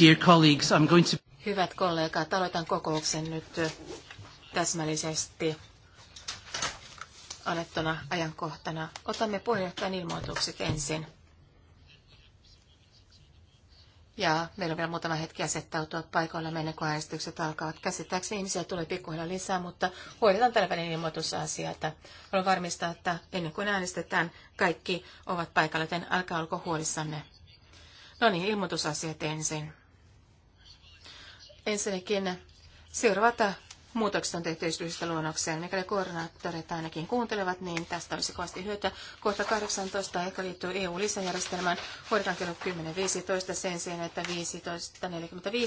Dear colleagues, I'm going to... Hyvät kollegat, aloitan kokouksen nyt täsmällisesti annettuna ajankohtana. Otamme puheenjohtajan ilmoitukset ensin. Ja meillä on vielä muutama hetki asettautua paikoilla ennen kuin äänestykset alkavat. Käsittääkseni ihmisiä tulee pikkuhiljaa lisää, mutta hoidetaan tällä välin ilmoitusasia. Haluan varmistaa, että ennen kuin äänestetään, kaikki ovat paikalla, joten älkää olko huolissanne. No niin, ilmoitusasiat ensin. Ensinnäkin seuraavat muutokset on tehty esityksestä luonnokseen. Mikäli koordinaattorit ainakin kuuntelevat, niin tästä olisi kovasti hyötyä. Kohta 18, joka liittyy EU-lisäjärjestelmään, hoidetaan kello 10.15 sen sijaan, että 15.45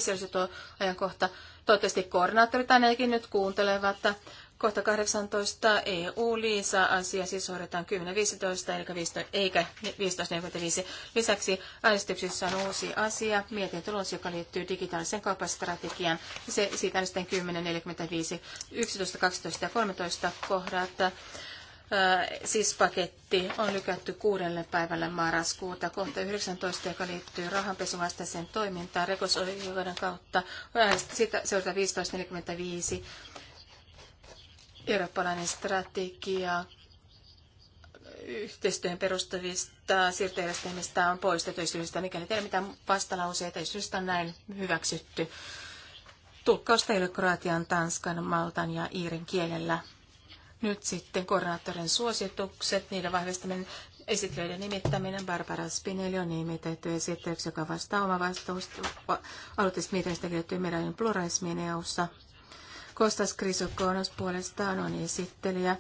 olisi tuo ajankohta. Toivottavasti koordinaattorit ainakin nyt kuuntelevat Kohta 18 EU-liisa-asia siis suoritetaan 10.15 eli 15, eikä 15.45. Lisäksi äänestyksessä on uusi asia, mietintölos, joka liittyy digitaaliseen kauppastrategiaan. Se, siitä äänestetään 10.45, 11, 12 ja 13 kohdat. Siis paketti on lykätty kuudelle päivälle marraskuuta kohta 19, joka liittyy rahanpesuvastaiseen toimintaan rikosoikeuden kautta. Siitä seurataan 15.45 eurooppalainen strategia yhteistyöhön perustuvista siirtojärjestelmistä on poistettu esityksestä, mikäli teillä mitään vastalauseita ei on näin hyväksytty. Tulkkausta ei ole kroatian, tanskan, maltan ja iirin kielellä. Nyt sitten koordinaattorin suositukset, niiden vahvistaminen, esittelyiden nimittäminen. Barbara Spinelli on nimitetty esittelyksi, joka vastaa oma vastuusta. Aloitteista mietinnöstä kirjoittuu meidän pluralismiin EU-ssa. Kostas Krisokonos puolestaan on esittelijä,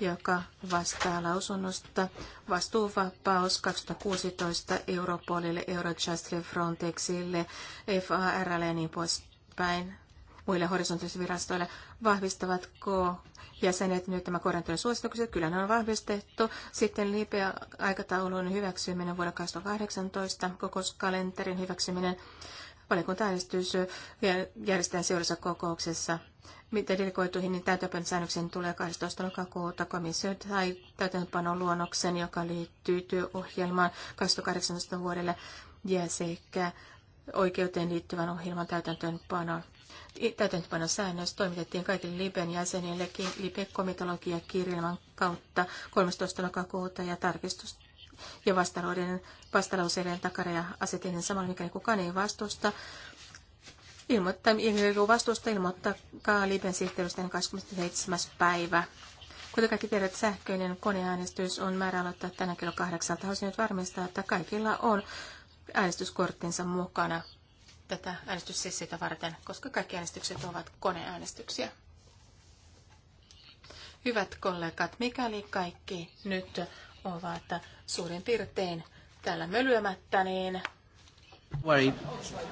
joka vastaa lausunnosta Vastuuvapaus 2016 Europolille, Eurojustille, Frontexille, FARlle ja niin poispäin muille horisontaalisvirastoille. Vahvistavatko jäsenet nyt tämä korjantojen suositukset? Kyllä ne on vahvistettu. Sitten liipeä aikataulun hyväksyminen vuonna 2018, kokouskalenterin hyväksyminen Valiokunta-äänestys järjestetään seuraavassa kokouksessa. Miten delegoituihin, niin säännöksen tulee 12. lokakuuta komissio tai täytäntöpanon luonnoksen, joka liittyy työohjelmaan 2018 vuodelle ja sekä oikeuteen liittyvän ohjelman täytäntöönpanon. Täytäntöönpanon säännös toimitettiin kaikille Liben jäsenille libe komitologiakirjelman kautta 13. lokakuuta ja tarkistus ja vastalauseiden, vastalauseiden takana ja asetin samalla, mikäli kukaan ei vastusta. Ilmoittaa, vastusta ilmoittakaa Liben sihteeristä 27. päivä. Kuten kaikki tiedät, sähköinen koneäänestys on määrä aloittaa tänä kello kahdeksalta. Haluaisin nyt varmistaa, että kaikilla on äänestyskorttinsa mukana tätä äänestyssessiota varten, koska kaikki äänestykset ovat koneäänestyksiä. Hyvät kollegat, mikäli kaikki nyt ovat suurin piirtein täällä mölyämättä, niin... Worry.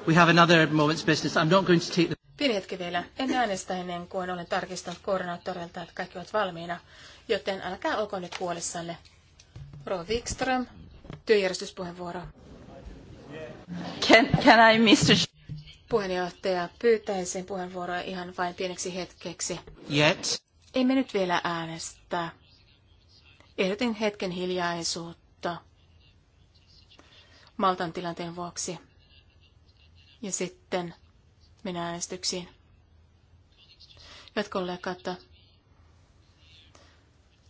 We have another moment's business. I'm not going to take the... Pieni hetki vielä. En äänestä ennen kuin olen tarkistanut koordinaattorilta, että kaikki ovat valmiina. Joten älkää olko nyt huolissanne. Rova Wikström, työjärjestyspuheenvuoro. Can, can I, miss Puheenjohtaja, pyytäisin puheenvuoroa ihan vain pieneksi hetkeksi. Yet. Emme nyt vielä äänestää. Ehdotin hetken hiljaisuutta Maltan tilanteen vuoksi. Ja sitten minä äänestyksiin. Hyvät kollegat,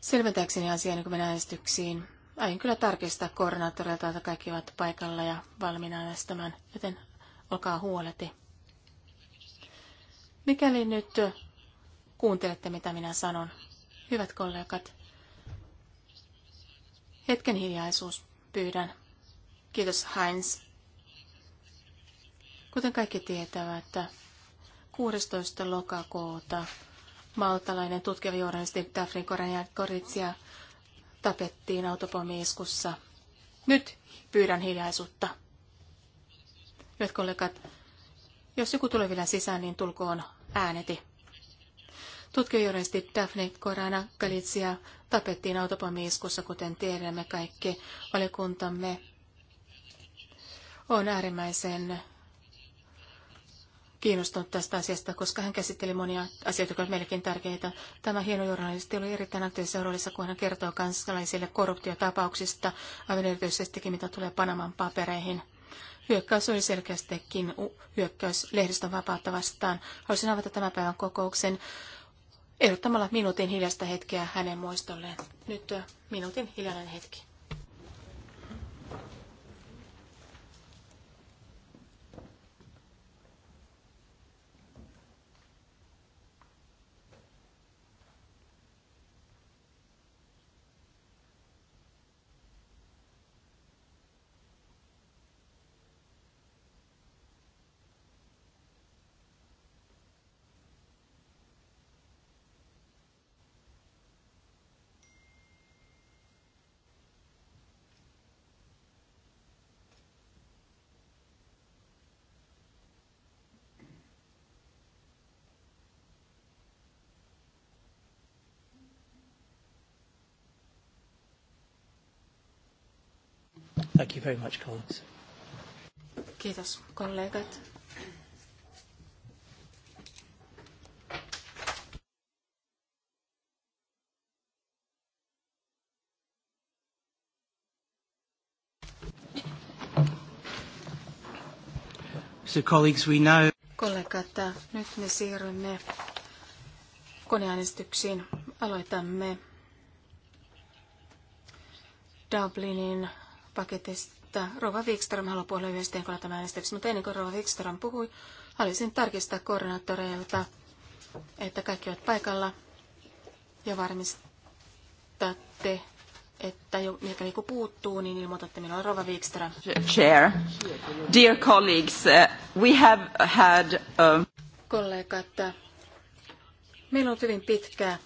selventääkseni asiaa niin kuin äänestyksiin. Aion kyllä tarkistaa koordinaattorilta, että kaikki ovat paikalla ja valmiina äänestämään, joten olkaa huoleti. Mikäli nyt kuuntelette, mitä minä sanon, hyvät kollegat, Hetken hiljaisuus pyydän. Kiitos Heinz. Kuten kaikki tietävät, 16. lokakuuta maltalainen tutkiva journalisti Daphne Koritsia tapettiin autopomiiskussa. Nyt pyydän hiljaisuutta. Hyvät kollegat, jos joku tulee vielä sisään, niin tulkoon ääneti. Tutkijajuristi Daphne Korana Galizia tapettiin autopomiiskussa, kuten tiedämme kaikki. Valikuntamme on äärimmäisen kiinnostunut tästä asiasta, koska hän käsitteli monia asioita, jotka ovat meillekin tärkeitä. Tämä hieno journalisti oli erittäin aktiivisessa roolissa, kun hän kertoo kansalaisille korruptiotapauksista, aivan erityisestikin mitä tulee Panaman papereihin. Hyökkäys oli selkeästikin hyökkäys lehdistön vapautta vastaan. Haluaisin avata tämän päivän kokouksen ehdottamalla minuutin hiljasta hetkeä hänen muistolleen. Nyt minuutin hiljainen hetki. Thank you very much, colleagues. Kiitos, kollegat. So colleagues, we now... Kollegat, nyt me siirrymme koneäänestyksiin. Aloitamme Dublinin paketista. Rova Wikström haluaa puhua yhdessä kohdalla tämän äänestyksen, mutta ennen kuin Rova Wikström puhui, haluaisin tarkistaa koordinaattoreilta, että kaikki ovat paikalla ja varmistatte, että jo, mikä joku puuttuu, niin ilmoitatte minulle Rova Wikström. Chair, dear colleagues, uh, we have had... A... Um, Kollegat, uh, meillä on hyvin pitkä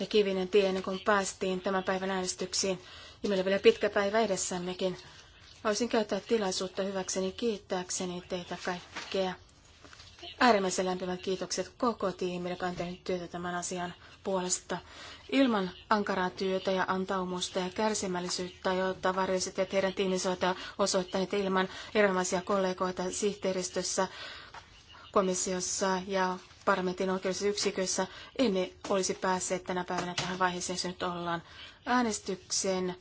ja kivinen tie ennen kuin päästiin tämän päivän äänestyksiin ja meillä on vielä pitkä päivä edessämmekin. Haluaisin käyttää tilaisuutta hyväkseni kiittääkseni teitä kaikkea. Äärimmäisen lämpimät kiitokset koko tiimille, joka on tehnyt työtä tämän asian puolesta. Ilman ankaraa työtä ja antaumusta ja kärsimällisyyttä, jotta varjoiset ja teidän tiimisoita osoittaneet ilman erilaisia kollegoita sihteeristössä, komissiossa ja parlamentin oikeusyksikössä emme olisi päässeet tänä päivänä tähän vaiheeseen, jos nyt ollaan äänestyksen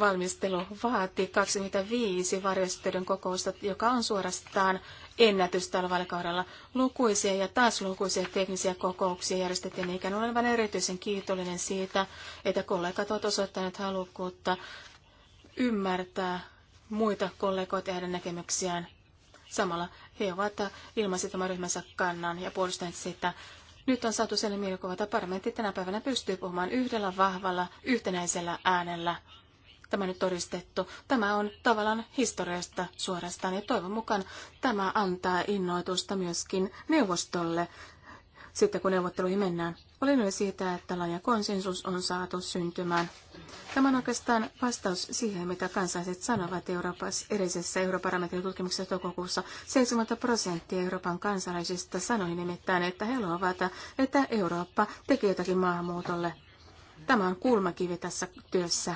valmistelu vaati 25 varjostöiden kokousta, joka on suorastaan ennätys tällä vaalikaudella. Lukuisia ja taas lukuisia teknisiä kokouksia järjestettiin, eikä ole vain erityisen kiitollinen siitä, että kollegat ovat osoittaneet halukkuutta ymmärtää muita kollegoita ja heidän näkemyksiään. Samalla he ovat ilmaiset oman ryhmänsä kannan ja puolustaneet sitä. Nyt on saatu sellainen mielikuva, että parlamentti tänä päivänä pystyy puhumaan yhdellä vahvalla, yhtenäisellä äänellä. Tämä nyt todistettu. Tämä on tavallaan historiasta suorastaan ja toivon mukaan tämä antaa innoitusta myöskin neuvostolle sitten kun neuvotteluihin mennään. Olen siitä, että laaja konsensus on saatu syntymään. Tämä on oikeastaan vastaus siihen, mitä kansalaiset sanovat Euroopassa, edellisessä tutkimuksessa toukokuussa. 70 prosenttia Euroopan kansalaisista sanoi nimittäin, että he luovat, että Eurooppa tekee jotakin maahanmuutolle. Tämä on kulmakivi tässä työssä.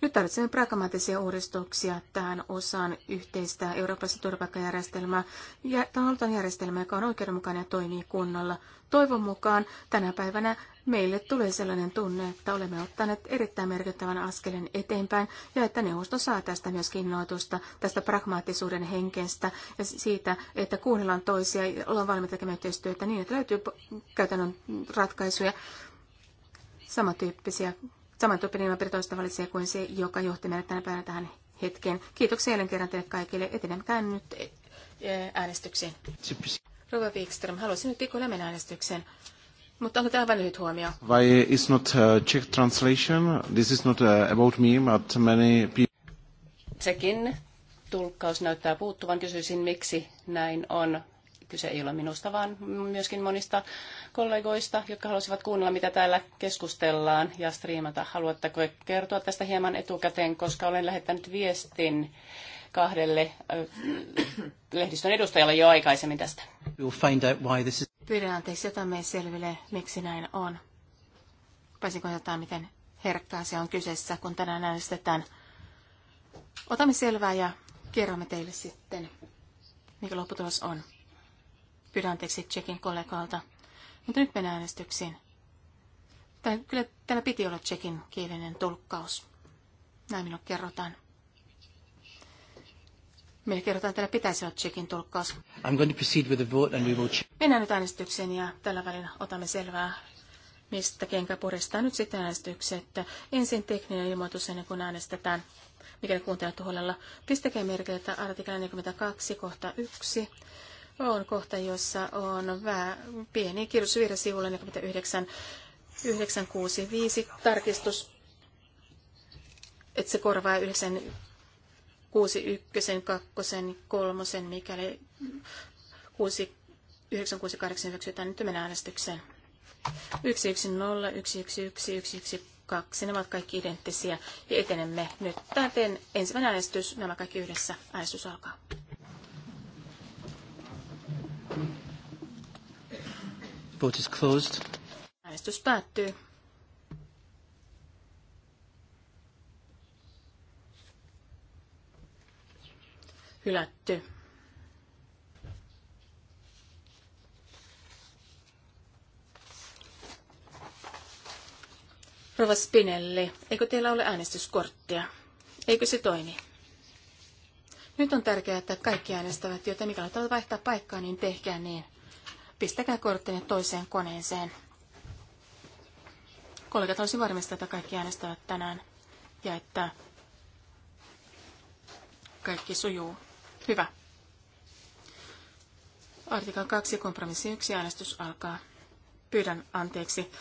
Nyt tarvitsemme pragmaattisia uudistuksia tähän osaan yhteistä Euroopassa turvapaikkajärjestelmää ja halutaan järjestelmä, joka on oikeudenmukainen ja toimii kunnolla. Toivon mukaan tänä päivänä meille tulee sellainen tunne, että olemme ottaneet erittäin merkittävän askelen eteenpäin ja että neuvosto saa tästä myös innoitusta, tästä pragmaattisuuden henkestä ja siitä, että kuunnellaan toisia ja ollaan valmiita tekemään yhteistyötä niin, että löytyy käytännön ratkaisuja samantyyppisiä Samantyyppinen toista valitsee kuin se, joka johti meidät tänä päivänä tähän hetkeen. Kiitoksia jälleen kerran teille kaikille. Etenemään nyt eh, äänestykseen. Rova Wikström, haluaisin nyt pikkuhiljaa mennä äänestykseen. Mutta onko tämä lyhyt huomio? Why is not a uh, Czech translation? This is not uh, about me, but many people... Sekin tulkkaus näyttää puuttuvan. Kysyisin, miksi näin on. Kyse ei ole minusta, vaan myöskin monista kollegoista, jotka haluaisivat kuunnella, mitä täällä keskustellaan ja striimata. Haluatteko kertoa tästä hieman etukäteen, koska olen lähettänyt viestin kahdelle lehdistön edustajalle jo aikaisemmin tästä. Pyydän anteeksi, me selville, miksi näin on. Pääsinkö jotain, miten herkkää se on kyseessä, kun tänään äänestetään. Otamme selvää ja kerromme teille sitten, mikä lopputulos on. Pyydän anteeksi Tsekin kollegalta. Mutta nyt mennään äänestyksiin. Tämä, kyllä täällä piti olla Tsekin kielinen tulkkaus. Näin minulle kerrotaan. Meille kerrotaan, että täällä pitäisi olla Tsekin tulkkaus. I'm going to proceed with the vote and we will check. Mennään nyt äänestykseen ja tällä välin otamme selvää, mistä kenkä puristaa nyt sitten Että Ensin tekninen ilmoitus ennen kuin äänestetään mikäli kuuntelette huolella. Pistäkää merkille, että artikla 42 kohta 1 on kohta, jossa on vähän pieni kirjoitusvirhe sivulla 49, 965 tarkistus, että se korvaa 961, 2, 3, mikäli 6, 968 hyväksytään. Nyt mennään äänestykseen. 110, 111, 112, nämä ovat kaikki identtisiä ja etenemme nyt täten ensimmäinen äänestys, nämä kaikki yhdessä. Äänestys alkaa. Vote is closed. Äänestys päättyy. Hylätty. Rova Spinelli, eikö teillä ole äänestyskorttia? Eikö se toimi? Nyt on tärkeää, että kaikki äänestävät, joten mikä haluavat vaihtaa paikkaa, niin tehkää niin. Pistäkää korttinne toiseen koneeseen. Kollegat olisi varmistaa, että kaikki äänestävät tänään ja että kaikki sujuu. Hyvä. Artikla 2, kompromissi 1, äänestys alkaa. Pyydän anteeksi.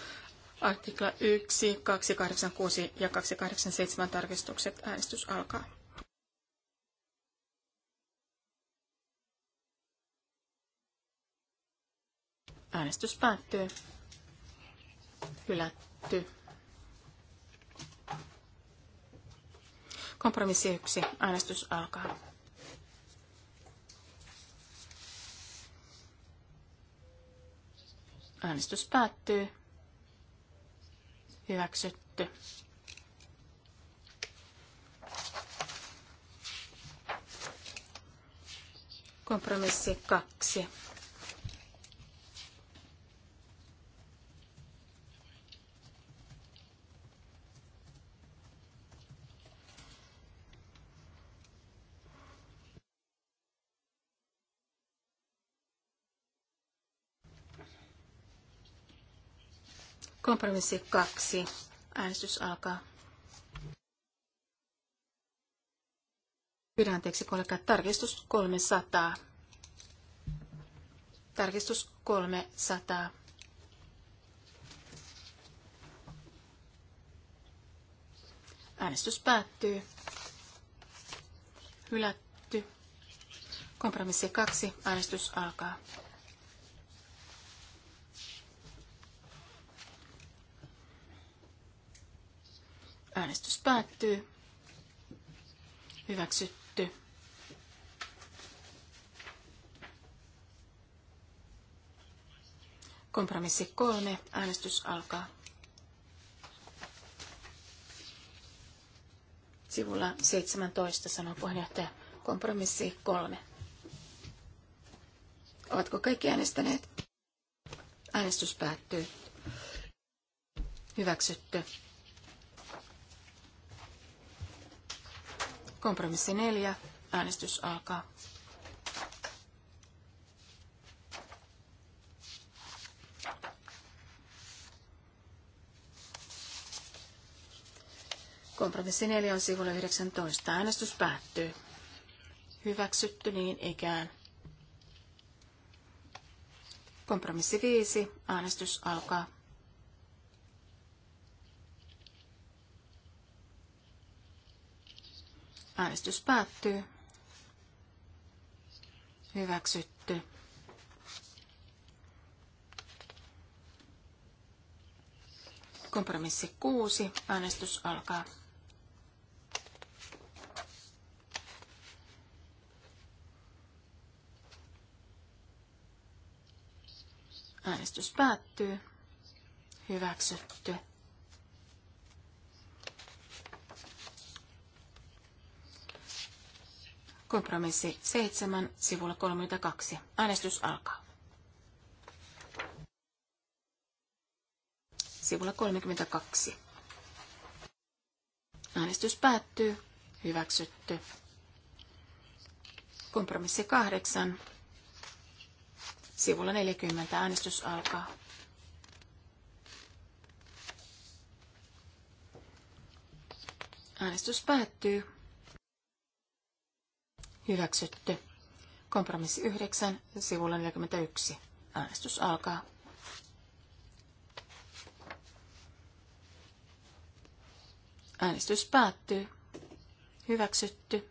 Artikla 1, 286 ja 287 tarkistukset, äänestys alkaa. Äänestys päättyy. Hylätty. Kompromissi 1. Äänestys alkaa. Äänestys päättyy. Hyväksytty. Kompromissi 2. Kompromissi kaksi. Äänestys alkaa. Pyydän anteeksi kollegat. Tarkistus 300. Tarkistus 300. Äänestys päättyy. Hylätty. Kompromissi kaksi, Äänestys alkaa. Äänestys päättyy. Hyväksytty. Kompromissi kolme. Äänestys alkaa. Sivulla 17 sanoo puheenjohtaja. Kompromissi kolme. Ovatko kaikki äänestäneet? Äänestys päättyy. Hyväksytty. Kompromissi neljä. Äänestys alkaa. Kompromissi 4 on sivulla 19. Äänestys päättyy. Hyväksytty niin ikään. Kompromissi 5. Äänestys alkaa. Äänestys päättyy. Hyväksytty. Kompromissi 6. Äänestys alkaa. Äänestys päättyy. Hyväksytty. Kompromissi 7, sivulla 32. Äänestys alkaa. Sivulla 32. Äänestys päättyy. Hyväksytty. Kompromissi 8. Sivulla 40 äänestys alkaa. Äänestys päättyy. Hyväksytty. Kompromissi 9, sivulla 41. Äänestys alkaa. Äänestys päättyy. Hyväksytty.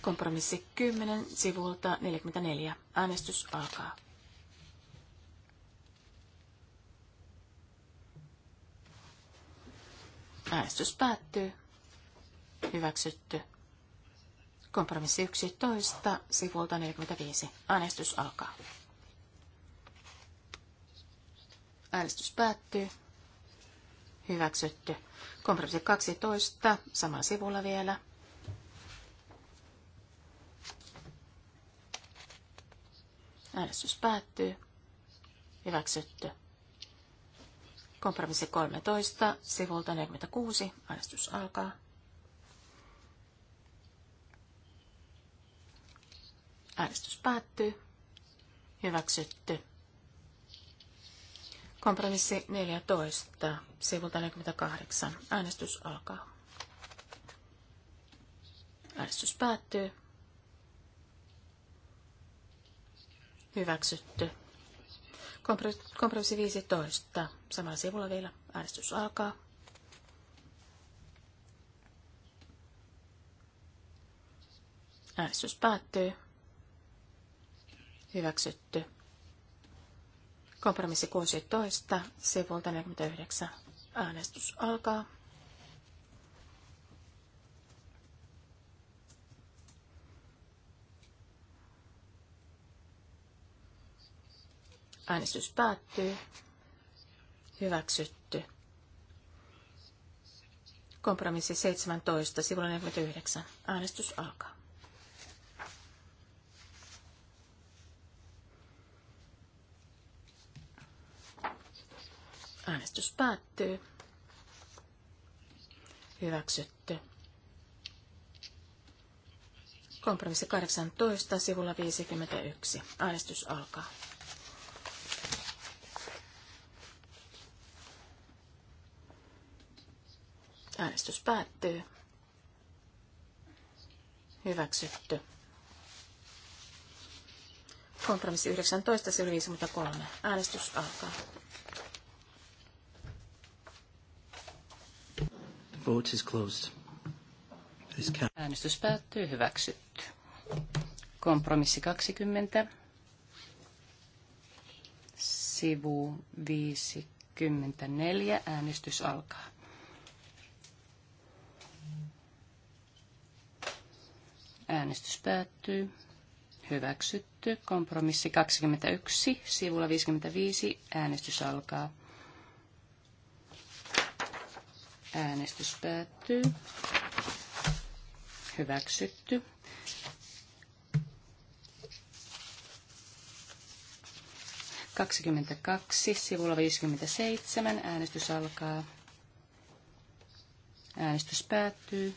Kompromissi 10, sivulta 44. Äänestys alkaa. Äänestys päättyy. Hyväksytty. Kompromissi 11, sivulta 45. Äänestys alkaa. Äänestys päättyy. Hyväksytty. Kompromissi 12, sama sivulla vielä. Äänestys päättyy. Hyväksytty. Kompromissi 13, sivulta 46. Äänestys alkaa. Äänestys päättyy. Hyväksytty. Kompromissi 14, sivulta 48. Äänestys alkaa. Äänestys päättyy. Hyväksytty. Kompromissi 15. Samalla sivulla vielä äänestys alkaa. Äänestys päättyy. Hyväksytty. Kompromissi 16, sivulta 49. Äänestys alkaa. Äänestys päättyy. Hyväksytty. Kompromissi 17, sivulla 49. Äänestys alkaa. Äänestys päättyy. Hyväksytty. Kompromissi 18, sivulla 51. Äänestys alkaa. Äänestys päättyy. Hyväksytty. Kompromissi 19, sivulla 53. Äänestys alkaa. Vote is closed. Äänestys päättyy. Hyväksytty. Kompromissi 20. Sivu 54. Äänestys alkaa. Äänestys päättyy. Hyväksytty. Kompromissi 21. Sivulla 55. Äänestys alkaa. Äänestys päättyy. Hyväksytty. kaksi, sivulla seitsemän, äänestys alkaa. Äänestys päättyy.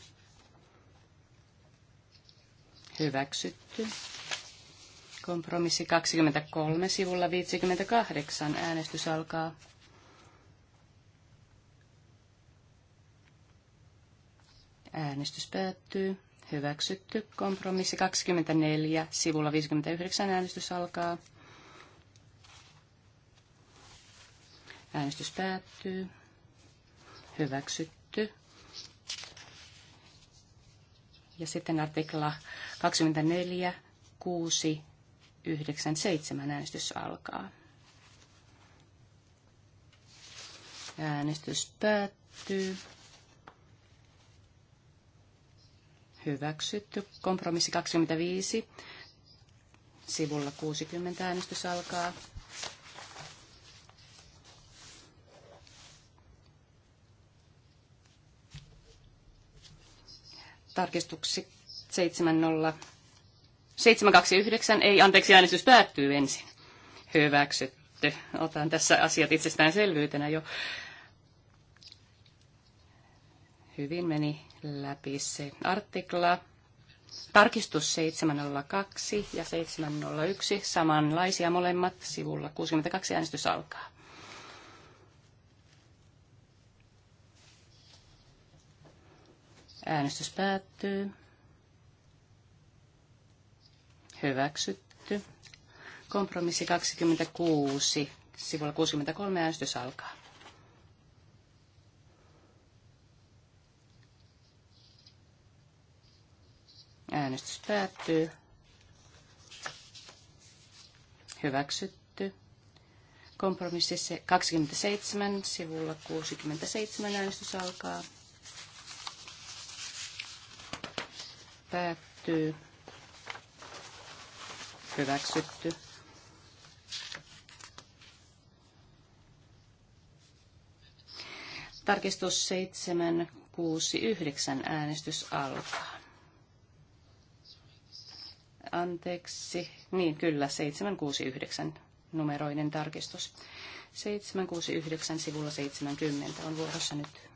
Hyväksytty. Kompromissi 23, sivulla 58, äänestys alkaa. Äänestys päättyy. Hyväksytty. Kompromissi 24. Sivulla 59 äänestys alkaa. Äänestys päättyy. Hyväksytty. Ja sitten artikla 24, 6, 9, 7 äänestys alkaa. Äänestys päättyy. Hyväksytty. Kompromissi 25. Sivulla 60 äänestys alkaa. Tarkistuksi 70. 729. Ei, anteeksi, äänestys päättyy ensin. Hyväksytty. Otan tässä asiat itsestäänselvyytenä jo. Hyvin meni läpi se artikla. Tarkistus 702 ja 701, samanlaisia molemmat, sivulla 62 äänestys alkaa. Äänestys päättyy. Hyväksytty. Kompromissi 26, sivulla 63 äänestys alkaa. Äänestys päättyy. Hyväksytty. Kompromissi 27, sivulla 67 äänestys alkaa. Päättyy. Hyväksytty. Tarkistus 769 äänestys alkaa anteeksi, niin kyllä, 769 numeroinen tarkistus. 769 sivulla 70 on vuorossa nyt.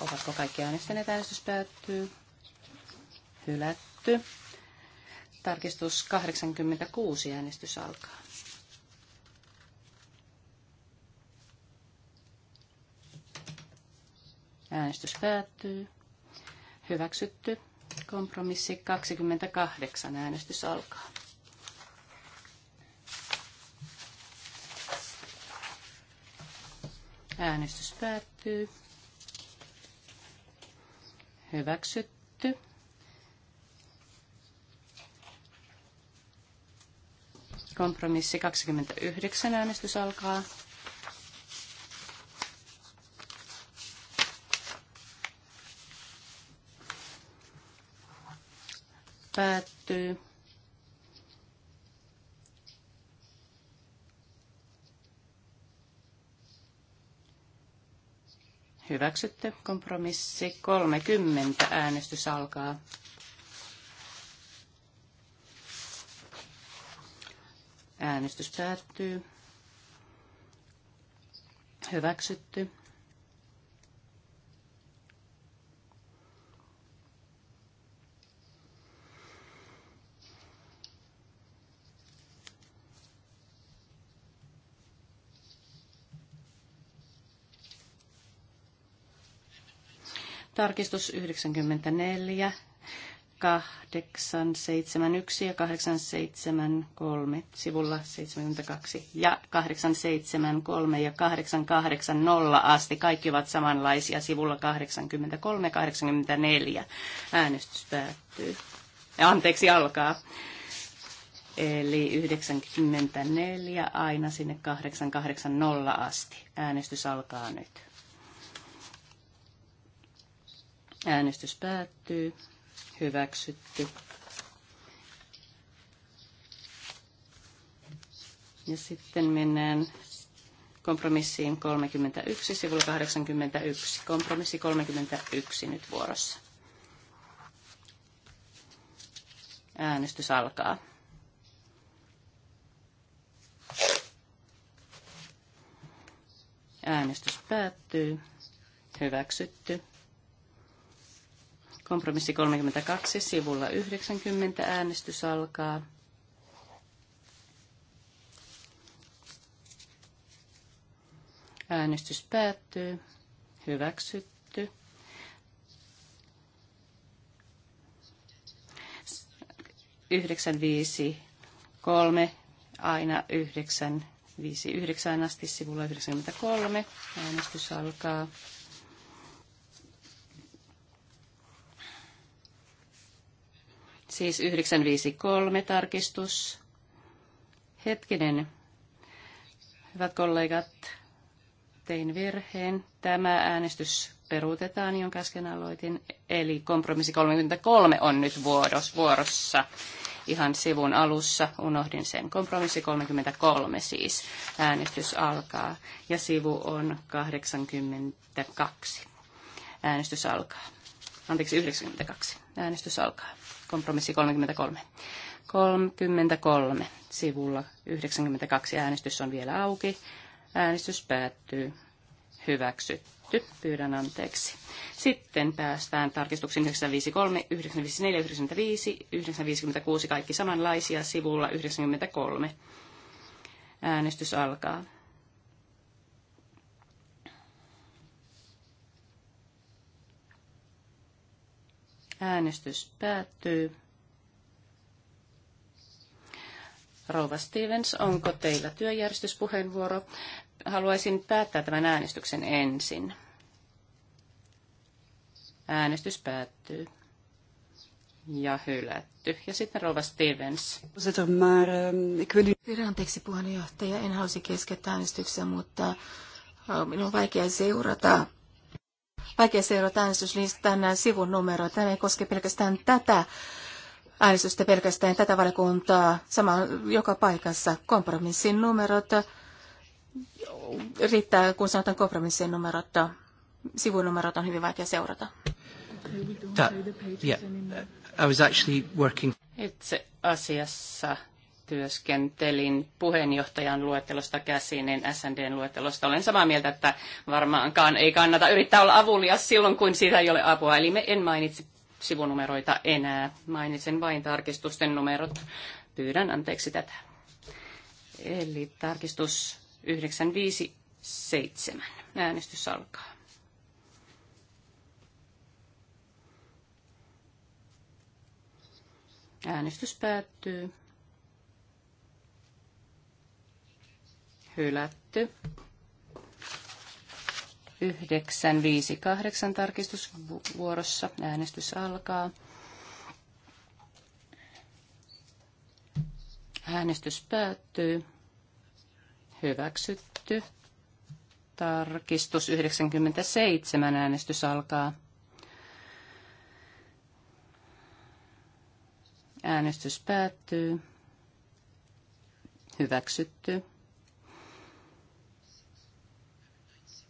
Ovatko kaikki äänestäneet? Äänestys päättyy. Hylätty. Tarkistus 86 äänestys alkaa. Äänestys päättyy. Hyväksytty. Kompromissi 28. Äänestys alkaa. Äänestys päättyy. Hyväksytty. Kompromissi 29. Äänestys alkaa. päättyy. Hyväksytty. Kompromissi 30. Äänestys alkaa. Äänestys päättyy. Hyväksytty. Tarkistus 94, 871 ja 873 sivulla 72 ja 873 ja 880 asti. Kaikki ovat samanlaisia sivulla 83 84. Äänestys päättyy. Ja anteeksi, alkaa. Eli 94 aina sinne 880 asti. Äänestys alkaa nyt. Äänestys päättyy. Hyväksytty. Ja sitten mennään kompromissiin 31, sivulla 81. Kompromissi 31 nyt vuorossa. Äänestys alkaa. Äänestys päättyy. Hyväksytty. Kompromissi 32 sivulla 90 äänestys alkaa. Äänestys päättyy. Hyväksytty. Yhdeksän viisi kolme aina yhdeksän viisi yhdeksään asti sivulla 93. Äänestys alkaa. Siis 953 tarkistus. Hetkinen. Hyvät kollegat, tein virheen. Tämä äänestys peruutetaan, jonka äsken aloitin. Eli kompromissi 33 on nyt vuoros, vuorossa. Ihan sivun alussa unohdin sen. Kompromissi 33 siis. Äänestys alkaa. Ja sivu on 82. Äänestys alkaa. Anteeksi, 92. Äänestys alkaa. Kompromissi 33. 33 sivulla 92 äänestys on vielä auki. Äänestys päättyy. Hyväksytty. Pyydän anteeksi. Sitten päästään tarkistuksiin 953, 954, 95, 956, kaikki samanlaisia sivulla 93. Äänestys alkaa. Äänestys päättyy. Rouva Stevens, onko teillä työjärjestyspuheenvuoro? Haluaisin päättää tämän äänestyksen ensin. Äänestys päättyy. Ja hylätty. Ja sitten Rova Stevens. Pyydän anteeksi puheenjohtaja, en halusi keskeyttää äänestyksen, mutta minun on vaikea seurata vaikea seurata äänestyslistan sivun numeroa. Tämä ei koske pelkästään tätä äänestystä pelkästään tätä valiokuntaa, sama joka paikassa. Kompromissin numerot riittää, kun sanotaan kompromissin numerot. numerot on hyvin vaikea seurata. That, yeah, I was actually working. Itse asiassa työskentelin puheenjohtajan luettelosta käsin, en niin SNDn luettelosta. Olen samaa mieltä, että varmaankaan ei kannata yrittää olla avulias silloin, kun siitä ei ole apua. Eli me en mainitse sivunumeroita enää. Mainitsen vain tarkistusten numerot. Pyydän anteeksi tätä. Eli tarkistus 957. Äänestys alkaa. Äänestys päättyy. hylätty. 958 tarkistusvuorossa äänestys alkaa. Äänestys päättyy. Hyväksytty. Tarkistus 97 äänestys alkaa. Äänestys päättyy. Hyväksytty.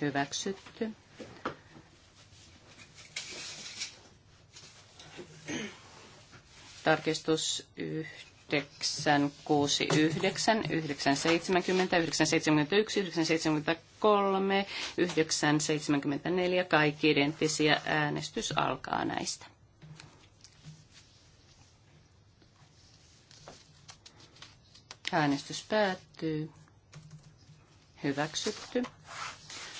hyväksytty. Tarkistus 969, 970, 971, 973, 974, kaikki identtisiä. Äänestys alkaa näistä. Äänestys päättyy. Hyväksytty.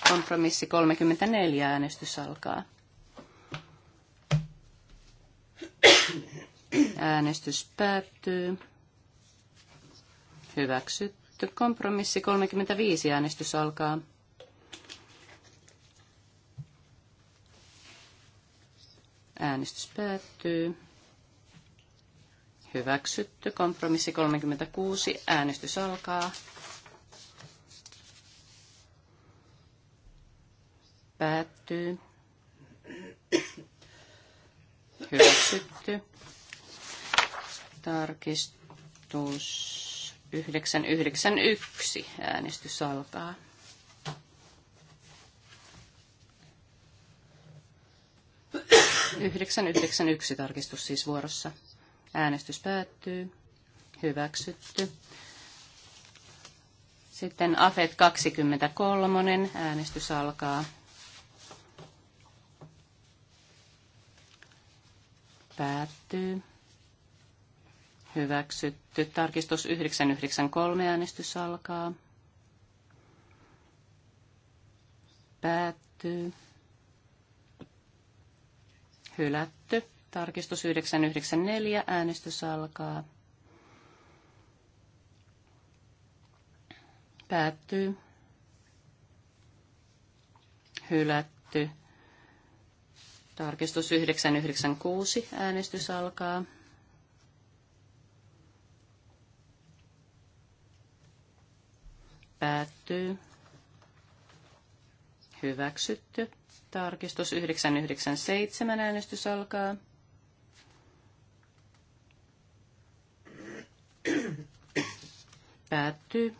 Kompromissi 34 äänestys alkaa. Äänestys päättyy. Hyväksytty. Kompromissi 35 äänestys alkaa. Äänestys päättyy. Hyväksytty. Kompromissi 36. Äänestys alkaa. Päättyy. Hyväksytty. Tarkistus 991. Äänestys alkaa. Yhdeksän yhdeksän yksi tarkistus siis vuorossa. Äänestys päättyy. Hyväksytty. Sitten AFET 23. Äänestys alkaa. päättyy. Hyväksytty. Tarkistus 993 äänestys alkaa. Päättyy. Hylätty. Tarkistus 994 äänestys alkaa. Päättyy. Hylätty. Tarkistus 996. Äänestys alkaa. Päättyy. Hyväksytty. Tarkistus 997. Äänestys alkaa. Päättyy.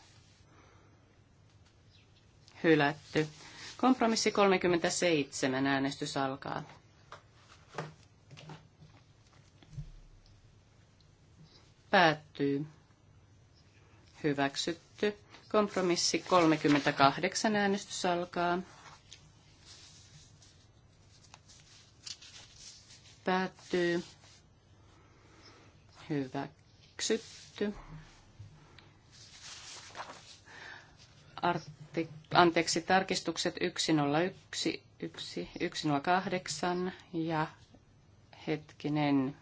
Hylätty. Kompromissi 37. Äänestys alkaa. päättyy. Hyväksytty. Kompromissi 38 äänestys alkaa. Päättyy. Hyväksytty. Artti, anteeksi, tarkistukset 101, 1, 108 ja hetkinen,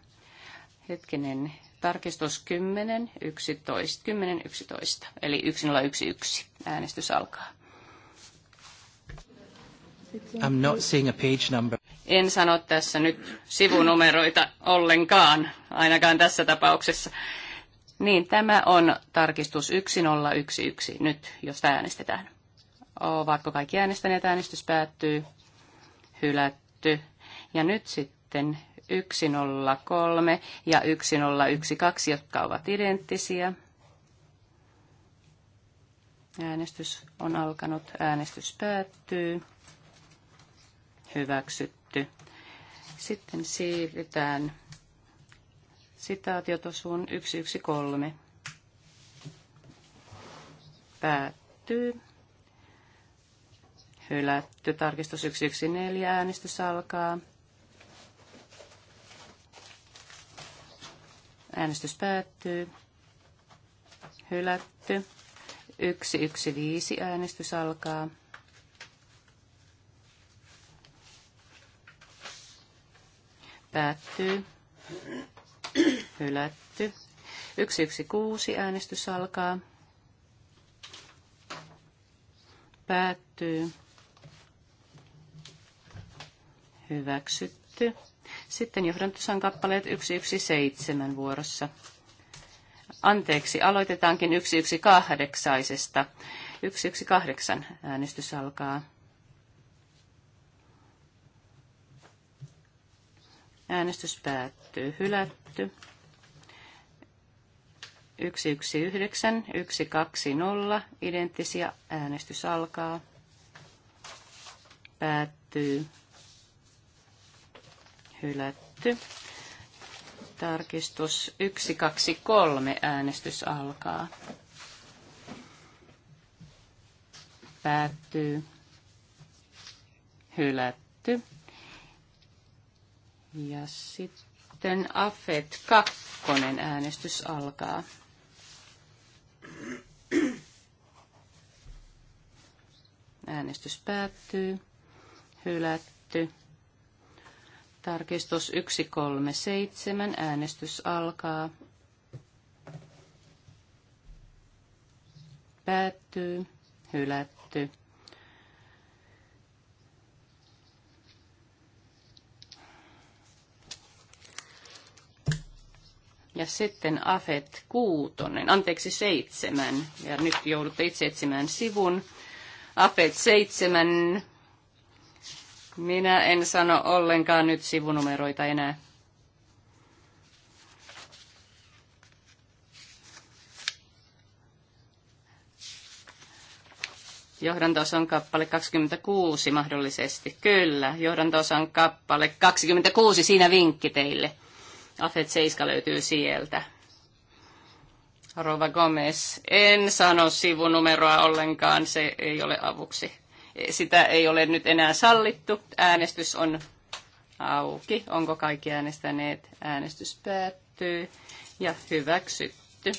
hetkinen Tarkistus 10, 11, 10, 11, eli 1011. Äänestys alkaa. I'm not seeing a page number. En sano tässä nyt sivunumeroita ollenkaan, ainakaan tässä tapauksessa. Niin, tämä on tarkistus 1011 nyt, jos äänestetään. Ovatko kaikki äänestäneet? Äänestys päättyy. Hylätty. Ja nyt sitten 103 ja 1012, jotka ovat identtisiä. Äänestys on alkanut, äänestys päättyy. Hyväksytty. Sitten siirrytään sitaatiotosuun 113. Päättyy. Hylätty. Tarkistus 114. Äänestys alkaa. Äänestys päättyy. Hylätty. 115 äänestys alkaa. Päättyy. Hylätty. 116 äänestys alkaa. Päättyy. Hyväksytty. Sitten on kappaleet 117 vuorossa. Anteeksi, aloitetaankin 118. 118 äänestys alkaa. Äänestys päättyy. Hylätty. 119, 120, identtisiä. Äänestys alkaa. Päättyy hylätty. Tarkistus 1, 2, 3 äänestys alkaa. Päättyy. Hylätty. Ja sitten AFET 2 äänestys alkaa. Äänestys päättyy. Hylätty. Tarkistus 137. Äänestys alkaa. Päättyy. Hylätty. Ja sitten Afet kuutonen, anteeksi seitsemän, ja nyt joudutte itse etsimään sivun. Afet seitsemän, minä en sano ollenkaan nyt sivunumeroita enää. Johdantosan kappale 26 mahdollisesti. Kyllä, johdantosan kappale 26, siinä vinkki teille. Afet 7 löytyy sieltä. Rova Gomez, en sano sivunumeroa ollenkaan, se ei ole avuksi. Sitä ei ole nyt enää sallittu. Äänestys on auki. Onko kaikki äänestäneet? Äänestys päättyy ja hyväksytty.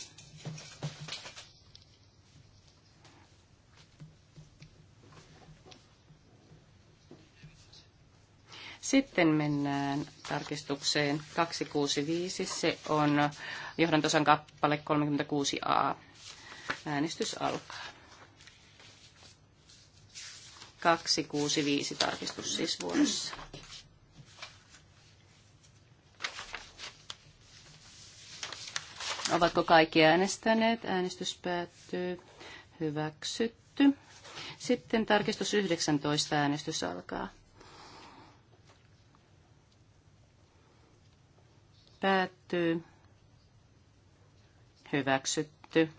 Sitten mennään tarkistukseen 265. Se on johdantosan kappale 36a. Äänestys alkaa. 265 tarkistus siis vuodessa. Ovatko kaikki äänestäneet? Äänestys päättyy. Hyväksytty. Sitten tarkistus 19 äänestys alkaa. Päättyy. Hyväksytty.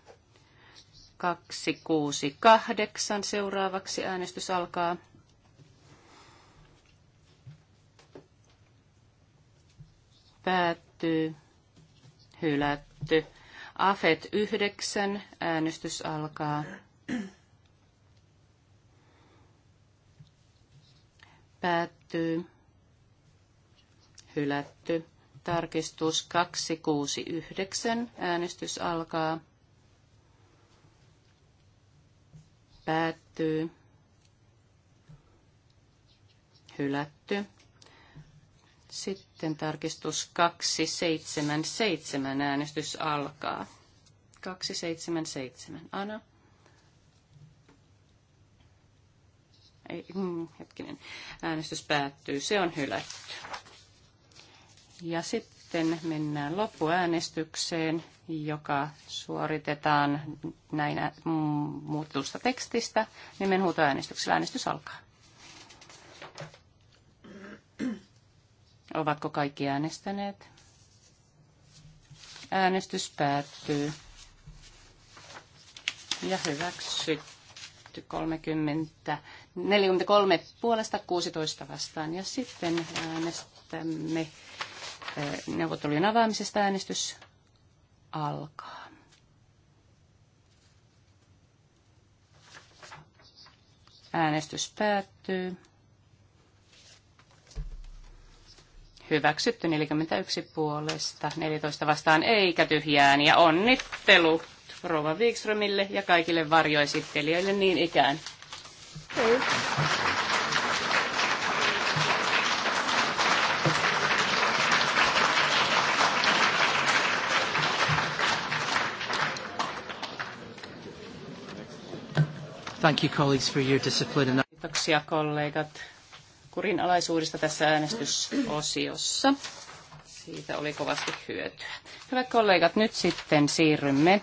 268. Seuraavaksi äänestys alkaa. Päättyy. Hylätty. AFET 9. Äänestys alkaa. Päättyy. Hylätty. Tarkistus 269. Äänestys alkaa. Päättyy. Hylätty. Sitten tarkistus 277 äänestys alkaa. 277. Ana. Ei, mm, hetkinen. Äänestys päättyy. Se on hylätty. Ja sitten mennään loppuäänestykseen joka suoritetaan näinä mm, muutetusta tekstistä. Nimenhuutoäänestyksellä niin äänestys alkaa. Ovatko kaikki äänestäneet? Äänestys päättyy. Ja hyväksytty 30, 43 puolesta 16 vastaan. Ja sitten äänestämme neuvottelujen avaamisesta äänestys alkaa. Äänestys päättyy. Hyväksytty 41 puolesta, 14 vastaan eikä tyhjään. Ja onnittelu Rova Wikströmille ja kaikille varjoesittelijöille niin ikään. Hei. Thank you colleagues for your discipline. Kiitoksia kollegat kurinalaisuudesta tässä äänestysosiossa. Siitä oli kovasti hyötyä. Hyvät kollegat, nyt sitten siirrymme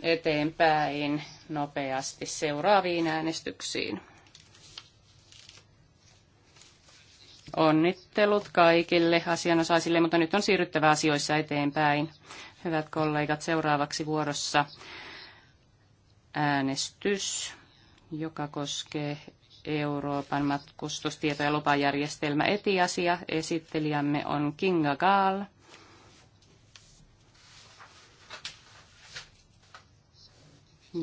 eteenpäin nopeasti seuraaviin äänestyksiin. Onnittelut kaikille asianosaisille, mutta nyt on siirryttävä asioissa eteenpäin. Hyvät kollegat, seuraavaksi vuorossa äänestys, joka koskee Euroopan matkustustieto- ja lupajärjestelmä etiasia. Esittelijämme on Kinga Gaal.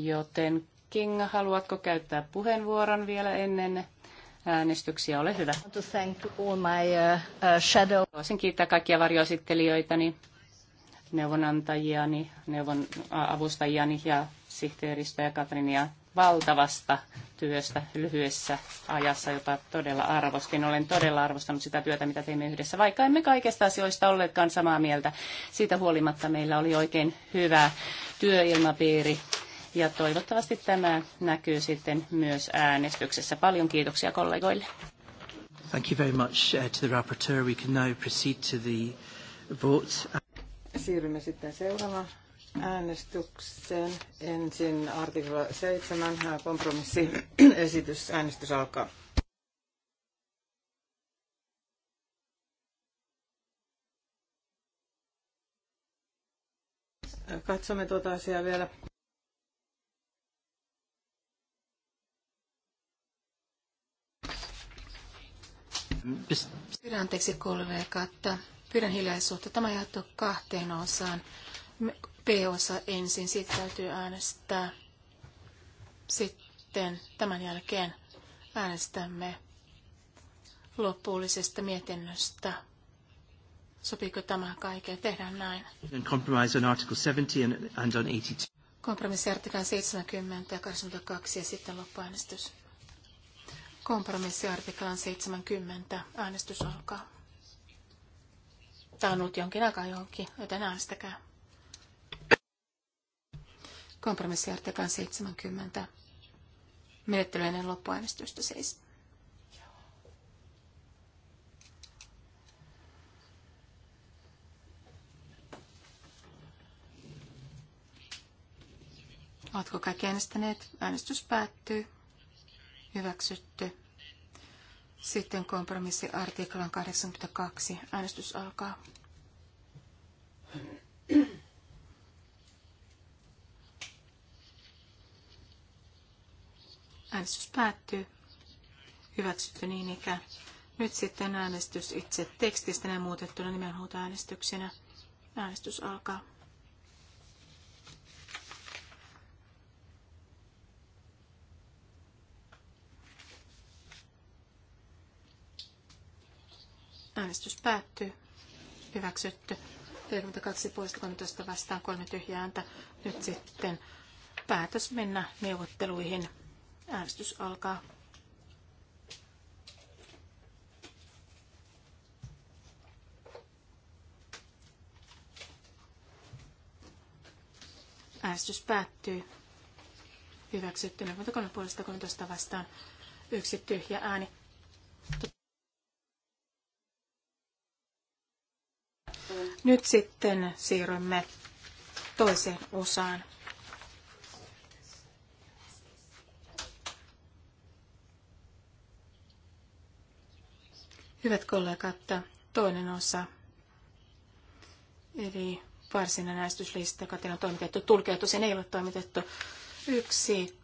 Joten Kinga, haluatko käyttää puheenvuoron vielä ennen äänestyksiä? Ole hyvä. Uh, uh, Haluaisin kiittää kaikkia varjoesittelijöitäni, neuvonantajiani, neuvon avustajiani ja sihteeristä ja Katrinia valtavasta työstä lyhyessä ajassa, jota todella arvostin. Olen todella arvostanut sitä työtä, mitä teimme yhdessä, vaikka emme kaikista asioista olleetkaan samaa mieltä. Siitä huolimatta meillä oli oikein hyvä työilmapiiri ja toivottavasti tämä näkyy sitten myös äänestyksessä. Paljon kiitoksia kollegoille. Thank you very much uh, to the rapporteur. We can now proceed to the vote. Siirrymme sitten seuraavaan äänestykseen. Ensin artikla 7, kompromissiesitys, äänestys alkaa. Katsomme tuota asiaa vielä. Pyydän anteeksi kollegat. Pyydän hiljaisuutta. Tämä jaettu kahteen osaan. B-osa ensin, siitä täytyy äänestää. Sitten tämän jälkeen äänestämme lopullisesta mietinnöstä. Sopiiko tämä kaikkea Tehdään näin. Compromise on article 70 and, on 82. Kompromissi artiklan 70 ja 82 ja sitten loppuäänestys. Kompromissi artiklan 70. Äänestys alkaa. Tämä on ollut jonkin aikaa johonkin, joten äänestäkää kompromissiartikan 70 menettely ennen loppuäänestystä siis. Oletko kaikki äänestäneet? Äänestys päättyy. Hyväksytty. Sitten kompromissi artiklan 82. Äänestys alkaa. Äänestys päättyy. Hyväksytty niin ikään. Nyt sitten äänestys itse tekstistä ja muutettuna nimenhuutoäänestyksenä. Äänestys alkaa. Äänestys päättyy. Hyväksytty. kaksi poista, 13 vastaan kolme tyhjää ääntä. Nyt sitten päätös mennä neuvotteluihin. Äänestys alkaa. Äänestys päättyy. Hyväksytty 43 puolesta 13 vastaan. Yksi tyhjä ääni. Nyt sitten siirrymme toiseen osaan. Hyvät kollegat, toinen osa, eli varsinainen äänestyslista, joka teillä on toimitettu, tulkeutu, sen ei ole toimitettu. Yksi,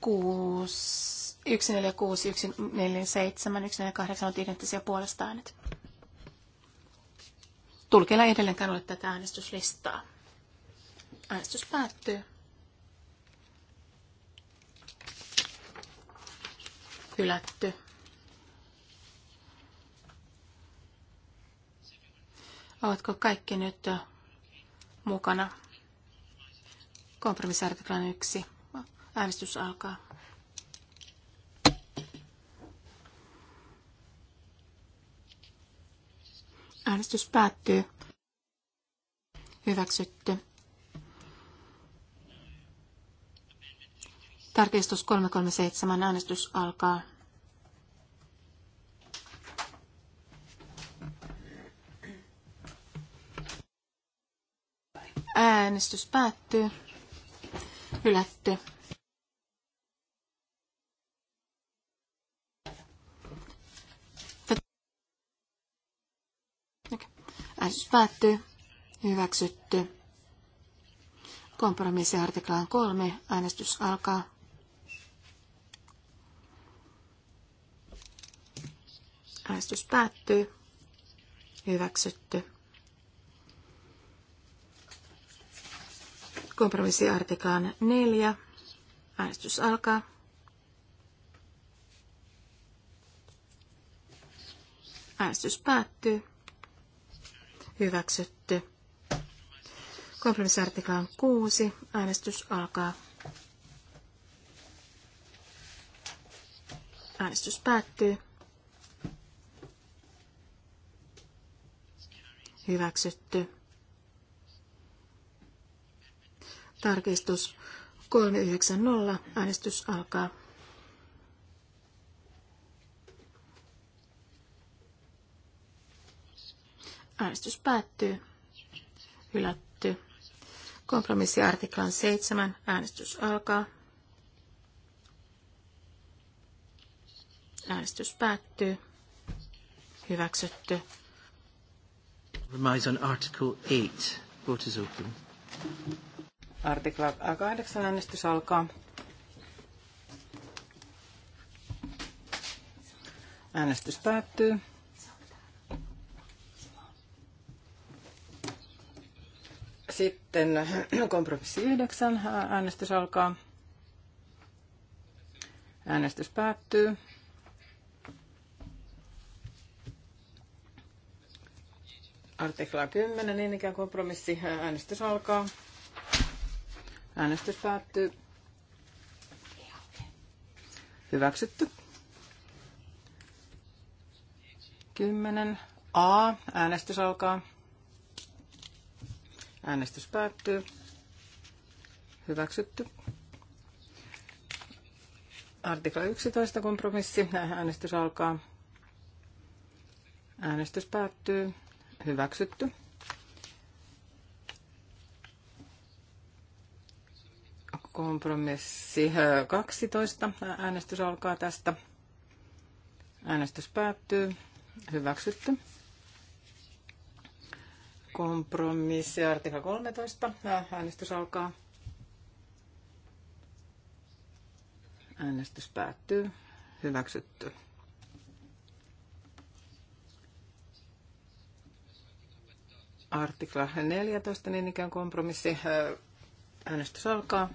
kuusi, 1, 4, 8 on identtisiä puolesta äänet. Tulkeilla ei edelleenkään ole tätä äänestyslistaa. Äänestys päättyy. Hylätty. Ovatko kaikki nyt mukana? Kompromissartiklan yksi. Äänestys alkaa. Äänestys päättyy. Hyväksytty. Tarkistus 337. Äänestys alkaa. Äänestys päättyy. Hylätty. Äänestys päättyy. Hyväksytty. Kompromissi artiklaan kolme. Äänestys alkaa. Äänestys päättyy. Hyväksytty. Kompromissiartiklaan neljä. Äänestys alkaa. Äänestys päättyy. Hyväksytty. Kompromissiartiklaan kuusi. Äänestys alkaa. Äänestys päättyy. Hyväksytty. Tarkistus 390. Äänestys alkaa. Äänestys päättyy. Hylätty. Kompromissiartiklan 7. Äänestys alkaa. Äänestys päättyy. Hyväksytty. Compromise on article 8. Vote is open. Artikla 8 äänestys alkaa. Äänestys päättyy. Sitten kompromissi 9 äänestys alkaa. Äänestys päättyy. Artikla 10, niin ikään kompromissi. Äänestys alkaa. Äänestys päättyy. Hyväksytty. 10. A. Äänestys alkaa. Äänestys päättyy. Hyväksytty. Artikla 11 kompromissi. Äänestys alkaa. Äänestys päättyy. Hyväksytty. Kompromissi 12. Äänestys alkaa tästä. Äänestys päättyy. Hyväksytty. Kompromissi artikla 13. Äänestys alkaa. Äänestys päättyy. Hyväksytty. Artikla 14, niin ikään kompromissi. Äänestys alkaa.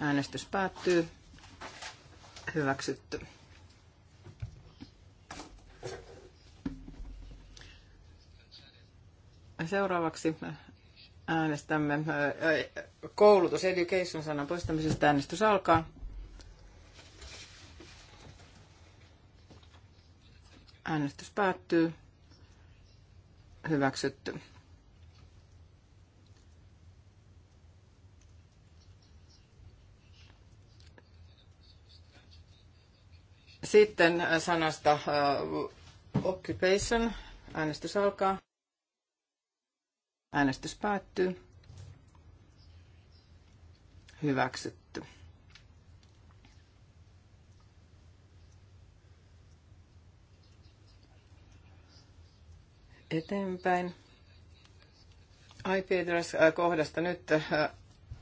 Äänestys päättyy. Hyväksytty. Seuraavaksi äänestämme koulutus education sanan poistamisesta. Äänestys alkaa. Äänestys päättyy. Hyväksytty. Sitten äh, sanasta äh, occupation. Äänestys alkaa. Äänestys päättyy. Hyväksytty. Eteenpäin. IP-kohdasta äh, nyt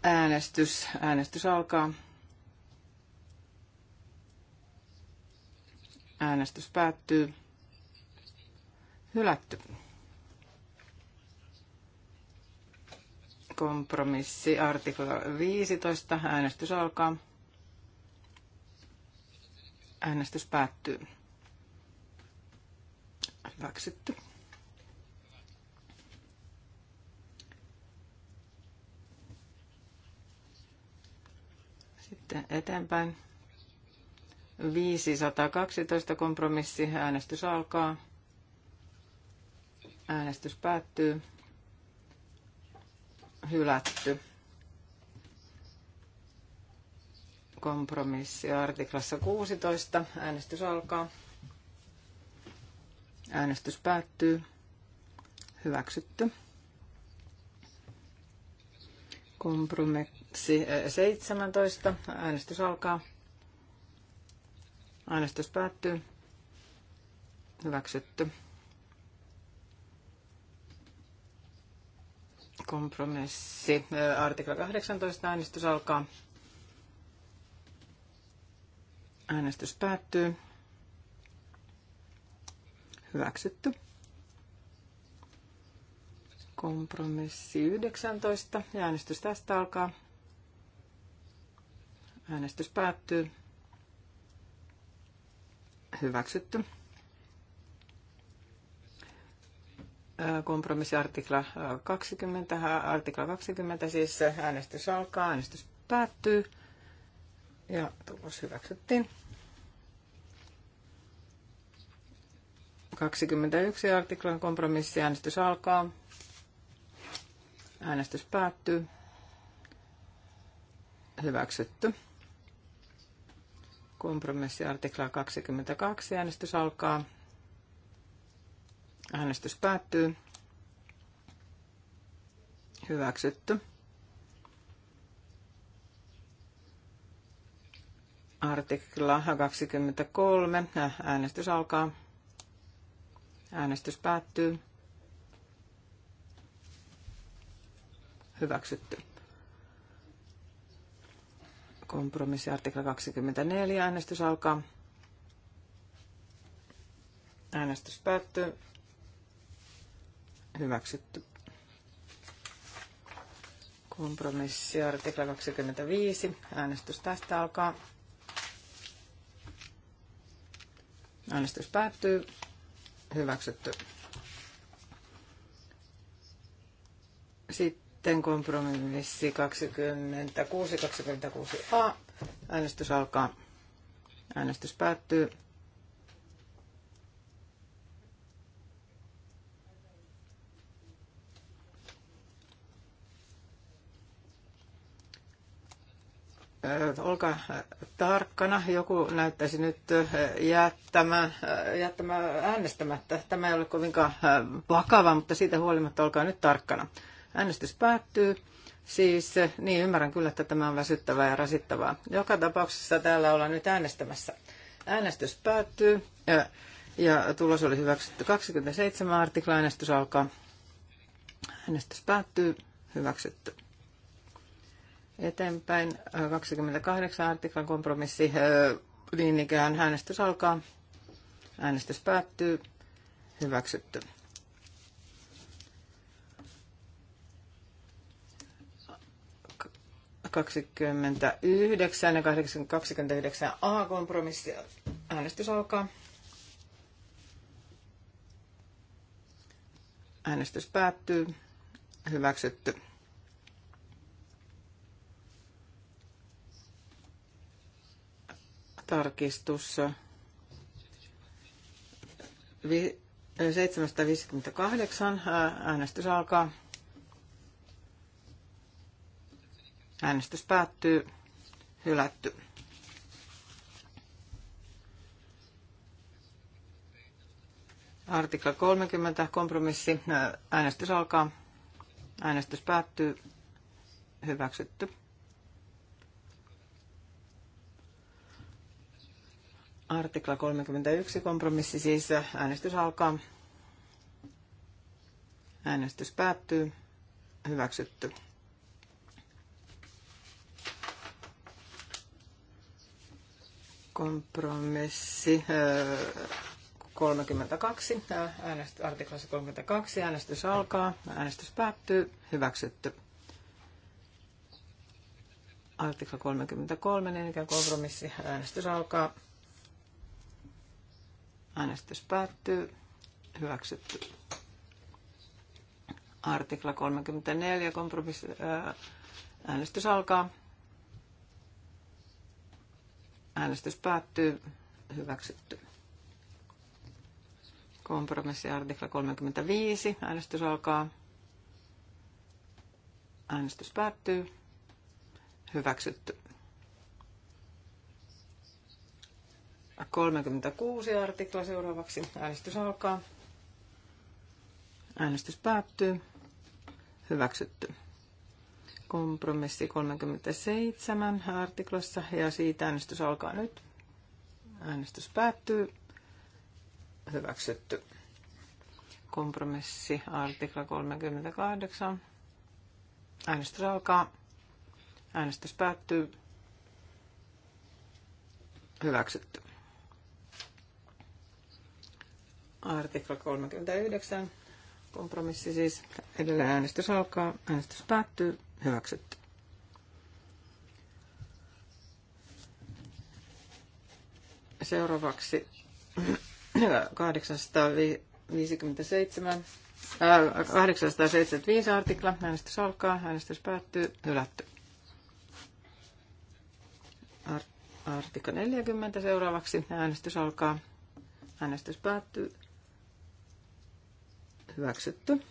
äänestys. Äänestys alkaa. Äänestys päättyy. Hylätty. Kompromissi, artikla 15. Äänestys alkaa. Äänestys päättyy. Hyväksytty. Sitten eteenpäin. 512 kompromissi. Äänestys alkaa. Äänestys päättyy. Hylätty. Kompromissi artiklassa 16. Äänestys alkaa. Äänestys päättyy. Hyväksytty. Kompromissi 17. Äänestys alkaa. Äänestys päättyy. Hyväksytty. Kompromissi. Artikla 18. Äänestys alkaa. Äänestys päättyy. Hyväksytty. Kompromissi 19. äänestys tästä alkaa. Äänestys päättyy hyväksytty. Kompromissiartikla 20, artikla 20 siis äänestys alkaa, äänestys päättyy ja tulos hyväksyttiin. 21 artiklan äänestys alkaa. Äänestys päättyy. Hyväksytty. Kompromissi artikla 22. Äänestys alkaa. Äänestys päättyy. Hyväksytty. Artikla 23. Äänestys alkaa. Äänestys päättyy. Hyväksytty. Kompromissi artikla 24. Äänestys alkaa. Äänestys päättyy. Hyväksytty. Kompromissi artikla 25. Äänestys tästä alkaa. Äänestys päättyy. Hyväksytty. Sitten sitten kompromissi 26, 26a. Äänestys alkaa. Äänestys päättyy. olkaa tarkkana. Joku näyttäisi nyt jättämään, jättämään äänestämättä. Tämä ei ole kovinkaan vakava, mutta siitä huolimatta olkaa nyt tarkkana. Äänestys päättyy. Siis eh, niin ymmärrän kyllä, että tämä on väsyttävää ja rasittavaa. Joka tapauksessa täällä ollaan nyt äänestämässä. Äänestys päättyy ja, ja tulos oli hyväksytty 27 artikla. Äänestys alkaa. Äänestys päättyy. Hyväksytty. Eteenpäin 28 eh, artiklan kompromissi. Eh, niin ikään äänestys alkaa. Äänestys päättyy. Hyväksytty. 29 ja 29a kompromissi. Äänestys alkaa. Äänestys päättyy. Hyväksytty. Tarkistus 758. Äänestys alkaa. Äänestys päättyy. Hylätty. Artikla 30, kompromissi. Äänestys alkaa. Äänestys päättyy. Hyväksytty. Artikla 31, kompromissi siis. Äänestys alkaa. Äänestys päättyy. Hyväksytty. Kompromissi 32, äänest, artiklassa 32, äänestys alkaa, äänestys päättyy, hyväksytty. Artikla 33, niin ikään kompromissi, äänestys alkaa, äänestys päättyy, hyväksytty. Artikla 34, kompromissi, äänestys alkaa, Äänestys päättyy. Hyväksytty. Kompromissi artikla 35. Äänestys alkaa. Äänestys päättyy. Hyväksytty. 36 artikla seuraavaksi. Äänestys alkaa. Äänestys päättyy. Hyväksytty. Kompromissi 37 artiklassa ja siitä äänestys alkaa nyt. Äänestys päättyy. Hyväksytty. Kompromissi artikla 38. Äänestys alkaa. Äänestys päättyy. Hyväksytty. Artikla 39. Kompromissi siis. Edelleen äänestys alkaa. Äänestys päättyy hyväksytty. Seuraavaksi 857, äh, 875 artikla. Äänestys alkaa, äänestys päättyy, hylätty. Artikla 40 seuraavaksi. Äänestys alkaa. Äänestys päättyy. Hyväksytty.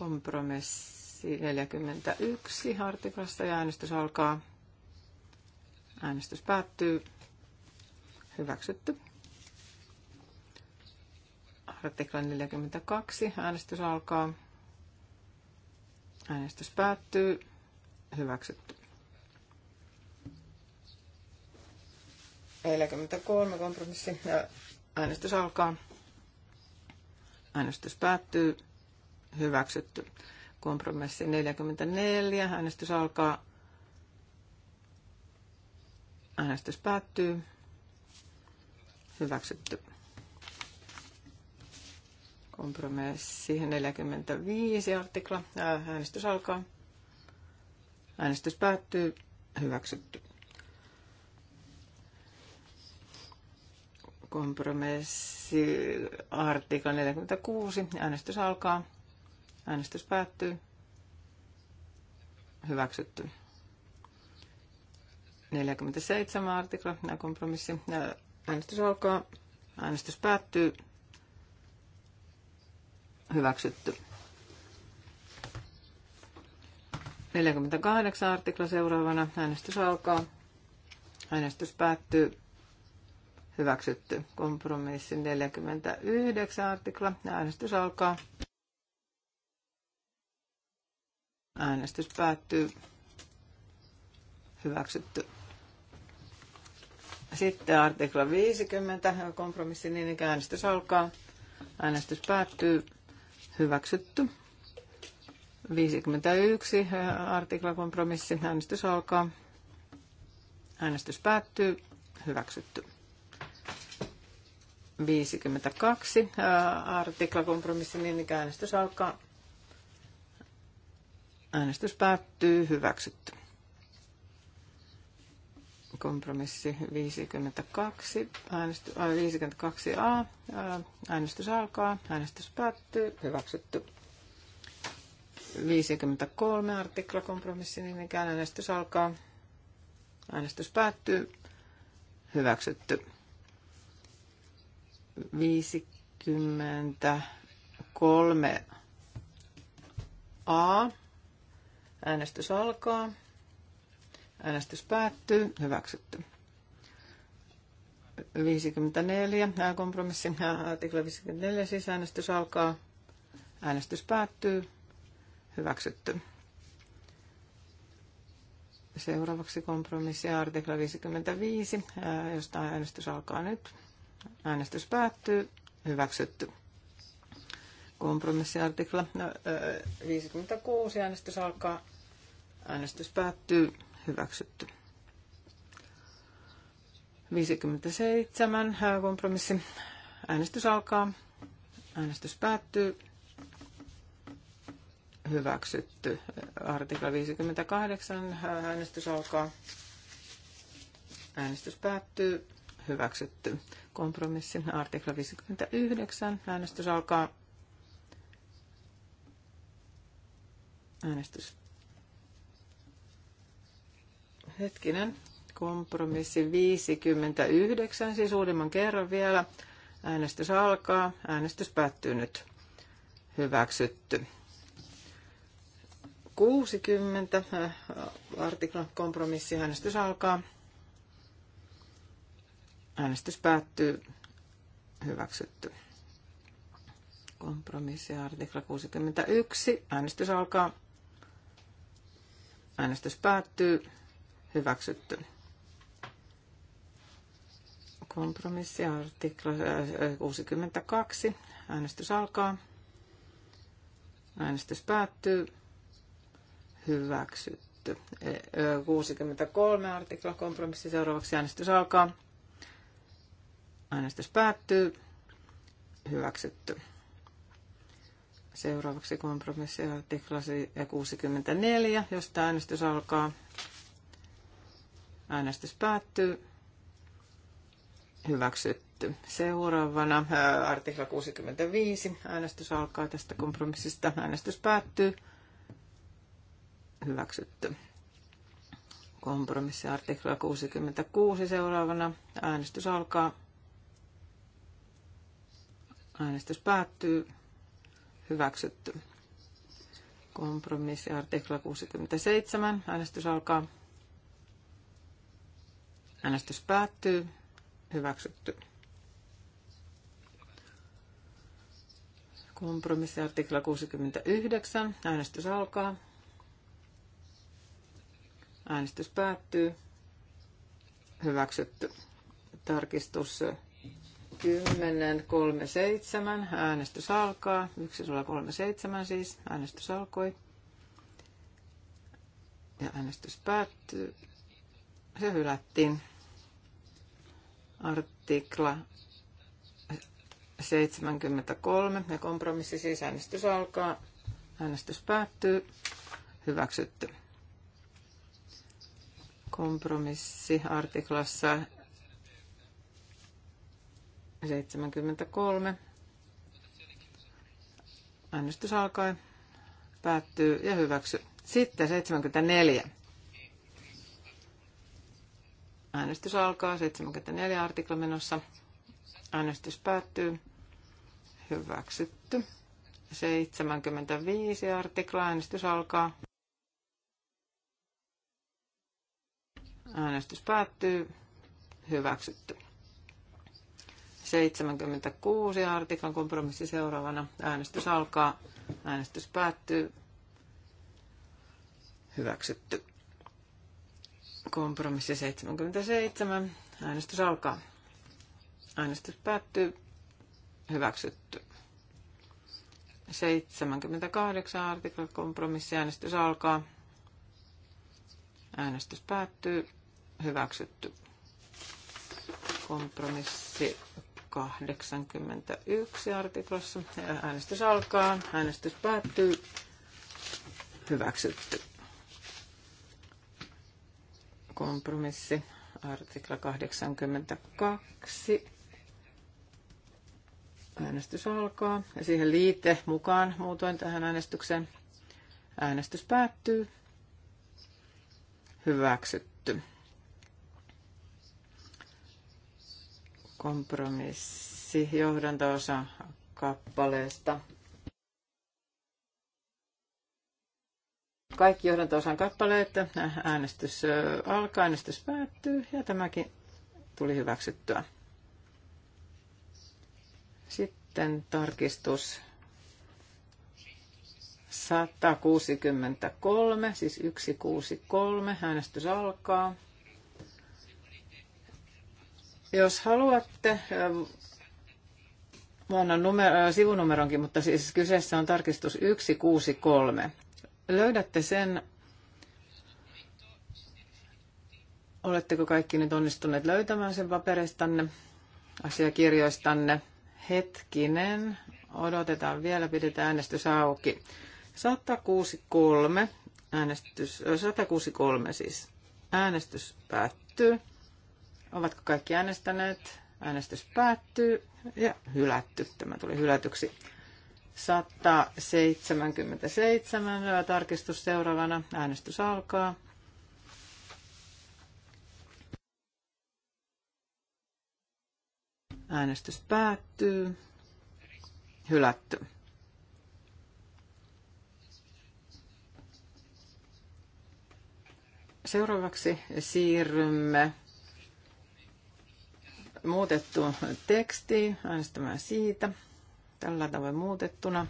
Kompromissi 41 artiklasta ja äänestys alkaa. Äänestys päättyy. Hyväksytty. Artikla 42. Äänestys alkaa. Äänestys päättyy. Hyväksytty. 43 kompromissi. Äänestys alkaa. Äänestys päättyy hyväksytty. Kompromissi 44. Äänestys alkaa. Äänestys päättyy. Hyväksytty. Kompromissi 45 artikla. Äänestys alkaa. Äänestys päättyy. Hyväksytty. Kompromissi artikla 46. Äänestys alkaa. Äänestys päättyy. Hyväksytty. 47 artikla, nämä kompromissi. Äänestys alkaa. Äänestys päättyy. Hyväksytty. 48 artikla seuraavana. Äänestys alkaa. Äänestys päättyy. Hyväksytty. Kompromissi 49 artikla. Äänestys alkaa. Äänestys päättyy. Hyväksytty. Sitten artikla 50, kompromissi niin ikään äänestys alkaa. Äänestys päättyy. Hyväksytty. 51, artikla kompromissi, äänestys alkaa. Äänestys päättyy. Hyväksytty. 52, artikla kompromissi niin ikään äänestys alkaa. Äänestys päättyy. Hyväksytty. Kompromissi 52, äänestys, äh, 52a. Äänestys alkaa. Äänestys päättyy. Hyväksytty. 53 artikla kompromissi, niin ikään äänestys alkaa. Äänestys päättyy. Hyväksytty. 53 A. Äänestys alkaa. Äänestys päättyy. Hyväksytty. 54. Kompromissin artikla 54 siis äänestys alkaa. Äänestys päättyy. Hyväksytty. Seuraavaksi kompromissi artikla 55, josta äänestys alkaa nyt. Äänestys päättyy. Hyväksytty. Kompromissiartikla 56. No, äänestys alkaa. Äänestys päättyy. Hyväksytty. 57. Kompromissi. Äänestys alkaa. Äänestys päättyy. Hyväksytty. Artikla 58. Äänestys alkaa. Äänestys päättyy. Hyväksytty. Kompromissi. Artikla 59. Äänestys alkaa. Äänestys. Hetkinen. Kompromissi 59, siis uudemman kerran vielä. Äänestys alkaa. Äänestys päättyy nyt. Hyväksytty. 60 äh, artikla kompromissi. Äänestys alkaa. Äänestys päättyy. Hyväksytty. Kompromissi artikla 61. Äänestys alkaa. Äänestys päättyy. Hyväksytty. Kompromissi artikla 62. Äh, äh, äänestys alkaa. Äänestys päättyy. Hyväksytty. 63 äh, artikla kompromissi seuraavaksi. Äänestys alkaa. Äänestys päättyy. Hyväksytty. Seuraavaksi kompromissiartikla 64, josta äänestys alkaa. Äänestys päättyy. Hyväksytty. Seuraavana äh, artikla 65. Äänestys alkaa tästä kompromissista. Äänestys päättyy. Hyväksytty. Kompromissi artikla 66 seuraavana. Äänestys alkaa. Äänestys päättyy hyväksytty. Kompromissi artikla 67. Äänestys alkaa. Äänestys päättyy. Hyväksytty. Kompromissi artikla 69. Äänestys alkaa. Äänestys päättyy. Hyväksytty. Tarkistus 10.37. Äänestys alkaa. 1.37 siis. Äänestys alkoi. Ja äänestys päättyy. Se hylättiin. Artikla 73 ja kompromissi siis äänestys alkaa. Äänestys päättyy. Hyväksytty. Kompromissi artiklassa 73. Äänestys alkaa, päättyy ja hyväksy. Sitten 74. Äänestys alkaa, 74 artikla menossa. Äänestys päättyy. Hyväksytty. 75 artikla, äänestys alkaa. Äänestys päättyy. Hyväksytty. 76 artiklan kompromissi seuraavana. Äänestys alkaa. Äänestys päättyy. Hyväksytty. Kompromissi 77. Äänestys alkaa. Äänestys päättyy. Hyväksytty. 78 artikla kompromissi. Äänestys alkaa. Äänestys päättyy. Hyväksytty. Kompromissi 81 artiklassa. Äänestys alkaa, äänestys päättyy. Hyväksytty. Kompromissi, artikla 82. Äänestys alkaa ja siihen liite mukaan muutoin tähän äänestykseen. Äänestys päättyy. Hyväksytty. kompromissi johdantoosa kappaleesta. Kaikki johdantoosan kappaleet, äänestys alkaa, äänestys päättyy ja tämäkin tuli hyväksyttyä. Sitten tarkistus 163, siis 163, äänestys alkaa. Jos haluatte, mä ähm, annan numero, äh, sivunumeronkin, mutta siis kyseessä on tarkistus 163. Löydätte sen Oletteko kaikki nyt onnistuneet löytämään sen paperistanne, asiakirjoistanne? Hetkinen, odotetaan vielä, pidetään äänestys auki. 163, äänestys, 163 äh, siis. Äänestys päättyy. Ovatko kaikki äänestäneet? Äänestys päättyy ja hylätty. Tämä tuli hylätyksi. 177 tarkistus seuraavana. Äänestys alkaa. Äänestys päättyy. Hylätty. Seuraavaksi siirrymme muutettu teksti, äänestämään siitä, tällä tavoin muutettuna.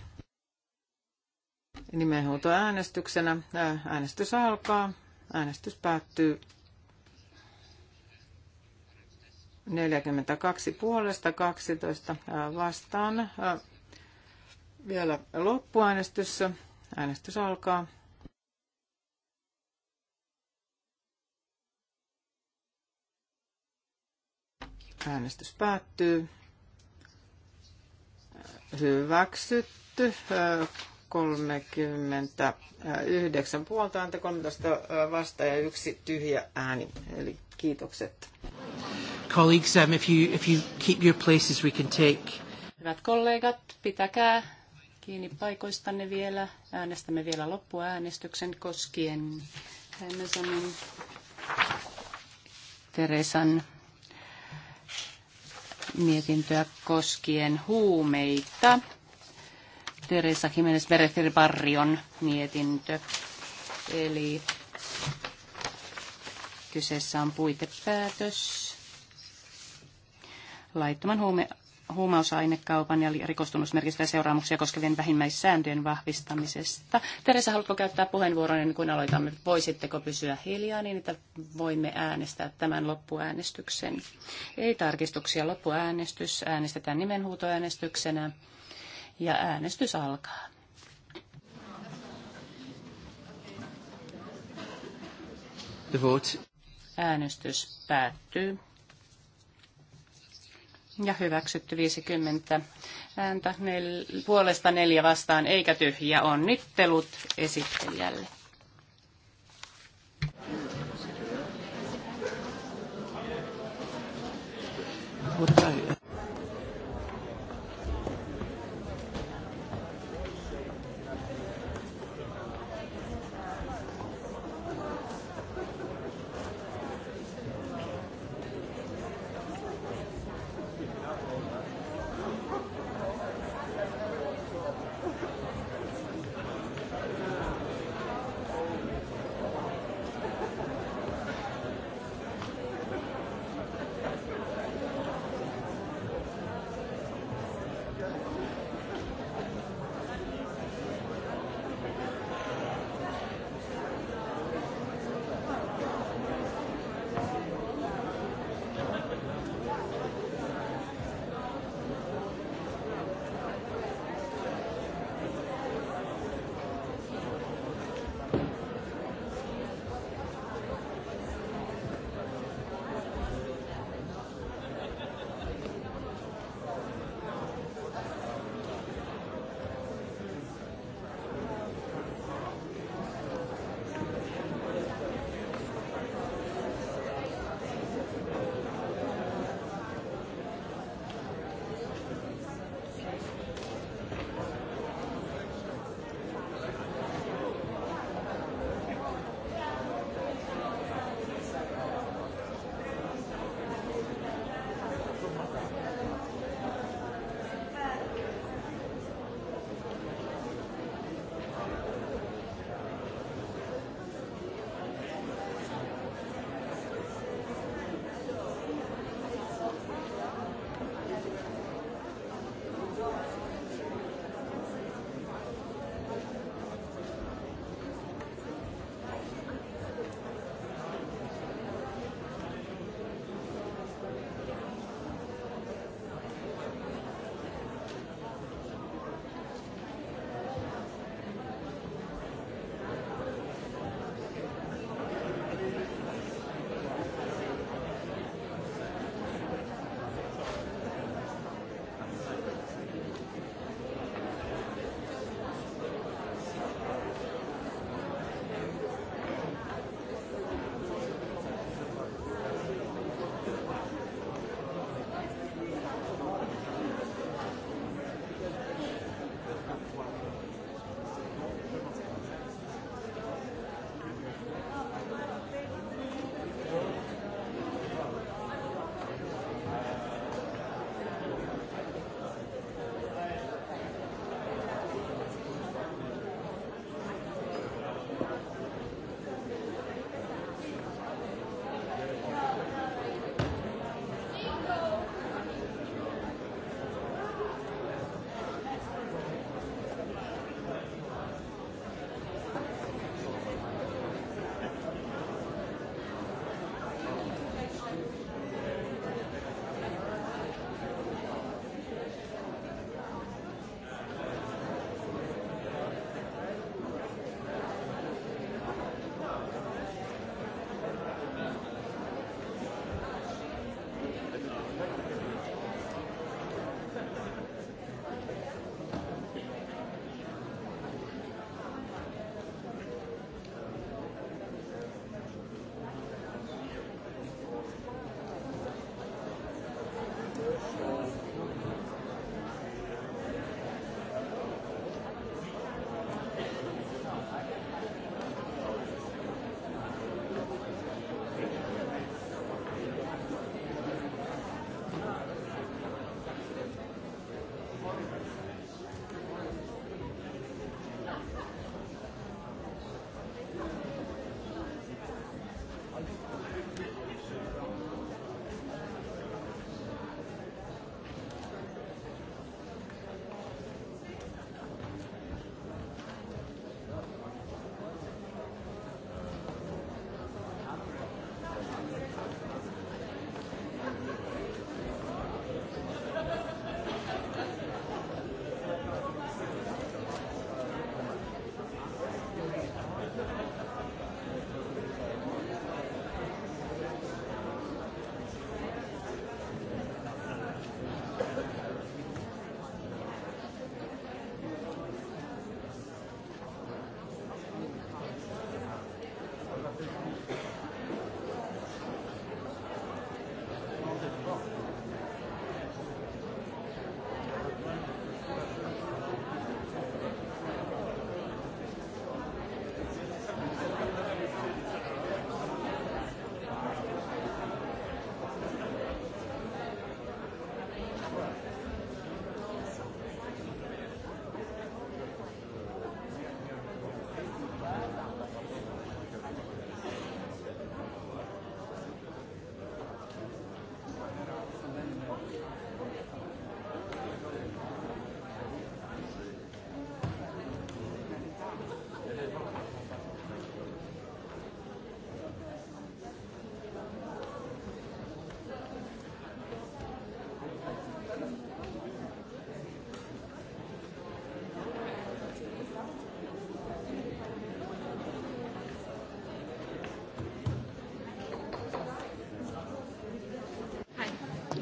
Nimenhuuto äänestyksenä. Äänestys alkaa. Äänestys päättyy 42 puolesta, 12 vastaan. Vielä loppuäänestys. Äänestys alkaa. Äänestys päättyy. Hyväksytty. 39 puolta ääntä, 13 vasta ja yksi tyhjä ääni. Eli kiitokset. Colleagues, um, if, you, if you keep your places, we can take... Hyvät kollegat, pitäkää kiinni paikoistanne vielä. Äänestämme vielä loppuäänestyksen koskien Amazonin Teresan mietintöä koskien huumeita. Teresa Jimenez Barrion mietintö. Eli kyseessä on puitepäätös laittoman huume huumausainekaupan ja rikostunnusmerkistöjä seuraamuksia koskevien vähimmäissääntöjen vahvistamisesta. Teresa, haluatko käyttää puheenvuoron ennen kuin aloitamme? Voisitteko pysyä hiljaa niin, että voimme äänestää tämän loppuäänestyksen? Ei tarkistuksia. Loppuäänestys äänestetään nimenhuutoäänestyksenä ja äänestys alkaa. The vote. Äänestys päättyy ja hyväksytty 50 ääntä nel- puolesta neljä vastaan eikä tyhjiä. Onnittelut esittelijälle. Mutta about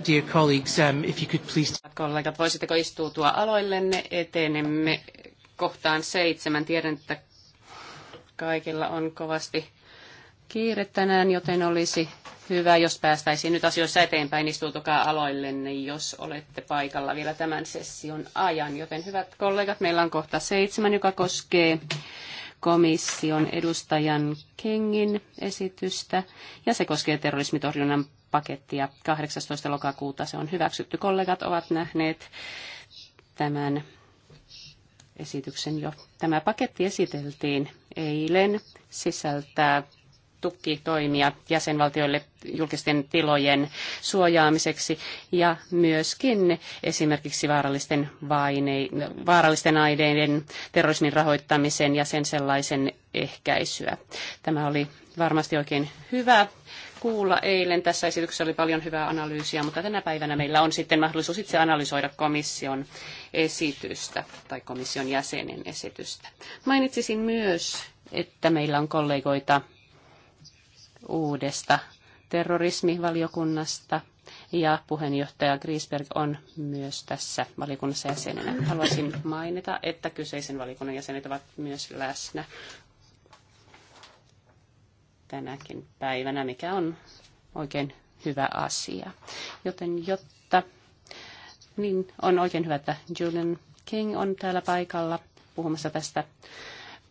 dear colleagues, um, if you could please... Kollegat, voisitteko istuutua aloillenne? Etenemme kohtaan seitsemän. Tiedän, että kaikilla on kovasti kiire tänään, joten olisi hyvä, jos päästäisiin nyt asioissa eteenpäin. Istuutukaa aloillenne, jos olette paikalla vielä tämän session ajan. Joten hyvät kollegat, meillä on kohta seitsemän, joka koskee komission edustajan Kengin esitystä, ja se koskee terrorismitorjunnan pakettia 18. lokakuuta. Se on hyväksytty. Kollegat ovat nähneet tämän esityksen jo. Tämä paketti esiteltiin eilen sisältää tukitoimia jäsenvaltioille julkisten tilojen suojaamiseksi ja myöskin esimerkiksi vaarallisten, vaine, vaarallisten aineiden terrorismin rahoittamisen ja sen sellaisen ehkäisyä. Tämä oli varmasti oikein hyvä kuulla eilen. Tässä esityksessä oli paljon hyvää analyysiä, mutta tänä päivänä meillä on sitten mahdollisuus itse analysoida komission esitystä tai komission jäsenen esitystä. Mainitsisin myös, että meillä on kollegoita uudesta terrorismivaliokunnasta ja puheenjohtaja Griesberg on myös tässä valiokunnassa jäsenenä. Haluaisin mainita, että kyseisen valiokunnan jäsenet ovat myös läsnä tänäkin päivänä, mikä on oikein hyvä asia. Joten jotta, niin on oikein hyvä, että Julian King on täällä paikalla puhumassa tästä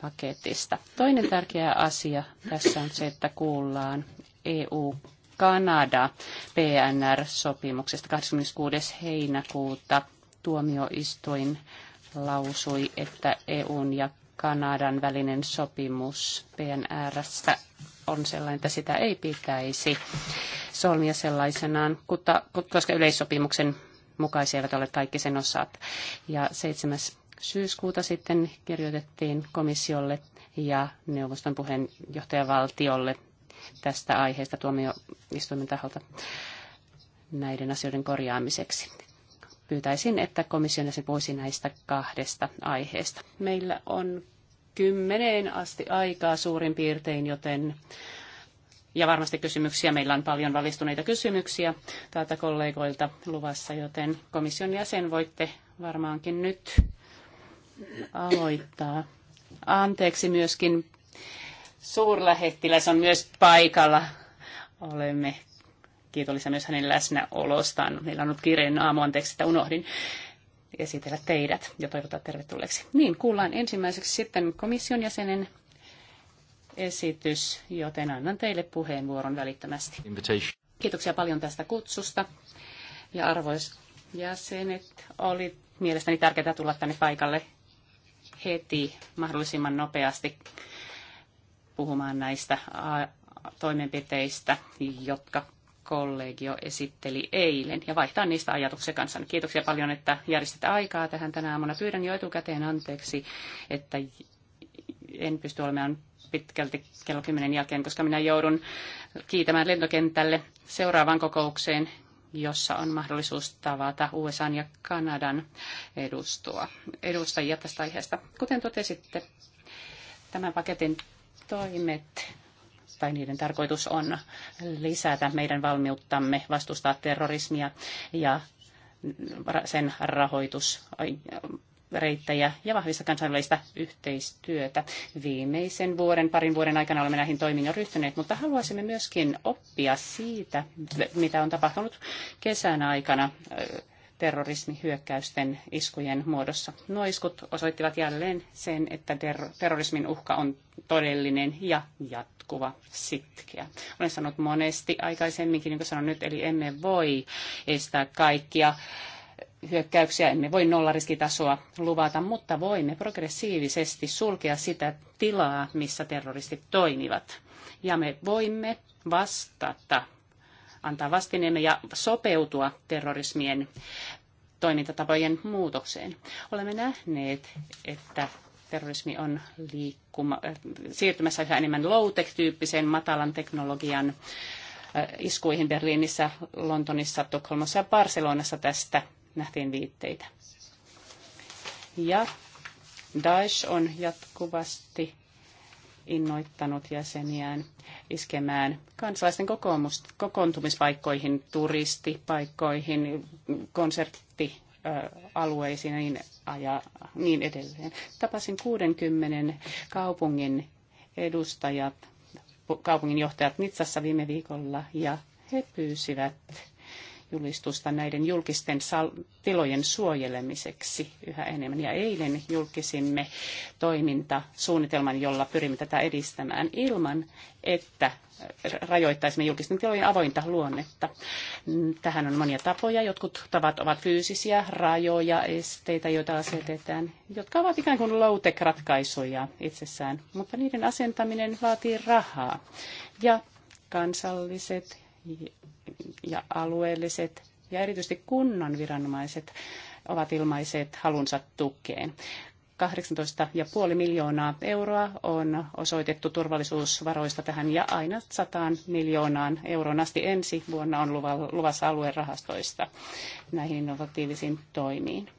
paketista. Toinen tärkeä asia tässä on se, että kuullaan EU Kanada PNR-sopimuksesta 26. heinäkuuta tuomioistuin lausui, että EUn ja Kanadan välinen sopimus PNRstä on sellainen, että sitä ei pitäisi solmia sellaisenaan, koska yleissopimuksen mukaisia eivät ole kaikki sen osat. Ja 7. syyskuuta sitten kirjoitettiin komissiolle ja neuvoston puheenjohtajavaltiolle tästä aiheesta tuomioistuimen taholta näiden asioiden korjaamiseksi pyytäisin, että komission jäsen voisi näistä kahdesta aiheesta. Meillä on kymmeneen asti aikaa suurin piirtein, joten ja varmasti kysymyksiä. Meillä on paljon valistuneita kysymyksiä täältä kollegoilta luvassa, joten komission jäsen voitte varmaankin nyt aloittaa. Anteeksi myöskin suurlähettiläs on myös paikalla. Olemme kiitollisia myös hänen läsnäolostaan. Meillä on ollut kiireinen aamu, anteeksi, että unohdin esitellä teidät ja toivottaa tervetulleeksi. Niin, kuullaan ensimmäiseksi sitten komission jäsenen esitys, joten annan teille puheenvuoron välittömästi. Invitation. Kiitoksia paljon tästä kutsusta. Ja arvois jäsenet, oli mielestäni tärkeää tulla tänne paikalle heti mahdollisimman nopeasti puhumaan näistä toimenpiteistä, jotka kollegio esitteli eilen ja vaihtaa niistä ajatuksia kanssa. Kiitoksia paljon, että järjestit aikaa tähän tänä aamuna. Pyydän jo etukäteen anteeksi, että en pysty olemaan pitkälti kello 10 jälkeen, koska minä joudun kiitämään lentokentälle seuraavaan kokoukseen, jossa on mahdollisuus tavata USA ja Kanadan edustua, edustajia tästä aiheesta. Kuten totesitte, tämän paketin toimet tai niiden tarkoitus on lisätä meidän valmiuttamme vastustaa terrorismia ja sen rahoitusreittejä ja vahvistaa kansainvälistä yhteistyötä. Viimeisen vuoden, parin vuoden aikana olemme näihin toimiin jo ryhtyneet, mutta haluaisimme myöskin oppia siitä, mitä on tapahtunut kesän aikana terrorismihyökkäysten iskujen muodossa. Nuo iskut osoittivat jälleen sen, että ter- terrorismin uhka on todellinen ja jatkuva sitkeä. Olen sanonut monesti aikaisemminkin, niin kuin sanon nyt, eli emme voi estää kaikkia hyökkäyksiä, emme voi nollariskitasoa luvata, mutta voimme progressiivisesti sulkea sitä tilaa, missä terroristit toimivat. Ja me voimme vastata antaa vastineemme ja sopeutua terrorismien toimintatapojen muutokseen. Olemme nähneet, että terrorismi on liikkuma, äh, siirtymässä yhä enemmän low-tech-tyyppiseen matalan teknologian äh, iskuihin Berliinissä, Lontonissa, Tukholmassa ja Barcelonassa tästä nähtiin viitteitä. Ja Daesh on jatkuvasti innoittanut jäseniään iskemään kansalaisten kokoontumispaikkoihin, turistipaikkoihin, konsertti alueisiin ja niin, ja niin edelleen. Tapasin 60 kaupungin edustajat, kaupunginjohtajat Nitsassa viime viikolla ja he pyysivät julistusta näiden julkisten tilojen suojelemiseksi yhä enemmän. Ja eilen julkisimme toimintasuunnitelman, jolla pyrimme tätä edistämään ilman, että rajoittaisimme julkisten tilojen avointa luonnetta. Tähän on monia tapoja. Jotkut tavat ovat fyysisiä rajoja, esteitä, joita asetetaan, jotka ovat ikään kuin low ratkaisuja itsessään, mutta niiden asentaminen vaatii rahaa. Ja kansalliset ja alueelliset ja erityisesti kunnan viranomaiset ovat ilmaiset halunsa tukeen. 18,5 miljoonaa euroa on osoitettu turvallisuusvaroista tähän ja aina 100 miljoonaan euroon asti ensi vuonna on luvassa aluerahastoista näihin innovatiivisiin toimiin.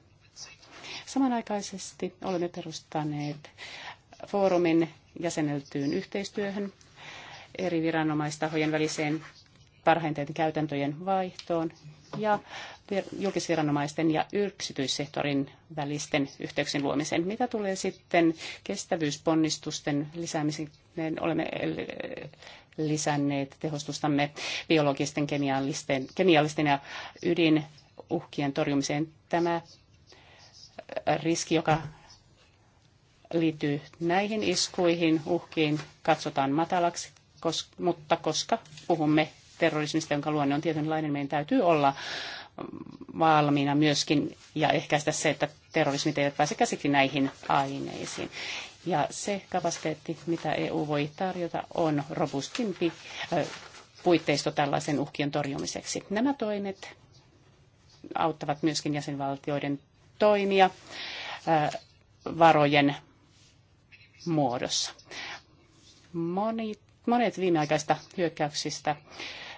Samanaikaisesti olemme perustaneet foorumin jäseneltyyn yhteistyöhön eri viranomaistahojen väliseen parhaiten käytäntöjen vaihtoon ja julkisviranomaisten ja yksityissektorin välisten yhteyksien luomiseen. Mitä tulee sitten kestävyysponnistusten lisäämiseen, olemme lisänneet tehostustamme biologisten, kemiallisten, kemiallisten ja ydinuhkien torjumiseen. Tämä äh, riski, joka liittyy näihin iskuihin, uhkiin, katsotaan matalaksi, mutta koska puhumme terrorismista, jonka luonne on tietynlainen, meidän täytyy olla valmiina myöskin ja ehkäistä se, että terrorismit eivät pääse käsiksi näihin aineisiin. Ja se kapasiteetti, mitä EU voi tarjota, on robustimpi puitteisto tällaisen uhkien torjumiseksi. Nämä toimet auttavat myöskin jäsenvaltioiden toimia varojen muodossa. Monet, monet viimeaikaista hyökkäyksistä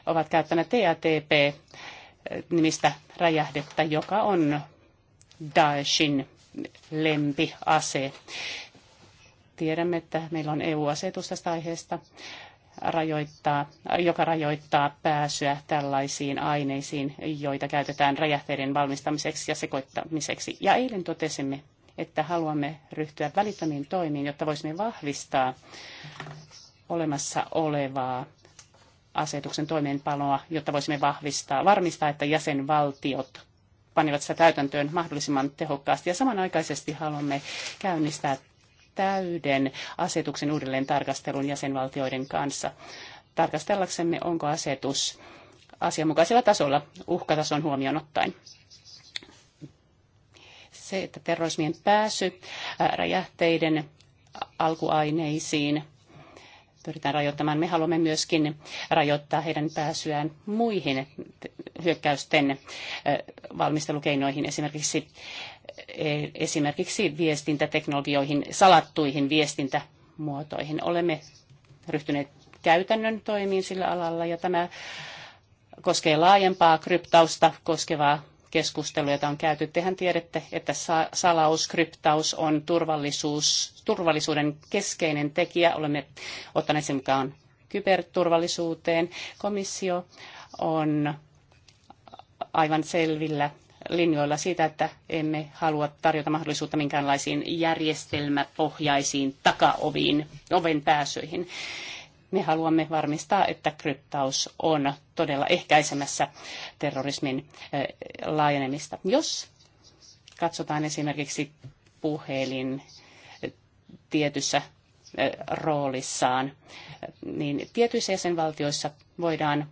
ovat käyttäneet TATP-nimistä räjähdettä, joka on Daeshin lempiase. Tiedämme, että meillä on EU-asetus tästä aiheesta, rajoittaa, joka rajoittaa pääsyä tällaisiin aineisiin, joita käytetään räjähteiden valmistamiseksi ja sekoittamiseksi. Ja eilen totesimme, että haluamme ryhtyä välittömiin toimiin, jotta voisimme vahvistaa olemassa olevaa asetuksen toimeenpanoa, jotta voisimme vahvistaa, varmistaa, että jäsenvaltiot panivat sitä täytäntöön mahdollisimman tehokkaasti. Ja samanaikaisesti haluamme käynnistää täyden asetuksen uudelleen tarkastelun jäsenvaltioiden kanssa. Tarkastellaksemme, onko asetus asianmukaisella tasolla uhkatason huomioon ottaen. Se, että terrorismien pääsy räjähteiden alkuaineisiin pyritään rajoittamaan. Me haluamme myöskin rajoittaa heidän pääsyään muihin hyökkäysten valmistelukeinoihin, esimerkiksi, esimerkiksi viestintäteknologioihin, salattuihin viestintämuotoihin. Olemme ryhtyneet käytännön toimiin sillä alalla ja tämä koskee laajempaa kryptausta koskevaa keskustelu, jota on käyty. Tehän tiedätte, että salaus, kryptaus on turvallisuus, turvallisuuden keskeinen tekijä. Olemme ottaneet sen mukaan kyberturvallisuuteen. Komissio on aivan selvillä linjoilla siitä, että emme halua tarjota mahdollisuutta minkäänlaisiin järjestelmäpohjaisiin takaoviin, oven pääsyihin. Me haluamme varmistaa, että kryptaus on todella ehkäisemässä terrorismin laajenemista. Jos katsotaan esimerkiksi puhelin tietyssä roolissaan, niin tietyissä jäsenvaltioissa voidaan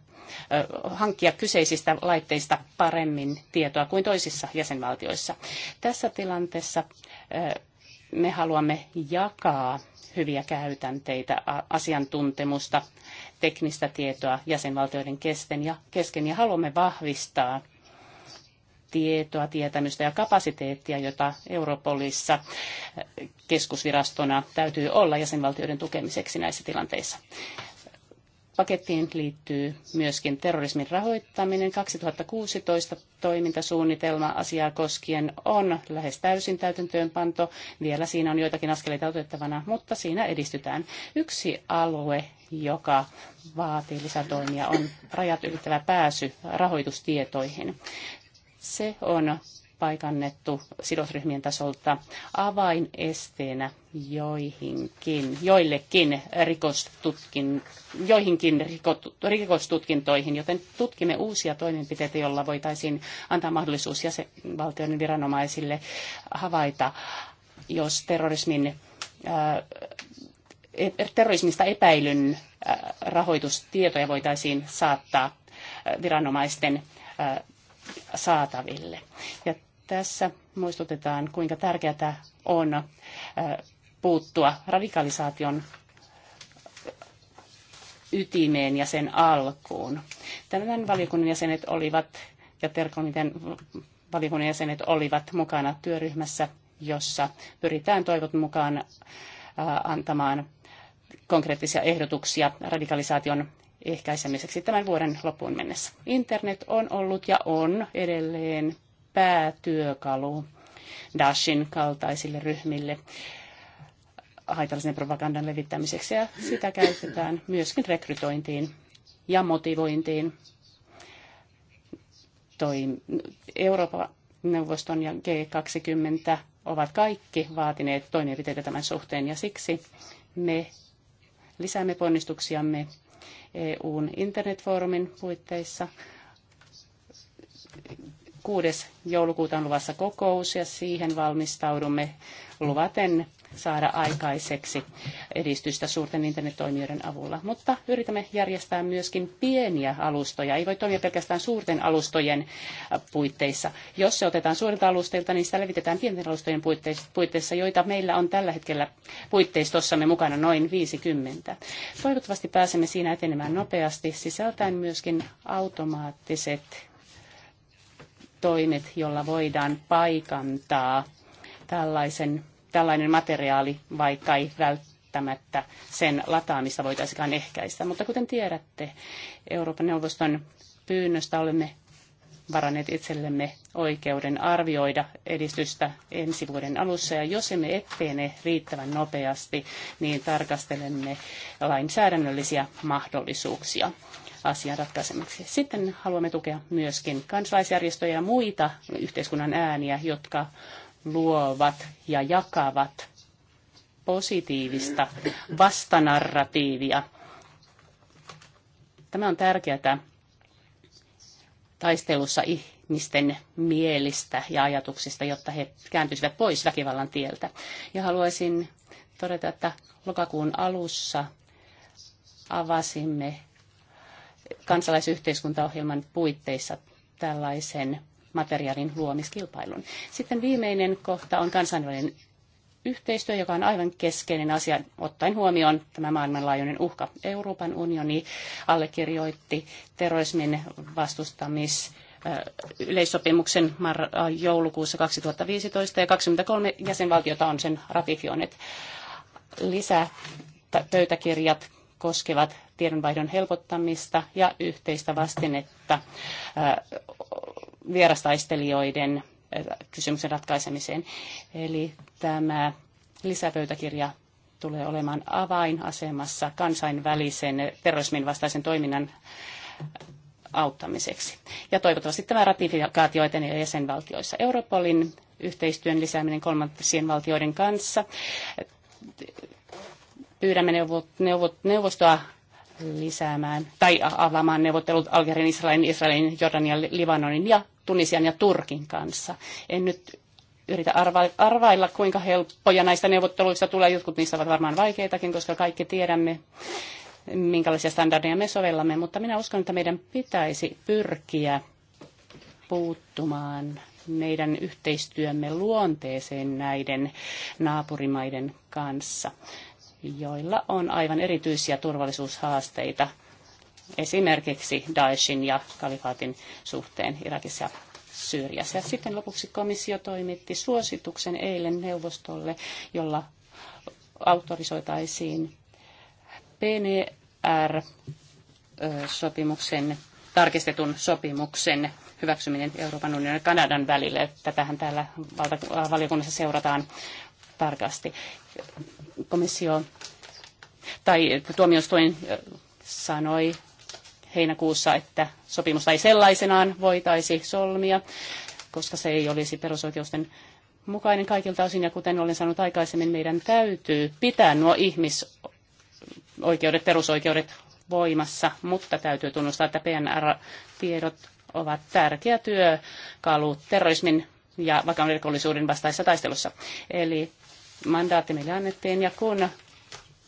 hankkia kyseisistä laitteista paremmin tietoa kuin toisissa jäsenvaltioissa. Tässä tilanteessa me haluamme jakaa hyviä käytänteitä, asiantuntemusta, teknistä tietoa jäsenvaltioiden kesken ja, kesken ja haluamme vahvistaa tietoa, tietämystä ja kapasiteettia, jota Europolissa keskusvirastona täytyy olla jäsenvaltioiden tukemiseksi näissä tilanteissa. Pakettiin liittyy myöskin terrorismin rahoittaminen. 2016 toimintasuunnitelma asiaa koskien on lähes täysin täytäntöönpanto. Vielä siinä on joitakin askeleita otettavana, mutta siinä edistytään. Yksi alue, joka vaatii lisätoimia, on rajat ylittävä pääsy rahoitustietoihin. Se on paikannettu sidosryhmien tasolta avainesteenä joihinkin, joillekin rikostutkin, joihinkin rikot, rikostutkintoihin, joten tutkimme uusia toimenpiteitä, joilla voitaisiin antaa mahdollisuus jäsenvaltioiden viranomaisille havaita, jos terrorismin ää, äh, e, terrorismista epäilyn äh, rahoitustietoja voitaisiin saattaa äh, viranomaisten saataville. Ja tässä muistutetaan, kuinka tärkeää on äh, puuttua radikalisaation ytimeen ja sen alkuun. Tämän valiokunnan jäsenet olivat, ja Terkomiten valiokunnan jäsenet olivat mukana työryhmässä, jossa pyritään toivot mukaan äh, antamaan konkreettisia ehdotuksia radikalisaation ehkäisemiseksi tämän vuoden loppuun mennessä. Internet on ollut ja on edelleen päätyökalu Dashin kaltaisille ryhmille haitallisen propagandan levittämiseksi ja sitä käytetään myöskin rekrytointiin ja motivointiin. Toi Euroopan neuvoston ja G20 ovat kaikki vaatineet toimenpiteitä tämän suhteen ja siksi me lisäämme ponnistuksiamme EUn internetfoorumin puitteissa 6. joulukuuta on luvassa kokous ja siihen valmistaudumme luvaten saada aikaiseksi edistystä suurten internettoimijoiden avulla. Mutta yritämme järjestää myöskin pieniä alustoja. Ei voi toimia pelkästään suurten alustojen puitteissa. Jos se otetaan suurilta alustoilta, niin sitä levitetään pienten alustojen puitteissa, joita meillä on tällä hetkellä puitteistossamme mukana noin 50. Toivottavasti pääsemme siinä etenemään nopeasti, sisältäen myöskin automaattiset toimet, jolla voidaan paikantaa tällaisen, tällainen materiaali, vaikka ei välttämättä sen lataamista voitaisikaan ehkäistä. Mutta kuten tiedätte, Euroopan neuvoston pyynnöstä olemme varanneet itsellemme oikeuden arvioida edistystä ensi vuoden alussa. Ja jos emme etene riittävän nopeasti, niin tarkastelemme lainsäädännöllisiä mahdollisuuksia asian ratkaisemiseksi. Sitten haluamme tukea myöskin kansalaisjärjestöjä ja muita yhteiskunnan ääniä, jotka luovat ja jakavat positiivista vastanarratiivia. Tämä on tärkeää taistelussa ihmisten mielistä ja ajatuksista, jotta he kääntyisivät pois väkivallan tieltä. Ja haluaisin todeta, että lokakuun alussa avasimme kansalaisyhteiskuntaohjelman puitteissa tällaisen materiaalin luomiskilpailun. Sitten viimeinen kohta on kansainvälinen yhteistyö, joka on aivan keskeinen asia, ottaen huomioon tämä maailmanlaajuinen uhka. Euroopan unioni allekirjoitti terrorismin vastustamis yleissopimuksen joulukuussa 2015 ja 23 jäsenvaltiota on sen ratifioineet. Lisäpöytäkirjat koskevat tiedonvaihdon helpottamista ja yhteistä vastinetta vierastaistelijoiden kysymyksen ratkaisemiseen. Eli tämä lisäpöytäkirja tulee olemaan avainasemassa kansainvälisen terrorismin vastaisen toiminnan auttamiseksi. Ja toivottavasti tämä ratifikaatio etenee jäsenvaltioissa. Europolin yhteistyön lisääminen kolmansien valtioiden kanssa. Pyydämme neuvostoa lisäämään tai avaamaan neuvottelut Algerin, Israelin, Israelin, Jordanian, Libanonin ja Tunisian ja Turkin kanssa. En nyt yritä arvailla, kuinka helppoja näistä neuvotteluista tulee. Jotkut niistä ovat varmaan vaikeitakin, koska kaikki tiedämme, minkälaisia standardeja me sovellamme, mutta minä uskon, että meidän pitäisi pyrkiä puuttumaan meidän yhteistyömme luonteeseen näiden naapurimaiden kanssa joilla on aivan erityisiä turvallisuushaasteita esimerkiksi Daeshin ja kalifaatin suhteen Irakissa ja Syyriassa. Ja sitten lopuksi komissio toimitti suosituksen eilen neuvostolle, jolla autorisoitaisiin PNR-sopimuksen, tarkistetun sopimuksen hyväksyminen Euroopan unionin ja Kanadan välille. Tätähän täällä valiokunnassa seurataan tarkasti komissio tai tuomioistuin sanoi heinäkuussa, että sopimusta ei sellaisenaan voitaisi solmia, koska se ei olisi perusoikeusten mukainen kaikilta osin. Ja kuten olen sanonut aikaisemmin, meidän täytyy pitää nuo ihmisoikeudet, perusoikeudet voimassa, mutta täytyy tunnustaa, että PNR-tiedot ovat tärkeä työkalu terrorismin ja vakavan rikollisuuden vastaisessa taistelussa. Eli mandaatti meille annettiin ja kun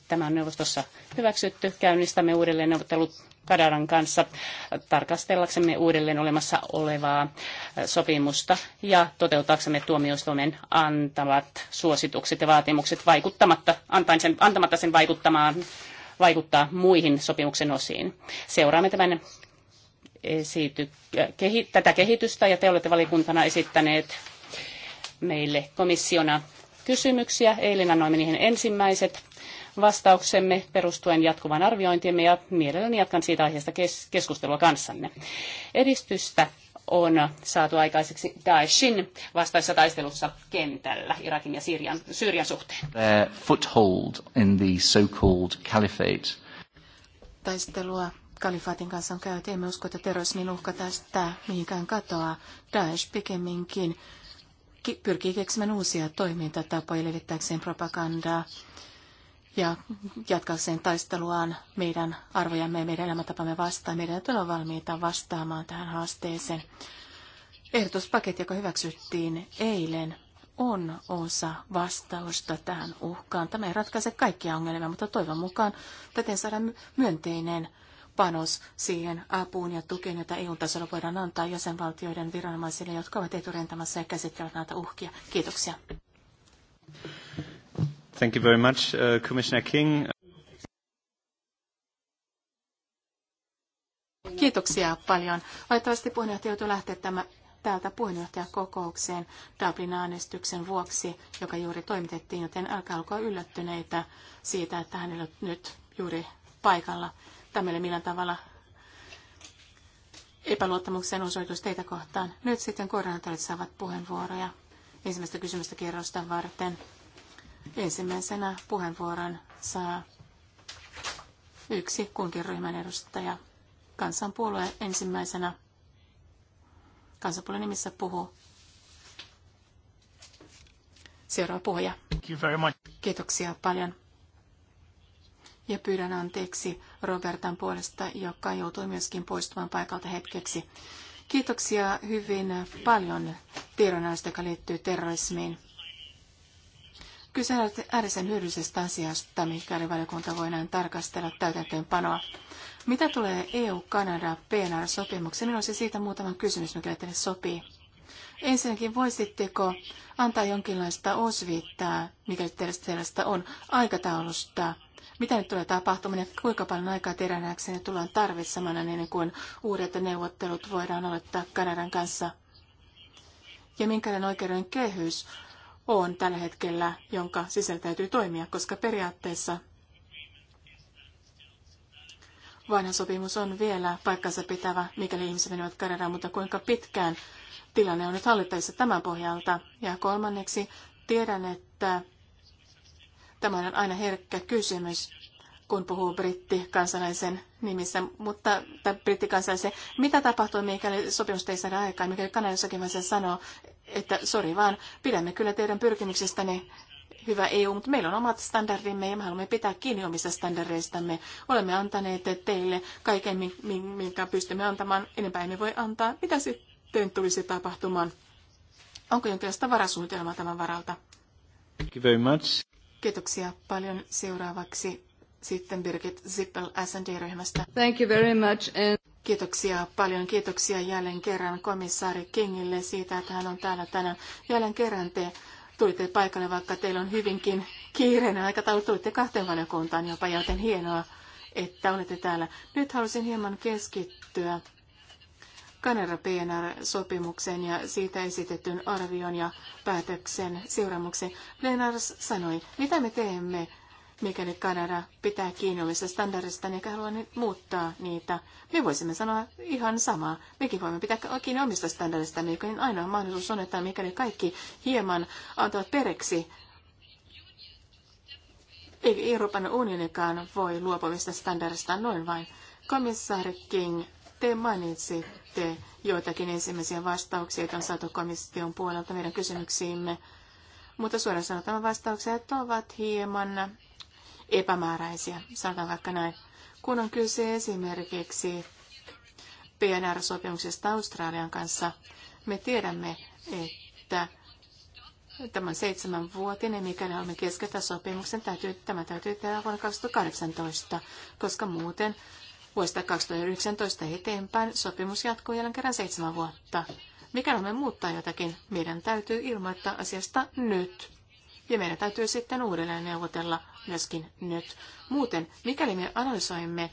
tämä on neuvostossa hyväksytty, käynnistämme uudelleen neuvottelut kadaran kanssa tarkastellaksemme uudelleen olemassa olevaa sopimusta ja toteutaksemme tuomioistuimen antavat suositukset ja vaatimukset vaikuttamatta, sen, antamatta sen vaikuttamaan, vaikuttaa muihin sopimuksen osiin. Seuraamme tämän esity, kehi, tätä kehitystä ja te olette valikuntana esittäneet meille komissiona kysymyksiä. Eilen annoimme niihin ensimmäiset vastauksemme perustuen jatkuvan arviointiimme ja mielelläni jatkan siitä aiheesta kes- keskustelua kanssanne. Edistystä on saatu aikaiseksi Daeshin vastaisessa taistelussa kentällä Irakin ja Syyrian, suhteen. Their foothold in the so-called caliphate. Taistelua kalifaatin kanssa on käyty. Emme usko, että terrorismin uhka tästä mihinkään katoaa. Daesh pikemminkin pyrkii keksimään uusia toimintatapoja levittääkseen propagandaa ja jatkaakseen taisteluaan meidän arvojamme ja meidän elämäntapamme vastaan. Meidän tulee valmiita vastaamaan tähän haasteeseen. Ehdotuspaketti, joka hyväksyttiin eilen, on osa vastausta tähän uhkaan. Tämä ei ratkaise kaikkia ongelmia, mutta toivon mukaan täten saadaan myönteinen panos siihen apuun ja tukeen, jota EU-tasolla voidaan antaa jäsenvaltioiden viranomaisille, jotka ovat eturintamassa ja käsittelevät näitä uhkia. Kiitoksia. Thank you very much, uh, Commissioner King. Kiitoksia paljon. Valitettavasti puheenjohtaja joutui lähteä tämä, täältä puheenjohtajakokoukseen Dublin-äänestyksen vuoksi, joka juuri toimitettiin, joten älkää olko yllättyneitä siitä, että hän ei ole nyt juuri paikalla. Tämä ei millään tavalla epäluottamuksen osoitus teitä kohtaan. Nyt sitten koordinaattorit saavat puheenvuoroja ensimmäistä kysymystä kerrosta varten. Ensimmäisenä puheenvuoron saa yksi kunkin ryhmän edustaja. Kansanpuolue ensimmäisenä. Kansanpuolueen nimissä puhuu. Seuraava puhuja. Kiitoksia paljon ja pyydän anteeksi Robertan puolesta, joka joutui myöskin poistumaan paikalta hetkeksi. Kiitoksia hyvin paljon tiedonannosta, joka liittyy terrorismiin. Kyse on äärimmäisen hyödyllisestä asiasta, mikäli valiokunta voidaan tarkastella täytäntöönpanoa. Mitä tulee EU-Kanada-PNR-sopimukseen, niin olisi siitä muutama kysymys, mikä teille sopii. Ensinnäkin voisitteko antaa jonkinlaista osviittaa, mikä teillä sellaista on, aikataulusta mitä nyt tulee tapahtumaan ja kuinka paljon aikaa teidän näksenne tullaan tarvitsemaan niin ennen kuin uudet neuvottelut voidaan aloittaa Kanadan kanssa? Ja minkälainen oikeuden kehys on tällä hetkellä, jonka sisällä täytyy toimia, koska periaatteessa vanha sopimus on vielä paikkansa pitävä, mikäli ihmiset menevät Kanadaan, mutta kuinka pitkään tilanne on nyt hallittavissa tämän pohjalta. Ja kolmanneksi tiedän, että Tämä on aina herkkä kysymys, kun puhuu brittikansalaisen nimissä, mutta tämän brittikansalaisen, mitä tapahtuu, mikäli sopimus ei saada aikaan, mikäli Kanada jossakin vaiheessa sanoo, että sori vaan, pidämme kyllä teidän pyrkimyksestäni hyvä EU, mutta meillä on omat standardimme ja me haluamme pitää kiinni omista standardeistamme. Olemme antaneet teille kaiken, minkä pystymme antamaan, enempää emme voi antaa. Mitä sitten tulisi tapahtumaan? Onko jonkinlaista varasuunnitelmaa tämän varalta? Thank you very much. Kiitoksia paljon. Seuraavaksi sitten Birgit Zippel sd ryhmästä Thank you very much. And... Kiitoksia paljon. Kiitoksia jälleen kerran komissaari Kingille siitä, että hän on täällä tänään. Jälleen kerran te tulitte paikalle, vaikka teillä on hyvinkin kiireinen aikataulu. Tulitte kahteen valiokuntaan jopa, joten hienoa, että olette täällä. Nyt haluaisin hieman keskittyä Kanada PNR-sopimuksen ja siitä esitetyn arvion ja päätöksen seuraamuksen. Lennars sanoi, mitä me teemme, mikäli Kanada pitää kiinni omista standardista, eikä halua muuttaa niitä. Me voisimme sanoa ihan samaa. Mekin voimme pitää kiinni omista standardista, mikäli niin ainoa mahdollisuus on, että mikäli kaikki hieman antavat pereksi ei Euroopan unionikaan voi luopumista standardista noin vain. Komissaari King te mainitsitte joitakin ensimmäisiä vastauksia, joita on saatu komission puolelta meidän kysymyksiimme, mutta suoraan sanottuna vastaukset ovat hieman epämääräisiä, sanotaan vaikka näin. Kun on kyse esimerkiksi PNR-sopimuksesta Australian kanssa, me tiedämme, että tämän seitsemänvuotinen, mikäli haluamme keskeyttää sopimuksen, täytyy, tämä täytyy tehdä vuonna 2018, koska muuten Vuodesta 2019 eteenpäin sopimus jatkuu jälleen kerran seitsemän vuotta. Mikäli me muuttaa jotakin, meidän täytyy ilmoittaa asiasta nyt. Ja meidän täytyy sitten uudelleen neuvotella myöskin nyt. Muuten, mikäli me analysoimme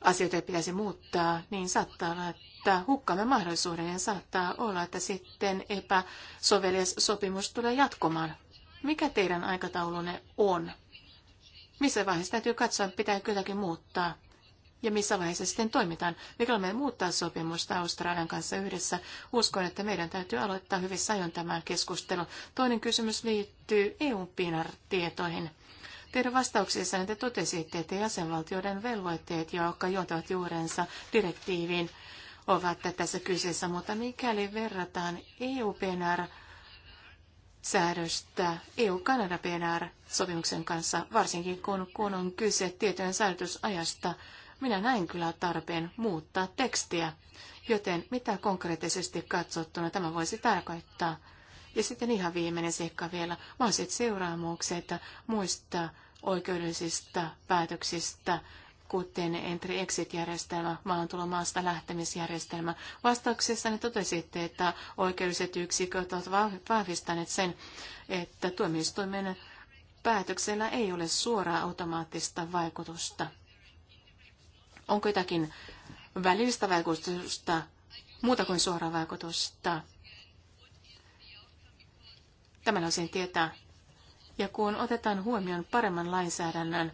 asioita, pitäisi muuttaa, niin saattaa olla, että hukkaamme mahdollisuuden ja saattaa olla, että sitten epäsovelias sopimus tulee jatkumaan. Mikä teidän aikataulunne on? Missä vaiheessa täytyy katsoa, pitää jotakin muuttaa? ja missä vaiheessa sitten toimitaan. Mikäli me muuttaa sopimusta Australian kanssa yhdessä, uskon, että meidän täytyy aloittaa hyvissä ajoin tämän keskustelun. Toinen kysymys liittyy EU-PINAR-tietoihin. Teidän vastauksissanne te totesitte, että jäsenvaltioiden velvoitteet, jotka juontavat juurensa direktiiviin, ovat tässä kyseessä, mutta mikäli verrataan EU-PNR säädöstä EU-Kanada-PNR sopimuksen kanssa, varsinkin kun, kun on kyse tietojen säilytysajasta, minä näin kyllä tarpeen muuttaa tekstiä, joten mitä konkreettisesti katsottuna tämä voisi tarkoittaa. Ja sitten ihan viimeinen seikka vielä, mahdolliset seuraamukset muista oikeudellisista päätöksistä, kuten entry-exit-järjestelmä, maahantulomaasta lähtemisjärjestelmä. ne totesitte, että oikeudelliset yksiköt ovat vahvistaneet sen, että tuomioistuimen päätöksellä ei ole suoraa automaattista vaikutusta Onko jotakin välillistä vaikutusta, muuta kuin suoraa vaikutusta? Tämän osin tietää. Ja kun otetaan huomioon paremman lainsäädännön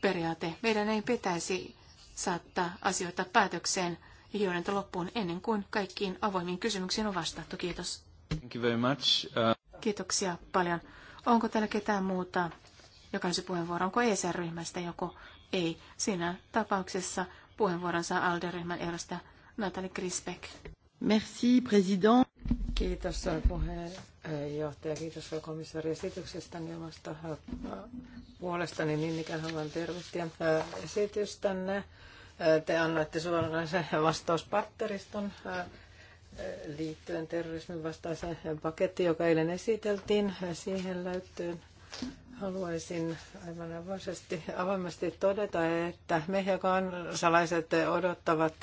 periaate, meidän ei pitäisi saattaa asioita päätökseen ja loppuun ennen kuin kaikkiin avoimiin kysymyksiin on vastattu. Kiitos. Thank you very much. Uh... Kiitoksia paljon. Onko täällä ketään muuta, joka olisi puheenvuoro? Onko ESR-ryhmästä joku? Ei, siinä tapauksessa puheenvuoron saa ALDE-ryhmän edustaja Natalie Grisbeck. Merci, president. Kiitos äh, puheenjohtaja, kiitos komissaari esityksestä niin omasta äh, puolestani. Niin ikään haluan tervehtiä äh, esitystänne. Te annoitte suoranaisen vastauspartteriston liittyen terrorismin vastaiseen pakettiin, joka eilen esiteltiin. Siihen löytyy Haluaisin aivan avoisesti, avoimesti todeta, että me ja kansalaiset odottavat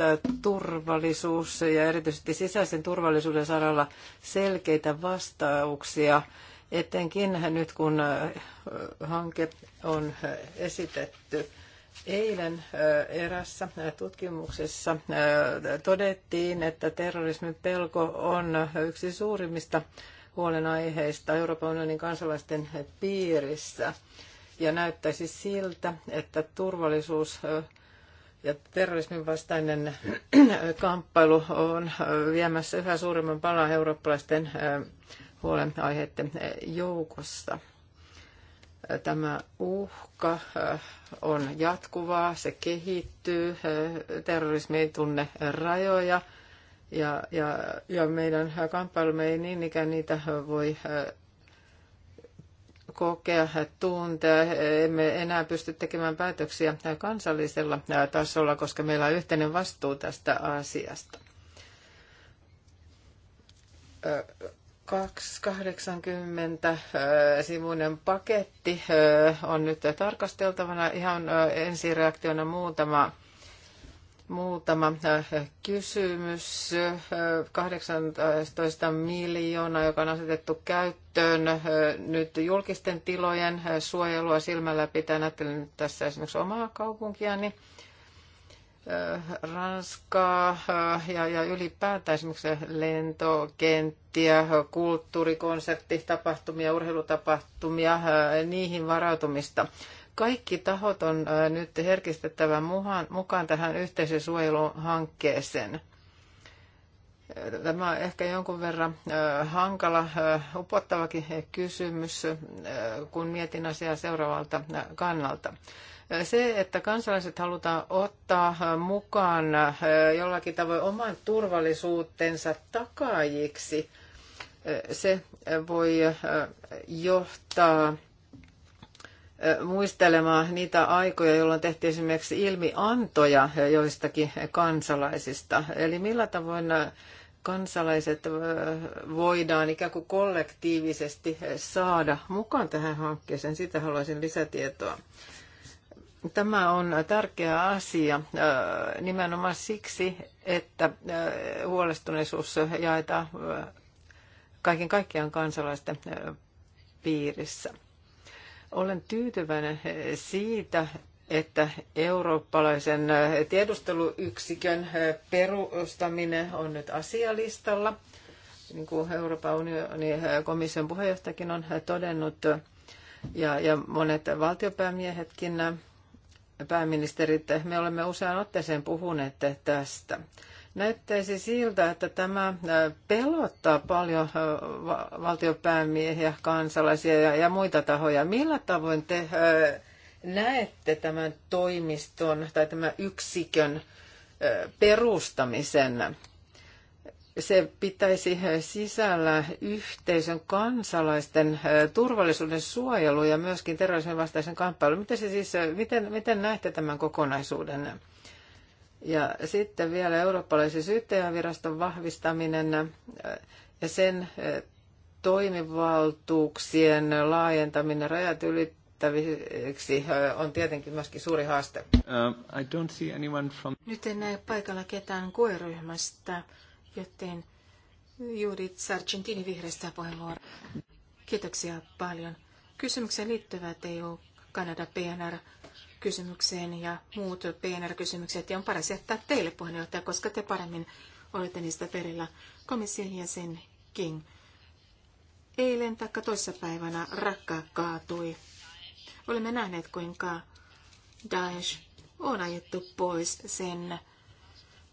turvallisuus ja erityisesti sisäisen turvallisuuden saralla selkeitä vastauksia, etenkin nyt kun hanke on esitetty. Eilen erässä tutkimuksessa todettiin, että terrorismin pelko on yksi suurimmista huolenaiheista Euroopan unionin kansalaisten piirissä. Ja näyttäisi siltä, että turvallisuus ja terrorismin vastainen kamppailu on viemässä yhä suuremman palan eurooppalaisten huolenaiheiden joukossa. Tämä uhka on jatkuvaa, se kehittyy, terrorismi ei tunne rajoja – ja, ja, ja meidän kamppailumme ei niin ikään niitä voi äh, kokea, tuntea. Emme enää pysty tekemään päätöksiä kansallisella äh, tasolla, koska meillä on yhteinen vastuu tästä asiasta. 280 äh, sivuinen paketti on nyt tarkasteltavana ihan ensireaktiona muutama Muutama äh, kysymys. 18 äh, miljoonaa, joka on asetettu käyttöön äh, nyt julkisten tilojen suojelua silmällä pitää. Ajattelen nyt tässä esimerkiksi omaa kaupunkiani, Ranskaa ja, ja ylipäätään esimerkiksi lentokenttiä, kulttuurikonsertti, tapahtumia, urheilutapahtumia, niihin varautumista – kaikki tahot on nyt herkistettävä mukaan tähän yhteisen suojeluhankkeeseen. Tämä on ehkä jonkun verran hankala, upottavakin kysymys, kun mietin asiaa seuraavalta kannalta. Se, että kansalaiset halutaan ottaa mukaan jollakin tavoin oman turvallisuutensa takaajiksi, se voi johtaa muistelemaan niitä aikoja, jolloin tehtiin esimerkiksi ilmiantoja joistakin kansalaisista. Eli millä tavoin kansalaiset voidaan ikään kuin kollektiivisesti saada mukaan tähän hankkeeseen. Sitä haluaisin lisätietoa. Tämä on tärkeä asia nimenomaan siksi, että huolestuneisuus jaetaan kaiken kaikkiaan kansalaisten piirissä. Olen tyytyväinen siitä, että eurooppalaisen tiedusteluyksikön perustaminen on nyt asialistalla. Niin kuin Euroopan unionin komission puheenjohtajakin on todennut, ja, ja monet valtiopäämiehetkin, pääministerit, me olemme usean otteeseen puhuneet tästä. Näyttäisi siltä, että tämä äh, pelottaa paljon äh, valtiopäämiehiä, kansalaisia ja muita tahoja. Millä tavoin te äh, näette tämän toimiston tai tämän yksikön perustamisen? Se pitäisi sisällä yhteisön kansalaisten turvallisuuden suojelu ja myöskin terrorismin vastaisen kamppailun. Miten, siis, miten, miten näette tämän kokonaisuuden? Ja sitten vielä eurooppalaisen syyttäjäviraston vahvistaminen äh, ja sen äh, toimivaltuuksien laajentaminen rajat ylittäviksi äh, on tietenkin myöskin suuri haaste. Uh, I don't see anyone from... Nyt en näe paikalla ketään koeryhmästä, joten juuri Sargentini vihreistä puheenvuoro. Kiitoksia paljon. Kysymykseen liittyvät EU-Kanada PNR kysymykseen ja muut PNR-kysymykset, ja on paras jättää teille puheenjohtaja, koska te paremmin olette niistä perillä. Komission jäsen King. Eilen taikka toissapäivänä rakka kaatui. Olemme nähneet, kuinka Daesh on ajettu pois sen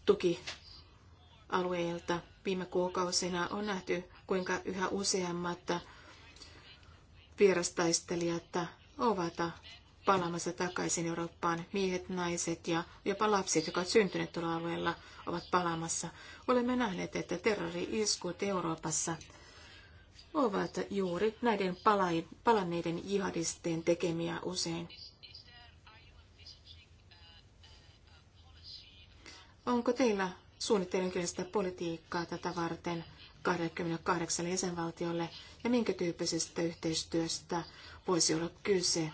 tukialueelta. Viime kuukausina on nähty, kuinka yhä useammat vierastaistelijat ovat palaamassa takaisin Eurooppaan. Miehet, naiset ja jopa lapset, jotka ovat syntyneet tuolla alueella, ovat palaamassa. Olemme nähneet, että terrori-iskut Euroopassa ovat juuri näiden palanneiden jihadistien tekemiä usein. Onko teillä suunnittelukykyistä politiikkaa tätä varten 28 jäsenvaltiolle ja minkä tyyppisestä yhteistyöstä voisi olla kyse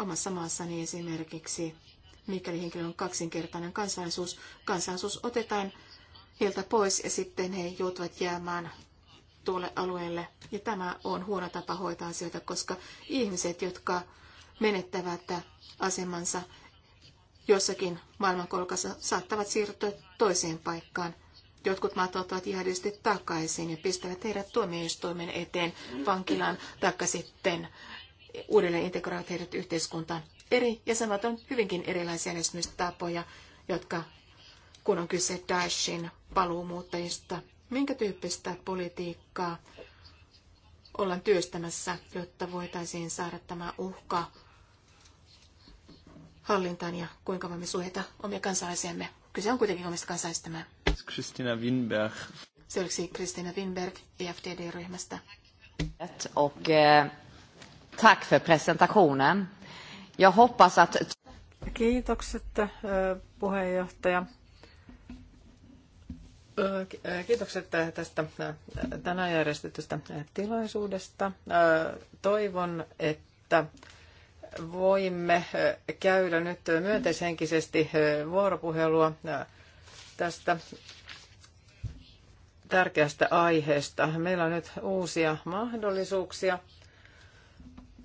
Omassa maassani esimerkiksi, mikäli henkilö on kaksinkertainen kansalaisuus, kansalaisuus otetaan heiltä pois ja sitten he joutuvat jäämään tuolle alueelle. Ja tämä on huono tapa hoitaa asioita, koska ihmiset, jotka menettävät asemansa jossakin maailmankolkassa, saattavat siirtyä toiseen paikkaan. Jotkut maat ottavat jihadisti takaisin ja pistävät heidät tuomioistuimen eteen vankilaan tai sitten uudelleen integroivat heidät yhteiskuntaan. Eri jäsenvaltiot on hyvinkin erilaisia tapoja, jotka kun on kyse Daeshin paluumuuttajista. Minkä tyyppistä politiikkaa ollaan työstämässä, jotta voitaisiin saada tämä uhka hallintaan ja kuinka voimme suojata omia kansalaisiamme. Kyse on kuitenkin omista kansalaisistamme. Kristina Winberg. Se olisi Kristina Winberg EFTD-ryhmästä. Och, eh, Tack för presentationen. Jag hoppas att... Kiitokset eh, puheenjohtaja. Kiitokset eh, tästä eh, tänään järjestetystä tilaisuudesta. Toivon, että voimme käydä nyt myönteishenkisesti vuoropuhelua tästä tärkeästä aiheesta. Meillä on nyt uusia mahdollisuuksia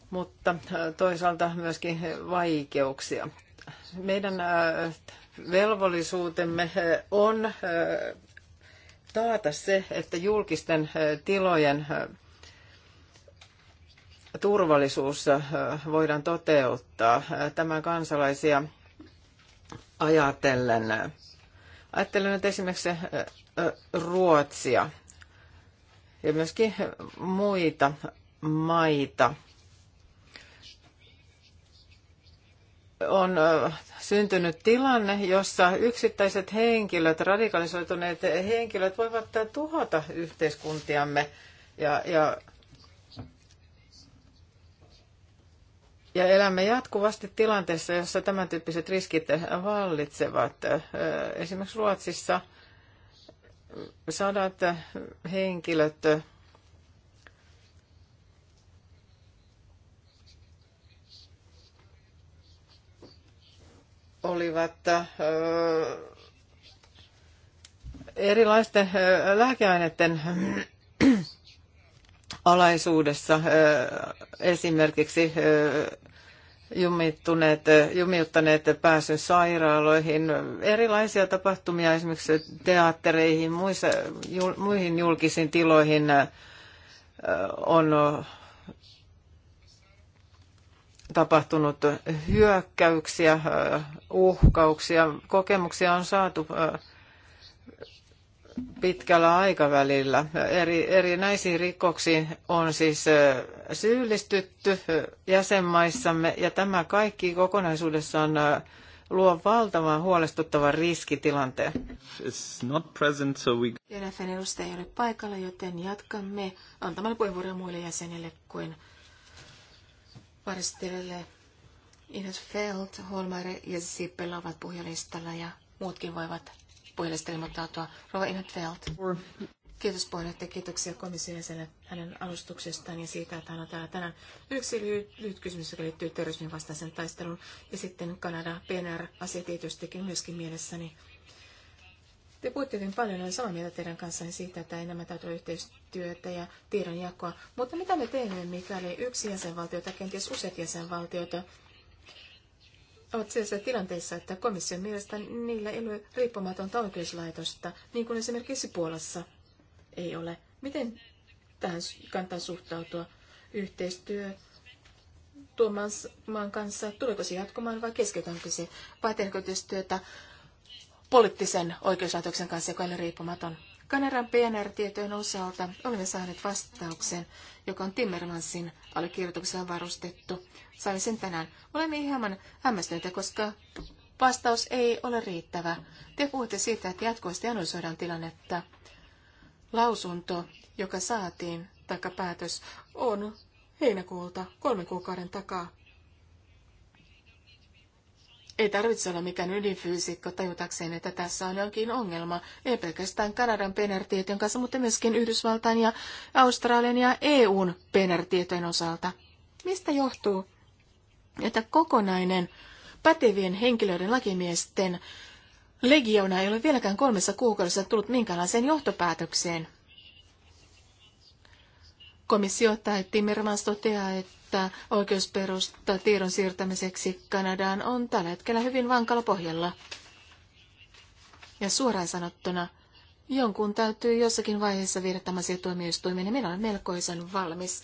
mutta äh, toisaalta myöskin vaikeuksia. Meidän äh, velvollisuutemme äh, on taata se, että julkisten tilojen turvallisuus voidaan toteuttaa tämän kansalaisia ajatellen. Ajattelen nyt esimerkiksi Ruotsia ja myöskin muita maita – on syntynyt tilanne, jossa yksittäiset henkilöt, radikalisoituneet henkilöt voivat tuhota yhteiskuntiamme ja, ja, ja elämme jatkuvasti tilanteessa, jossa tämän tyyppiset riskit vallitsevat. Esimerkiksi Ruotsissa sadat henkilöt olivat erilaisten lääkeaineiden alaisuudessa esimerkiksi jumittuneet, jumiuttaneet pääsyn sairaaloihin, erilaisia tapahtumia esimerkiksi teattereihin, muissa, muihin julkisiin tiloihin on tapahtunut hyökkäyksiä, uhkauksia. Kokemuksia on saatu pitkällä aikavälillä. Eri, erinäisiin rikoksiin on siis syyllistytty jäsenmaissamme ja tämä kaikki kokonaisuudessaan luo valtavan huolestuttavan riskitilanteen. It's not present, so we... edustaja ei ole paikalla, joten jatkamme antamalla puheenvuoroja muille jäsenille kuin Varstelle, Ines Feld, Holmare ja Sippel ovat puhujalistalla ja muutkin voivat puhujalistalle ilmoittautua. Rova Ines Feld. Kiitos puheenjohtaja, kiitoksia komission jäsenelle hänen alustuksestaan ja siitä, että hän on täällä tänään. Yksi lyhyt, lyhyt kysymys, joka liittyy terrorismin vastaisen taisteluun ja sitten Kanada, PNR-asia tietystikin myöskin mielessäni. Te puhutte hyvin paljon, olen samaa mieltä teidän kanssanne siitä, että enemmän täytyy yhteistyötä ja tiedonjakoa. Mutta mitä me teemme, mikäli yksi jäsenvaltio tai kenties useat jäsenvaltiot ovat sellaisessa tilanteessa, että komission mielestä niillä ei ole riippumatonta oikeuslaitosta, niin kuin esimerkiksi Puolassa ei ole. Miten tähän kantaa suhtautua? Yhteistyö tuomaan maan kanssa, tuleeko se jatkumaan vai keskeytäänkö se? Vai tehdäänkö yhteistyötä poliittisen oikeuslaitoksen kanssa, joka oli riippumaton. Kaneran PNR-tietojen osalta olemme saaneet vastauksen, joka on Timmermansin allekirjoituksella varustettu. Saimme sen tänään. Olemme hieman hämmästyneitä, koska vastaus ei ole riittävä. Te puhutte siitä, että jatkuvasti analysoidaan tilannetta. Lausunto, joka saatiin, taikka päätös, on heinäkuulta kolmen kuukauden takaa. Ei tarvitse olla mikään ydinfyysikko tajutakseen, että tässä on jonkin ongelma. Ei pelkästään Kanadan penertietojen kanssa, mutta myöskin Yhdysvaltain ja Australian ja EUn penertietojen osalta. Mistä johtuu, että kokonainen pätevien henkilöiden lakimiesten legiona ei ole vieläkään kolmessa kuukaudessa tullut minkäänlaiseen johtopäätökseen? Komissio tai Timmermans toteaa, että mutta oikeusperusta tiedon siirtämiseksi Kanadaan on tällä hetkellä hyvin vankalla pohjalla. Ja suoraan sanottuna, jonkun täytyy jossakin vaiheessa viedä tämä asia tuomioistuimeen, ja minä olen melkoisen valmis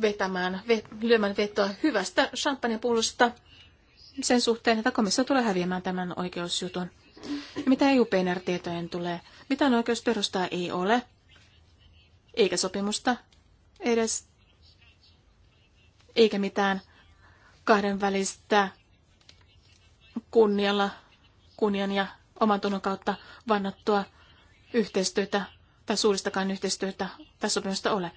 vetämään, vet, lyömään vetoa hyvästä champagnepullosta sen suhteen, että komissio tulee häviämään tämän oikeusjutun. Ja mitä EU-PNR-tietojen tulee? Mitään oikeusperustaa ei ole, eikä sopimusta edes eikä mitään kahdenvälistä kunnialla, kunnian ja oman tunnon kautta vannattua yhteistyötä tai suuristakaan yhteistyötä tai sopimusta ole.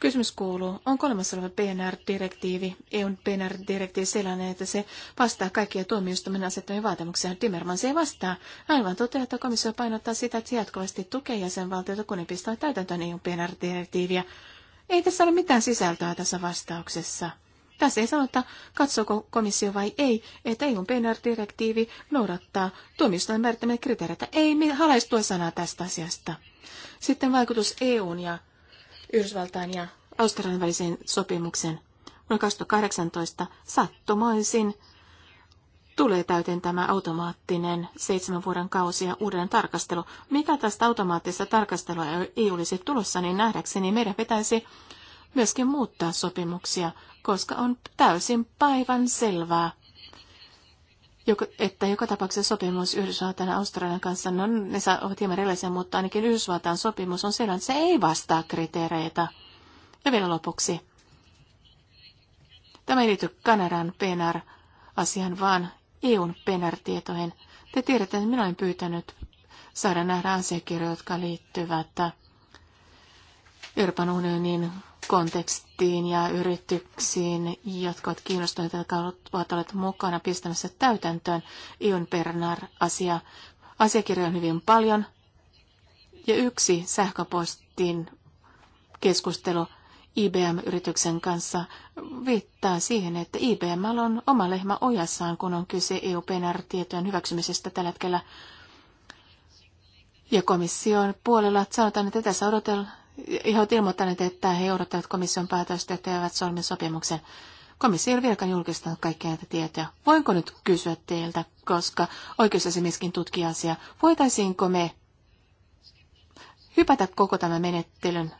Kysymys kuuluu, onko olemassa oleva PNR-direktiivi, EUn PNR-direktiivi sellainen, että se vastaa kaikkia tuomioistuminen asettamia vaatimuksia? Timmerman se ei vastaa. Aivan toteaa, että komissio painottaa sitä, että se jatkuvasti tukee jäsenvaltioita, kun ne pistää täytäntöön EUn PNR-direktiiviä ei tässä ole mitään sisältöä tässä vastauksessa. Tässä ei sanota, katsoko komissio vai ei, että EUn PNR-direktiivi noudattaa tuomioistuimen määrittämiä kriteereitä. Ei halaistua sanaa tästä asiasta. Sitten vaikutus EUn ja Yhdysvaltain ja Australian väliseen sopimukseen. Vuonna 2018 sattumaisin tulee täyteen tämä automaattinen seitsemän vuoden kausi ja uuden tarkastelu. Mikä tästä automaattista tarkastelua ei olisi tulossa, niin nähdäkseni meidän pitäisi myöskin muuttaa sopimuksia, koska on täysin päivän selvää, että joka tapauksessa sopimus Yhdysvaltain ja Australian kanssa, no ne ovat hieman erilaisia, mutta ainakin Yhdysvaltain sopimus on sellainen, että se ei vastaa kriteereitä. Ja vielä lopuksi. Tämä ei liity Kanadan PNR-asiaan, vaan EUn PNR-tietoihin. Te tiedätte, että minä olen pyytänyt saada nähdä asiakirjoja, jotka liittyvät Euroopan unionin kontekstiin ja yrityksiin, jotka ovat kiinnostuneita, jotka ovat olleet mukana pistämässä täytäntöön Eun pnr asia Asiakirjoja on hyvin paljon, ja yksi sähköpostin keskustelu IBM-yrityksen kanssa viittaa siihen, että IBM on oma lehmä ojassaan, kun on kyse EU-PNR-tietojen hyväksymisestä tällä hetkellä. Ja komission puolella sanotaan, että tässä odotellaan, he ovat ilmoittaneet, että he odottavat komission päätöstä, että eivät solmi sopimuksen. Komissio ei ole vieläkään julkistanut kaikkia näitä tietoja. Voinko nyt kysyä teiltä, koska oikeusasiamieskin tutkii asiaa, voitaisiinko me hypätä koko tämän menettelyn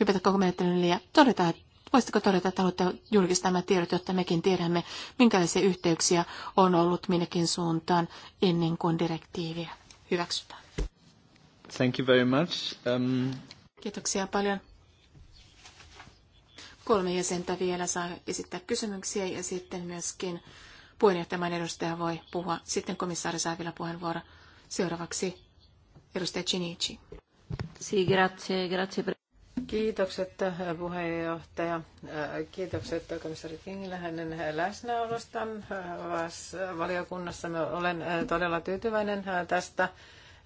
hypätä koko menettelyn yli ja todeta, että voisitko todeta, että haluatte julkistaa nämä tiedot, jotta mekin tiedämme, minkälaisia yhteyksiä on ollut minnekin suuntaan ennen kuin direktiiviä hyväksytään. Thank you very much. Um... Kiitoksia paljon. Kolme jäsentä vielä saa esittää kysymyksiä ja sitten myöskin puheenjohtajan edustaja voi puhua. Sitten komissaari saa vielä puheenvuoro. Seuraavaksi edustaja Chinichi. Sì, grazie, grazie. Kiitokset äh, puheenjohtaja. Äh, kiitokset komissari Kingille hänen äh, läsnäolostaan valiokunnassa. olen todella tyytyväinen tästä.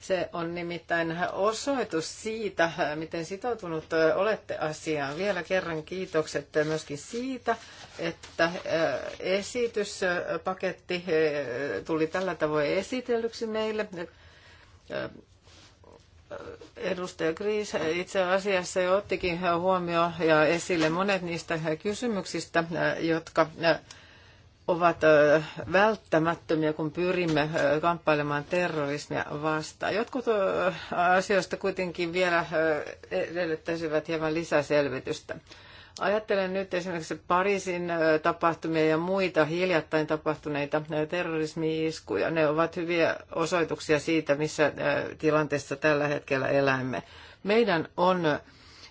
Se on nimittäin osoitus siitä, miten sitoutunut olette asiaan. Vielä kerran kiitokset myöskin siitä, että esityspaketti tuli tällä tavoin esitellyksi meille Edustaja Kriis itse asiassa jo ottikin huomioon ja esille monet niistä kysymyksistä, jotka ovat välttämättömiä, kun pyrimme kamppailemaan terrorismia vastaan. Jotkut asioista kuitenkin vielä edellyttäisivät hieman lisäselvitystä. Ajattelen nyt esimerkiksi Pariisin tapahtumia ja muita hiljattain tapahtuneita terrorismi-iskuja. Ne ovat hyviä osoituksia siitä, missä tilanteessa tällä hetkellä elämme. Meidän on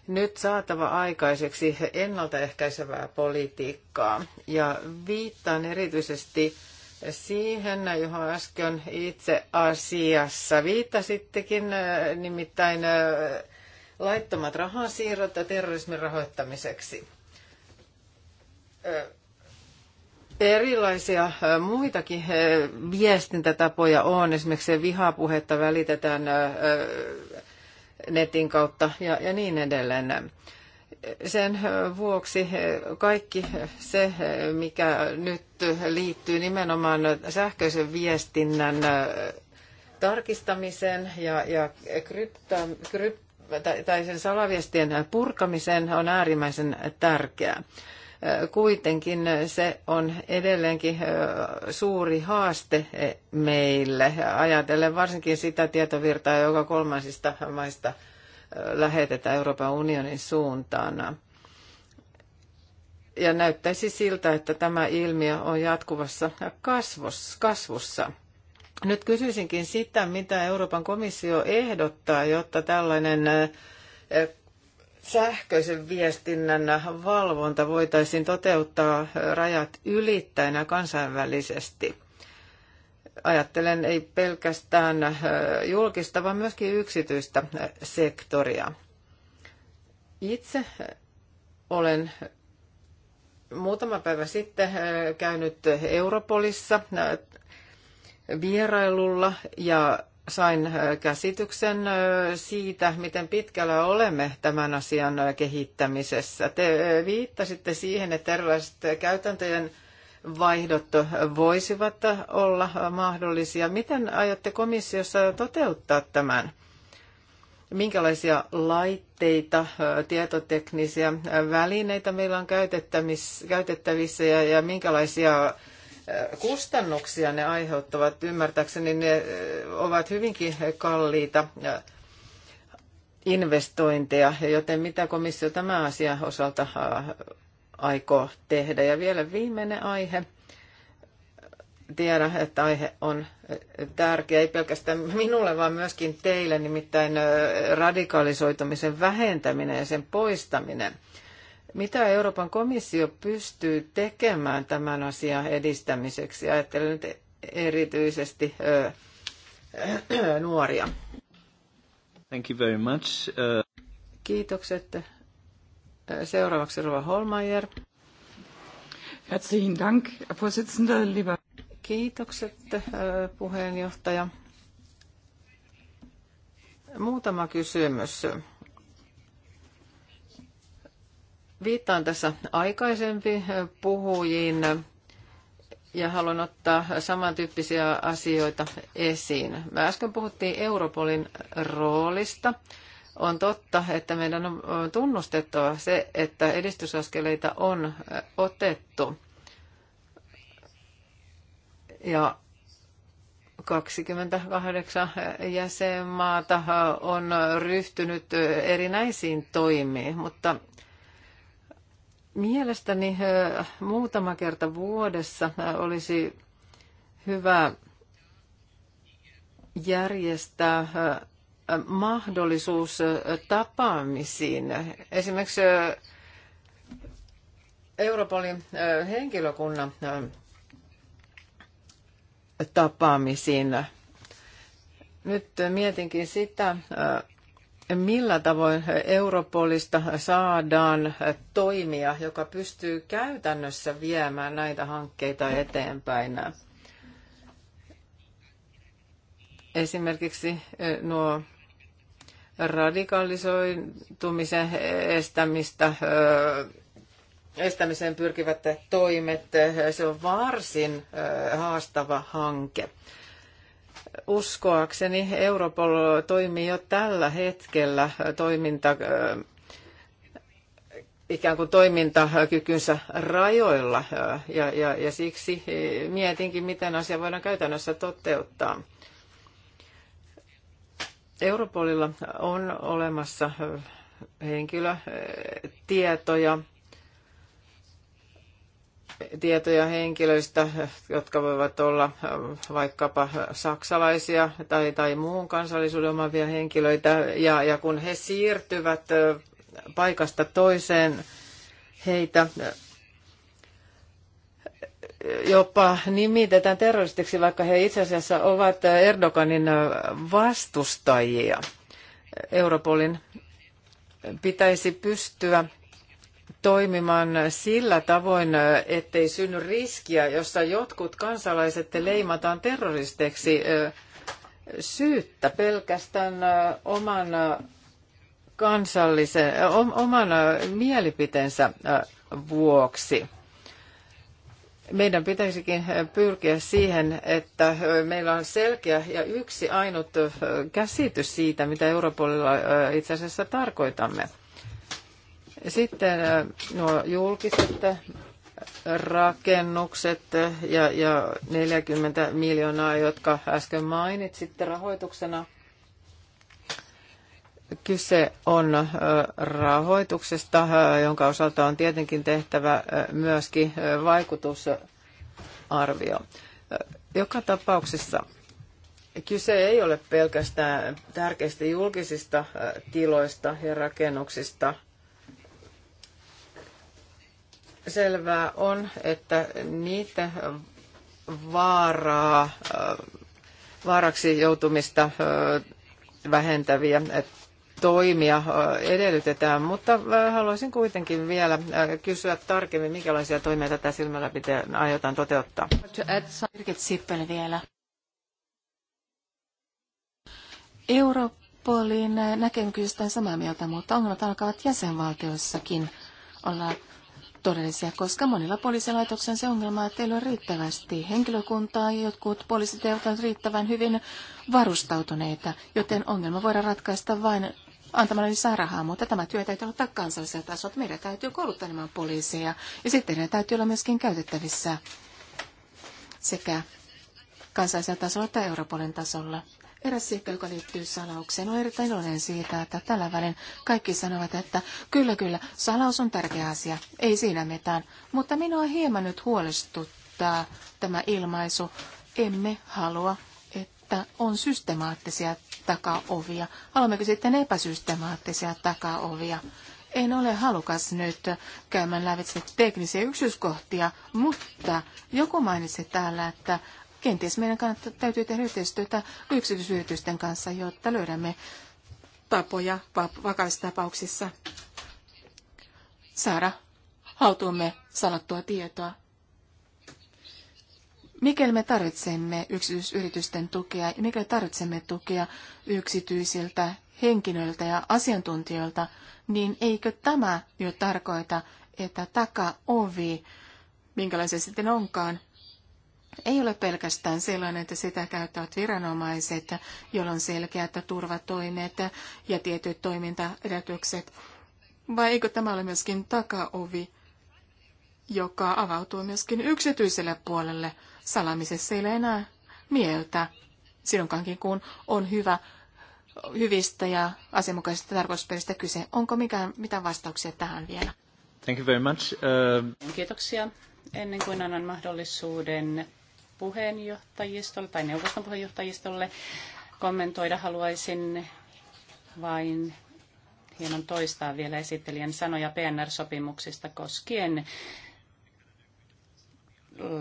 nyt saatava aikaiseksi ennaltaehkäisevää politiikkaa. Ja viittaan erityisesti siihen, johon äsken itse asiassa viittasittekin, nimittäin laittomat rahansiirrot ja terrorismin rahoittamiseksi. Erilaisia muitakin viestintätapoja on. Esimerkiksi vihapuhetta välitetään netin kautta ja niin edelleen sen vuoksi kaikki se, mikä nyt liittyy nimenomaan sähköisen viestinnän tarkistamiseen ja, ja krypto tai, sen salaviestien purkamisen on äärimmäisen tärkeää. Kuitenkin se on edelleenkin suuri haaste meille, ajatellen varsinkin sitä tietovirtaa, joka kolmansista maista lähetetään Euroopan unionin suuntaan. Ja näyttäisi siltä, että tämä ilmiö on jatkuvassa kasvussa. Nyt kysyisinkin sitä, mitä Euroopan komissio ehdottaa, jotta tällainen sähköisen viestinnän valvonta voitaisiin toteuttaa rajat ylittäen ja kansainvälisesti. Ajattelen ei pelkästään julkista, vaan myöskin yksityistä sektoria. Itse olen muutama päivä sitten käynyt Europolissa vierailulla ja sain äh, käsityksen äh, siitä, miten pitkällä olemme tämän asian äh, kehittämisessä. Te viittasitte siihen, että erilaiset käytäntöjen vaihdot voisivat olla mahdollisia. Miten aiotte komissiossa toteuttaa tämän? Minkälaisia laitteita, tietoteknisiä välineitä meillä on käytettävissä ja, ja minkälaisia kustannuksia ne aiheuttavat. Ymmärtääkseni ne ovat hyvinkin kalliita investointeja, joten mitä komissio tämä asia osalta aikoo tehdä. Ja vielä viimeinen aihe. Tiedän, että aihe on tärkeä, ei pelkästään minulle, vaan myöskin teille, nimittäin radikalisoitumisen vähentäminen ja sen poistaminen – mitä Euroopan komissio pystyy tekemään tämän asian edistämiseksi? Ajattelen nyt erityisesti ö, ö, nuoria. Thank you very much. Uh... Kiitokset. Seuraavaksi Rova Holmeier. Herzlichen Dank, Vorsitzender, lieber... Kiitokset, puheenjohtaja. Muutama kysymys. Viittaan tässä aikaisempi puhujiin ja haluan ottaa samantyyppisiä asioita esiin. Mä äsken puhuttiin Europolin roolista. On totta, että meidän on tunnustettava se, että edistysaskeleita on otettu. Ja 28 jäsenmaata on ryhtynyt erinäisiin toimiin, mutta Mielestäni muutama kerta vuodessa olisi hyvä järjestää mahdollisuus tapaamisiin. Esimerkiksi Europolin henkilökunnan tapaamisiin. Nyt mietinkin sitä, millä tavoin Europolista saadaan toimia, joka pystyy käytännössä viemään näitä hankkeita eteenpäin. Esimerkiksi eh, nuo radikalisoitumisen estämistä, eh, estämiseen pyrkivät toimet, eh, se on varsin haastava hanke uskoakseni Europol toimii jo tällä hetkellä toiminta, ikään kuin toimintakykynsä rajoilla ja, ja, ja siksi mietinkin, miten asia voidaan käytännössä toteuttaa. Europolilla on olemassa henkilötietoja, tietoja henkilöistä, jotka voivat olla vaikkapa saksalaisia tai, tai muun kansallisuuden omavia henkilöitä, ja, ja kun he siirtyvät paikasta toiseen, heitä jopa nimitetään terroristiksi, vaikka he itse asiassa ovat Erdoganin vastustajia. Europolin pitäisi pystyä toimimaan sillä tavoin, ettei synny riskiä, jossa jotkut kansalaiset leimataan terroristeiksi syyttä pelkästään oman kansallisen, oman mielipiteensä vuoksi. Meidän pitäisikin pyrkiä siihen, että meillä on selkeä ja yksi ainut käsitys siitä, mitä Europolilla itse asiassa tarkoitamme. Sitten äh, nuo julkiset äh, rakennukset äh, ja, ja 40 miljoonaa, jotka äsken mainitsitte rahoituksena. Kyse on rahoituksesta, jonka osalta on tietenkin tehtävä myöskin vaikutusarvio. Joka tapauksessa kyse ei ole pelkästään tärkeistä julkisista tiloista ja rakennuksista – selvää on, että niitä vaaraa, vaaraksi joutumista vähentäviä toimia edellytetään, mutta haluaisin kuitenkin vielä kysyä tarkemmin, minkälaisia toimia tätä silmällä pitää aiotaan toteuttaa. Birgit Sippel vielä. Europolin näkemyksistä on samaa mieltä, mutta ongelmat alkavat jäsenvaltioissakin olla todellisia, koska monilla poliisilaitoksen se ongelma, että ei ole riittävästi henkilökuntaa ja jotkut poliisit eivät ole riittävän hyvin varustautuneita, joten ongelma voidaan ratkaista vain antamalla lisää rahaa, mutta tämä työ täytyy ottaa kansallisella tasolla. Meidän täytyy kouluttaa nämä poliiseja ja sitten ne täytyy olla myöskin käytettävissä sekä kansallisella tasolla että Euroopan tasolla. Eräs seikka, joka liittyy salaukseen, on erittäin iloinen siitä, että tällä välin kaikki sanovat, että kyllä, kyllä, salaus on tärkeä asia, ei siinä mitään. Mutta minua hieman nyt huolestuttaa tämä ilmaisu. Emme halua, että on systemaattisia takaovia. Haluammeko sitten epäsystemaattisia takaovia? En ole halukas nyt käymään lävitse teknisiä yksityiskohtia, mutta joku mainitsi täällä, että Kenties meidän kannattaa, täytyy tehdä yhteistyötä yksityisyritysten kanssa, jotta löydämme tapoja vakavissa tapauksissa saada haltuumme salattua tietoa. Mikäli me tarvitsemme yksityisyritysten tukea ja mikäli tarvitsemme tukea yksityisiltä henkilöiltä ja asiantuntijoilta, niin eikö tämä jo tarkoita, että takaovi, minkälaisia sitten onkaan, ei ole pelkästään sellainen, että sitä käyttävät viranomaiset, joilla on selkeät turvatoimet ja tietyt toimintaedellytykset, vai eikö tämä ole myöskin takaovi, joka avautuu myöskin yksityiselle puolelle salamisessa ei ole enää mieltä silloinkin, kun on hyvä hyvistä ja asianmukaisista tarkoitusperistä kyse. Onko mikään, mitään vastauksia tähän vielä? Thank you very much. Uh... Kiitoksia. Ennen kuin annan mahdollisuuden puheenjohtajistolle tai neuvoston puheenjohtajistolle kommentoida. Haluaisin vain hieman toistaa vielä esittelijän sanoja PNR-sopimuksista koskien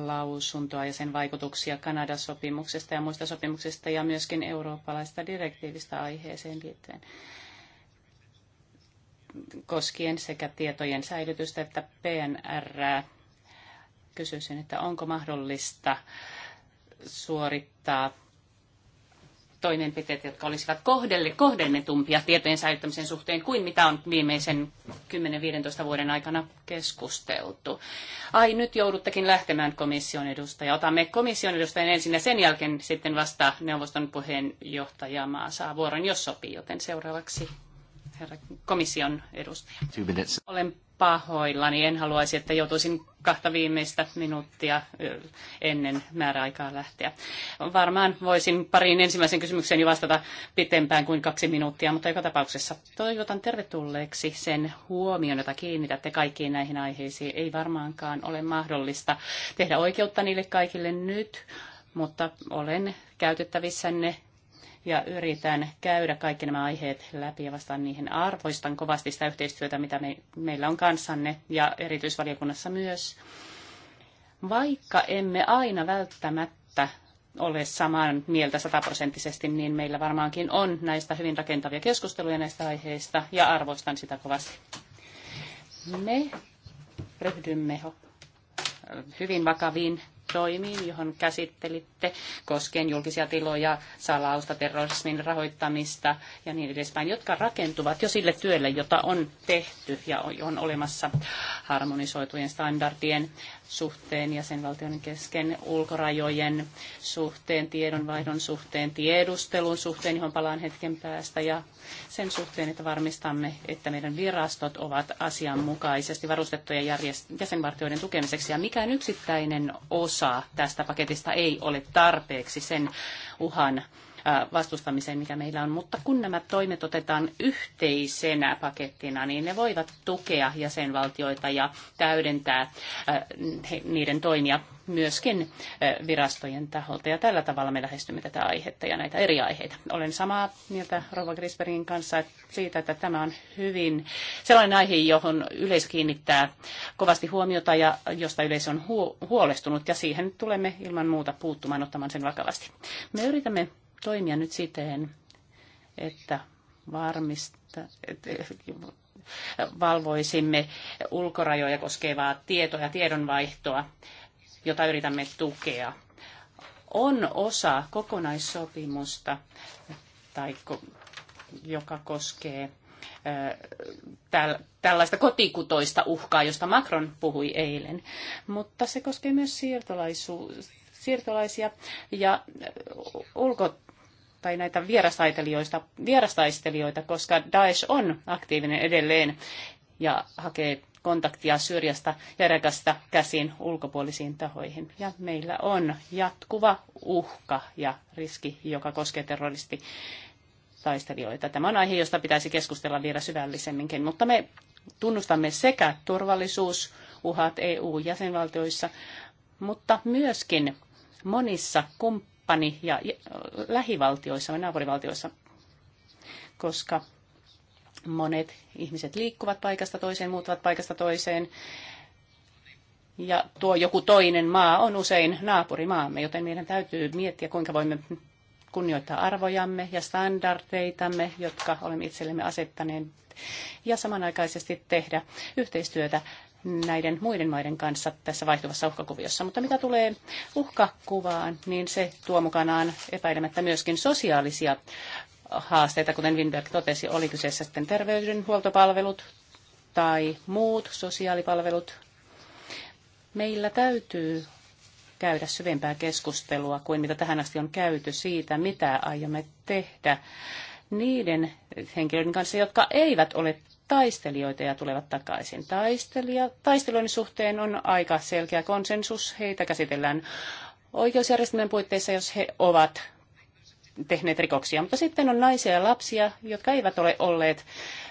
lausuntoa ja sen vaikutuksia Kanadan sopimuksesta ja muista sopimuksista ja myöskin eurooppalaista direktiivistä aiheeseen liittyen koskien sekä tietojen säilytystä että PNR. -ää kysyisin, että onko mahdollista suorittaa toimenpiteet, jotka olisivat kohdelle, kohdennetumpia tietojen säilyttämisen suhteen kuin mitä on viimeisen 10-15 vuoden aikana keskusteltu. Ai, nyt jouduttekin lähtemään komission edustaja. Otamme komission edustajan ensin ja sen jälkeen sitten vasta neuvoston puheenjohtaja maa saa vuoron, jos sopii, joten seuraavaksi herra komission edustaja. Olen pahoillani. En haluaisi, että joutuisin kahta viimeistä minuuttia ennen määräaikaa lähteä. Varmaan voisin pariin ensimmäisen kysymykseen vastata pitempään kuin kaksi minuuttia, mutta joka tapauksessa toivotan tervetulleeksi sen huomion, jota kiinnitätte kaikkiin näihin aiheisiin. Ei varmaankaan ole mahdollista tehdä oikeutta niille kaikille nyt, mutta olen käytettävissänne ja yritän käydä kaikki nämä aiheet läpi ja vastaan niihin. Arvoistan kovasti sitä yhteistyötä, mitä me, meillä on kanssanne ja erityisvaliokunnassa myös. Vaikka emme aina välttämättä ole samaa mieltä sataprosenttisesti, niin meillä varmaankin on näistä hyvin rakentavia keskusteluja näistä aiheista ja arvoistan sitä kovasti. Me ryhdymme hyvin vakaviin toimiin, johon käsittelitte, koskien julkisia tiloja, salausta, terrorismin rahoittamista ja niin edespäin, jotka rakentuvat jo sille työlle, jota on tehty ja on olemassa harmonisoitujen standardien suhteen, jäsenvaltioiden kesken, ulkorajojen suhteen, tiedonvaihdon suhteen, tiedustelun suhteen, johon palaan hetken päästä, ja sen suhteen, että varmistamme, että meidän virastot ovat asianmukaisesti varustettuja jäsenvaltioiden tukemiseksi, ja mikään yksittäinen osa tästä paketista ei ole tarpeeksi sen uhan vastustamiseen, mikä meillä on. Mutta kun nämä toimet otetaan yhteisenä pakettina, niin ne voivat tukea jäsenvaltioita ja täydentää niiden toimia myöskin virastojen taholta. Ja tällä tavalla me lähestymme tätä aihetta ja näitä eri aiheita. Olen samaa mieltä Rova Grisbergin kanssa siitä, että tämä on hyvin sellainen aihe, johon yleisö kiinnittää kovasti huomiota ja josta yleisö on huolestunut. Ja siihen tulemme ilman muuta puuttumaan ottamaan sen vakavasti. Me yritämme toimia nyt siten, että varmista, et, valvoisimme ulkorajoja koskevaa tietoa ja tiedonvaihtoa, jota yritämme tukea. On osa kokonaissopimusta, tai joka koskee tällaista kotikutoista uhkaa, josta Macron puhui eilen, mutta se koskee myös siirtolaisuus, siirtolaisia ja ulko, tai näitä vierastaistelijoita, vierastaistelijoita, koska Daesh on aktiivinen edelleen ja hakee kontaktia syrjästä ja Irakista käsin ulkopuolisiin tahoihin. Ja meillä on jatkuva uhka ja riski, joka koskee terroristi taistelijoita. Tämä on aihe, josta pitäisi keskustella vielä syvällisemminkin, mutta me tunnustamme sekä turvallisuusuhat EU-jäsenvaltioissa, mutta myöskin monissa kumppaneissa Japani ja lähivaltioissa, naapurivaltioissa, koska monet ihmiset liikkuvat paikasta toiseen, muuttavat paikasta toiseen. Ja tuo joku toinen maa on usein naapurimaamme, joten meidän täytyy miettiä, kuinka voimme kunnioittaa arvojamme ja standardeitamme, jotka olemme itsellemme asettaneet, ja samanaikaisesti tehdä yhteistyötä näiden muiden maiden kanssa tässä vaihtuvassa uhkakuviossa. Mutta mitä tulee uhkakuvaan, niin se tuo mukanaan epäilemättä myöskin sosiaalisia haasteita, kuten Winberg totesi, oli kyseessä sitten terveydenhuoltopalvelut tai muut sosiaalipalvelut. Meillä täytyy käydä syvempää keskustelua kuin mitä tähän asti on käyty siitä, mitä aiomme tehdä niiden henkilöiden kanssa, jotka eivät ole taistelijoita ja tulevat takaisin. Taistelija, taistelujen suhteen on aika selkeä konsensus. Heitä käsitellään oikeusjärjestelmän puitteissa, jos he ovat tehneet rikoksia. Mutta sitten on naisia ja lapsia, jotka eivät ole olleet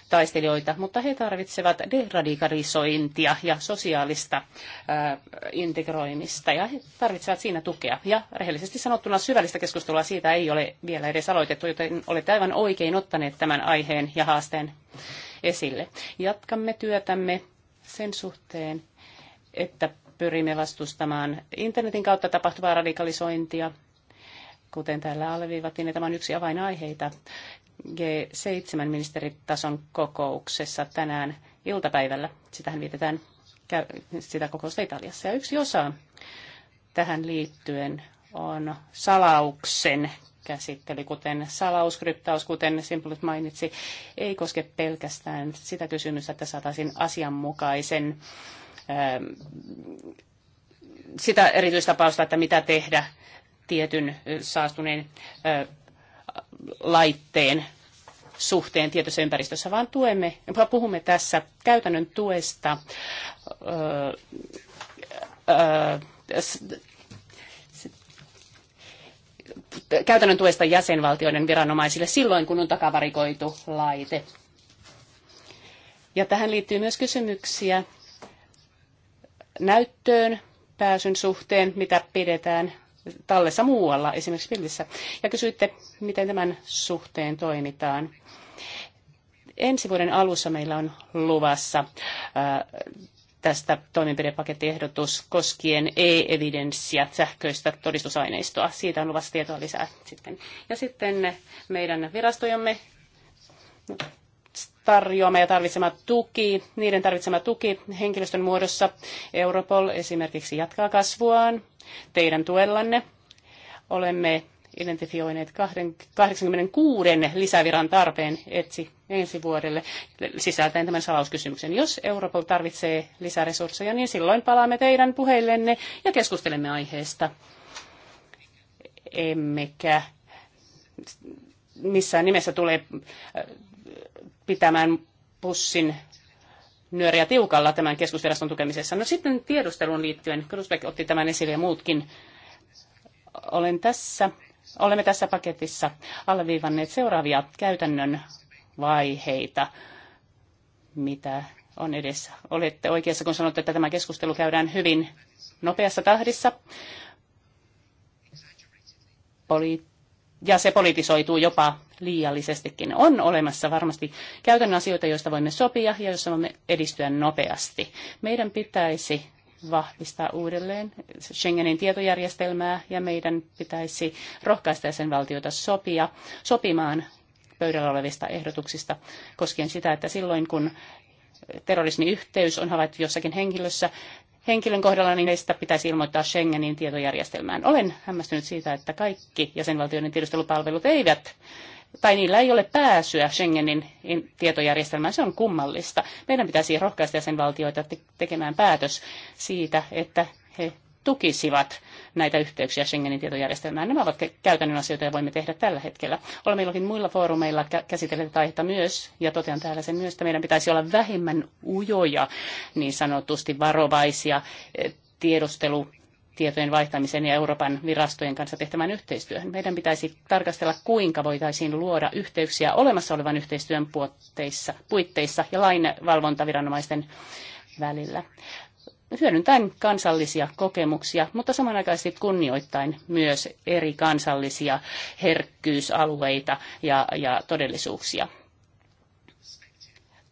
taistelijoita, mutta he tarvitsevat deradikalisointia ja sosiaalista ää, integroimista ja he tarvitsevat siinä tukea. Ja rehellisesti sanottuna syvällistä keskustelua siitä ei ole vielä edes aloitettu, joten olette aivan oikein ottaneet tämän aiheen ja haasteen esille. Jatkamme työtämme sen suhteen, että pyrimme vastustamaan internetin kautta tapahtuvaa radikalisointia, kuten täällä alleviivattiin, että niin tämä on yksi avainaiheita G7-ministeritason kokouksessa tänään iltapäivällä. Sitähän vietetään sitä kokousta Italiassa. Ja yksi osa tähän liittyen on salauksen käsitteli, kuten salaus, kryptaus, kuten Simpulit mainitsi, ei koske pelkästään sitä kysymystä, että saataisiin asianmukaisen ähm, sitä erityistapausta, että mitä tehdä tietyn saastuneen laitteen suhteen tietyssä ympäristössä, vaan tuemme, puhumme tässä käytännön tuesta käytännön tuesta jäsenvaltioiden viranomaisille silloin, kun on takavarikoitu laite. Ja tähän liittyy myös kysymyksiä näyttöön pääsyn suhteen, mitä pidetään tallessa muualla, esimerkiksi pilvissä. Ja kysyitte, miten tämän suhteen toimitaan. Ensi vuoden alussa meillä on luvassa tästä toimenpidepakettiehdotus koskien e-evidenssiä, sähköistä todistusaineistoa. Siitä on luvassa tietoa lisää sitten. Ja sitten meidän virastojamme tarjoama ja tarvitsema tuki, niiden tarvitsema tuki henkilöstön muodossa. Europol esimerkiksi jatkaa kasvuaan teidän tuellanne. Olemme identifioineet 86 lisäviran tarpeen etsi ensi vuodelle sisältäen tämän salauskysymyksen. Jos Europol tarvitsee lisäresursseja, niin silloin palaamme teidän puheillenne ja keskustelemme aiheesta. Emmekä missään nimessä tule äh, pitämään pussin nyöriä tiukalla tämän keskusviraston tukemisessa. No sitten tiedusteluun liittyen, Krusbeck otti tämän esille ja muutkin. Olen tässä olemme tässä paketissa alleviivanneet seuraavia käytännön vaiheita, mitä on edessä. Olette oikeassa, kun sanotte, että tämä keskustelu käydään hyvin nopeassa tahdissa. Poli- ja se politisoituu jopa liiallisestikin. On olemassa varmasti käytännön asioita, joista voimme sopia ja joissa voimme edistyä nopeasti. Meidän pitäisi vahvistaa uudelleen Schengenin tietojärjestelmää ja meidän pitäisi rohkaista sen valtioita sopia, sopimaan pöydällä olevista ehdotuksista koskien sitä, että silloin kun terrorismiyhteys on havaittu jossakin henkilössä, henkilön kohdalla, niin heistä pitäisi ilmoittaa Schengenin tietojärjestelmään. Olen hämmästynyt siitä, että kaikki jäsenvaltioiden tiedustelupalvelut eivät tai niillä ei ole pääsyä Schengenin tietojärjestelmään. Se on kummallista. Meidän pitäisi rohkaista sen valtioita tekemään päätös siitä, että he tukisivat näitä yhteyksiä Schengenin tietojärjestelmään. Nämä ovat käytännön asioita, joita voimme tehdä tällä hetkellä. Olemme jollakin muilla foorumeilla käsitelleet aihetta myös, ja totean täällä sen myös, että meidän pitäisi olla vähemmän ujoja, niin sanotusti varovaisia eh, tiedustelu tietojen vaihtamisen ja Euroopan virastojen kanssa tehtävän yhteistyöhön. Meidän pitäisi tarkastella, kuinka voitaisiin luoda yhteyksiä olemassa olevan yhteistyön puitteissa ja lainvalvontaviranomaisten välillä hyödyntäen kansallisia kokemuksia, mutta samanaikaisesti kunnioittain myös eri kansallisia herkkyysalueita ja, ja todellisuuksia.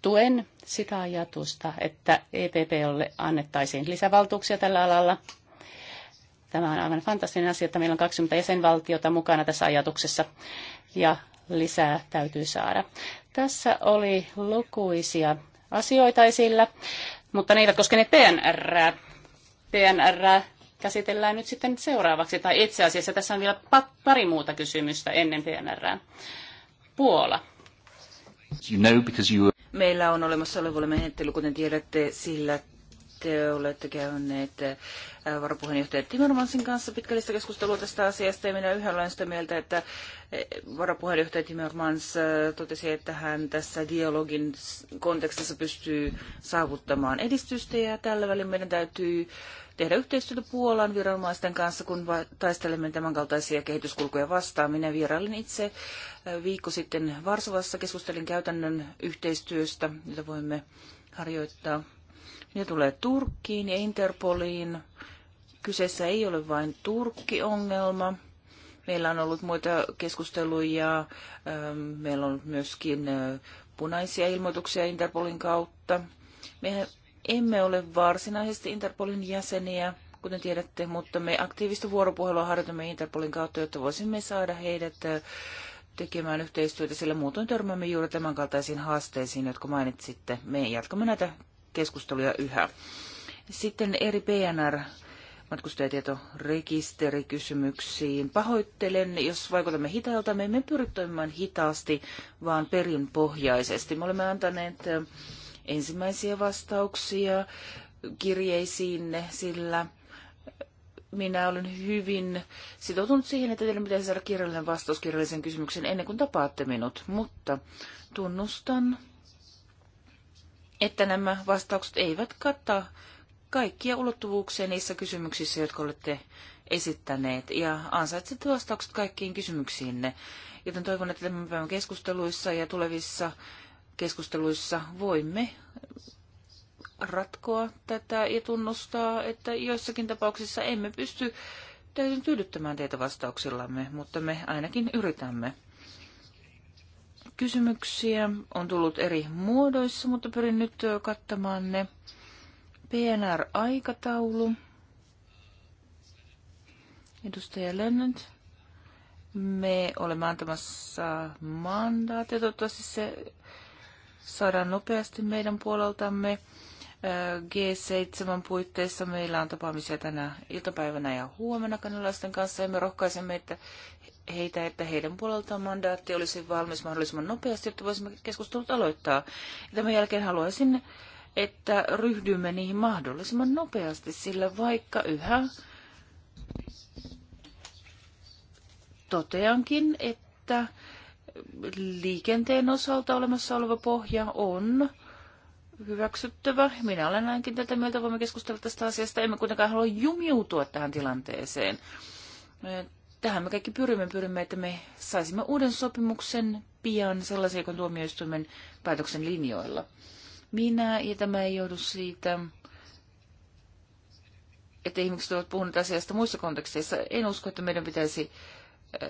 Tuen sitä ajatusta, että EPPlle annettaisiin lisävaltuuksia tällä alalla Tämä on aivan fantastinen asia, että meillä on 20 jäsenvaltiota mukana tässä ajatuksessa ja lisää täytyy saada. Tässä oli lukuisia asioita esillä, mutta ne eivät koskeneet PNR. PNR käsitellään nyt sitten seuraavaksi, tai itse asiassa tässä on vielä pari muuta kysymystä ennen PNR. Puola. You know, you... Meillä on olemassa oleva menettely, kuten tiedätte, sillä te olette käyneet äh, varapuheenjohtaja Timmermansin kanssa pitkällistä keskustelua tästä asiasta, ja minä yhä olen sitä mieltä, että äh, varapuheenjohtaja Timmermans äh, totesi, että hän tässä dialogin kontekstissa pystyy saavuttamaan edistystä, ja tällä välin meidän täytyy tehdä yhteistyötä Puolan viranomaisten kanssa, kun taistelemme tämänkaltaisia kehityskulkuja vastaan. Minä vierailin itse viikko sitten Varsovassa, keskustelin käytännön yhteistyöstä, jota voimme harjoittaa ne tulee Turkkiin ja Interpoliin, kyseessä ei ole vain Turkki-ongelma. Meillä on ollut muita keskusteluja, ähm, meillä on myöskin äh, punaisia ilmoituksia Interpolin kautta. Me emme ole varsinaisesti Interpolin jäseniä, kuten tiedätte, mutta me aktiivista vuoropuhelua harjoitamme Interpolin kautta, jotta voisimme saada heidät äh, tekemään yhteistyötä, sillä muutoin törmäämme juuri tämänkaltaisiin haasteisiin, jotka mainitsitte. Me jatkamme näitä keskusteluja yhä. Sitten eri PNR matkustajatietorekisterikysymyksiin. Pahoittelen, jos vaikutamme hitaalta. Me emme pyri toimimaan hitaasti, vaan perinpohjaisesti. Me olemme antaneet ensimmäisiä vastauksia kirjeisiinne, sillä minä olen hyvin sitoutunut siihen, että teidän pitäisi saada kirjallinen vastaus kirjallisen kysymyksen ennen kuin tapaatte minut, mutta tunnustan, että nämä vastaukset eivät kattaa kaikkia ulottuvuuksia niissä kysymyksissä, jotka olette esittäneet, ja ansaitsette vastaukset kaikkiin kysymyksiinne. Joten toivon, että tämän päivän keskusteluissa ja tulevissa keskusteluissa voimme ratkoa tätä ja tunnustaa, että joissakin tapauksissa emme pysty täysin tyydyttämään teitä vastauksillamme, mutta me ainakin yritämme kysymyksiä on tullut eri muodoissa, mutta pyrin nyt kattamaan ne. PNR-aikataulu. Edustaja Lennant. Me olemme antamassa mandaatia. Toivottavasti se saadaan nopeasti meidän puoleltamme. G7 puitteissa meillä on tapaamisia tänä iltapäivänä ja huomenna kanalaisten kanssa ja me rohkaisemme, että heitä, että heidän puoleltaan mandaatti olisi valmis mahdollisimman nopeasti, että voisimme keskustelut aloittaa. Ja tämän jälkeen haluaisin, että ryhdymme niihin mahdollisimman nopeasti, sillä vaikka yhä toteankin, että liikenteen osalta olemassa oleva pohja on hyväksyttävä. Minä olen ainakin tätä mieltä, voimme keskustella tästä asiasta. Emme kuitenkaan halua jumiutua tähän tilanteeseen tähän me kaikki pyrimme, pyrimme, että me saisimme uuden sopimuksen pian sellaisen, joka tuomioistuimen päätöksen linjoilla. Minä, ja tämä ei joudu siitä, että ihmiset ovat puhuneet asiasta muissa konteksteissa. En usko, että meidän pitäisi äh,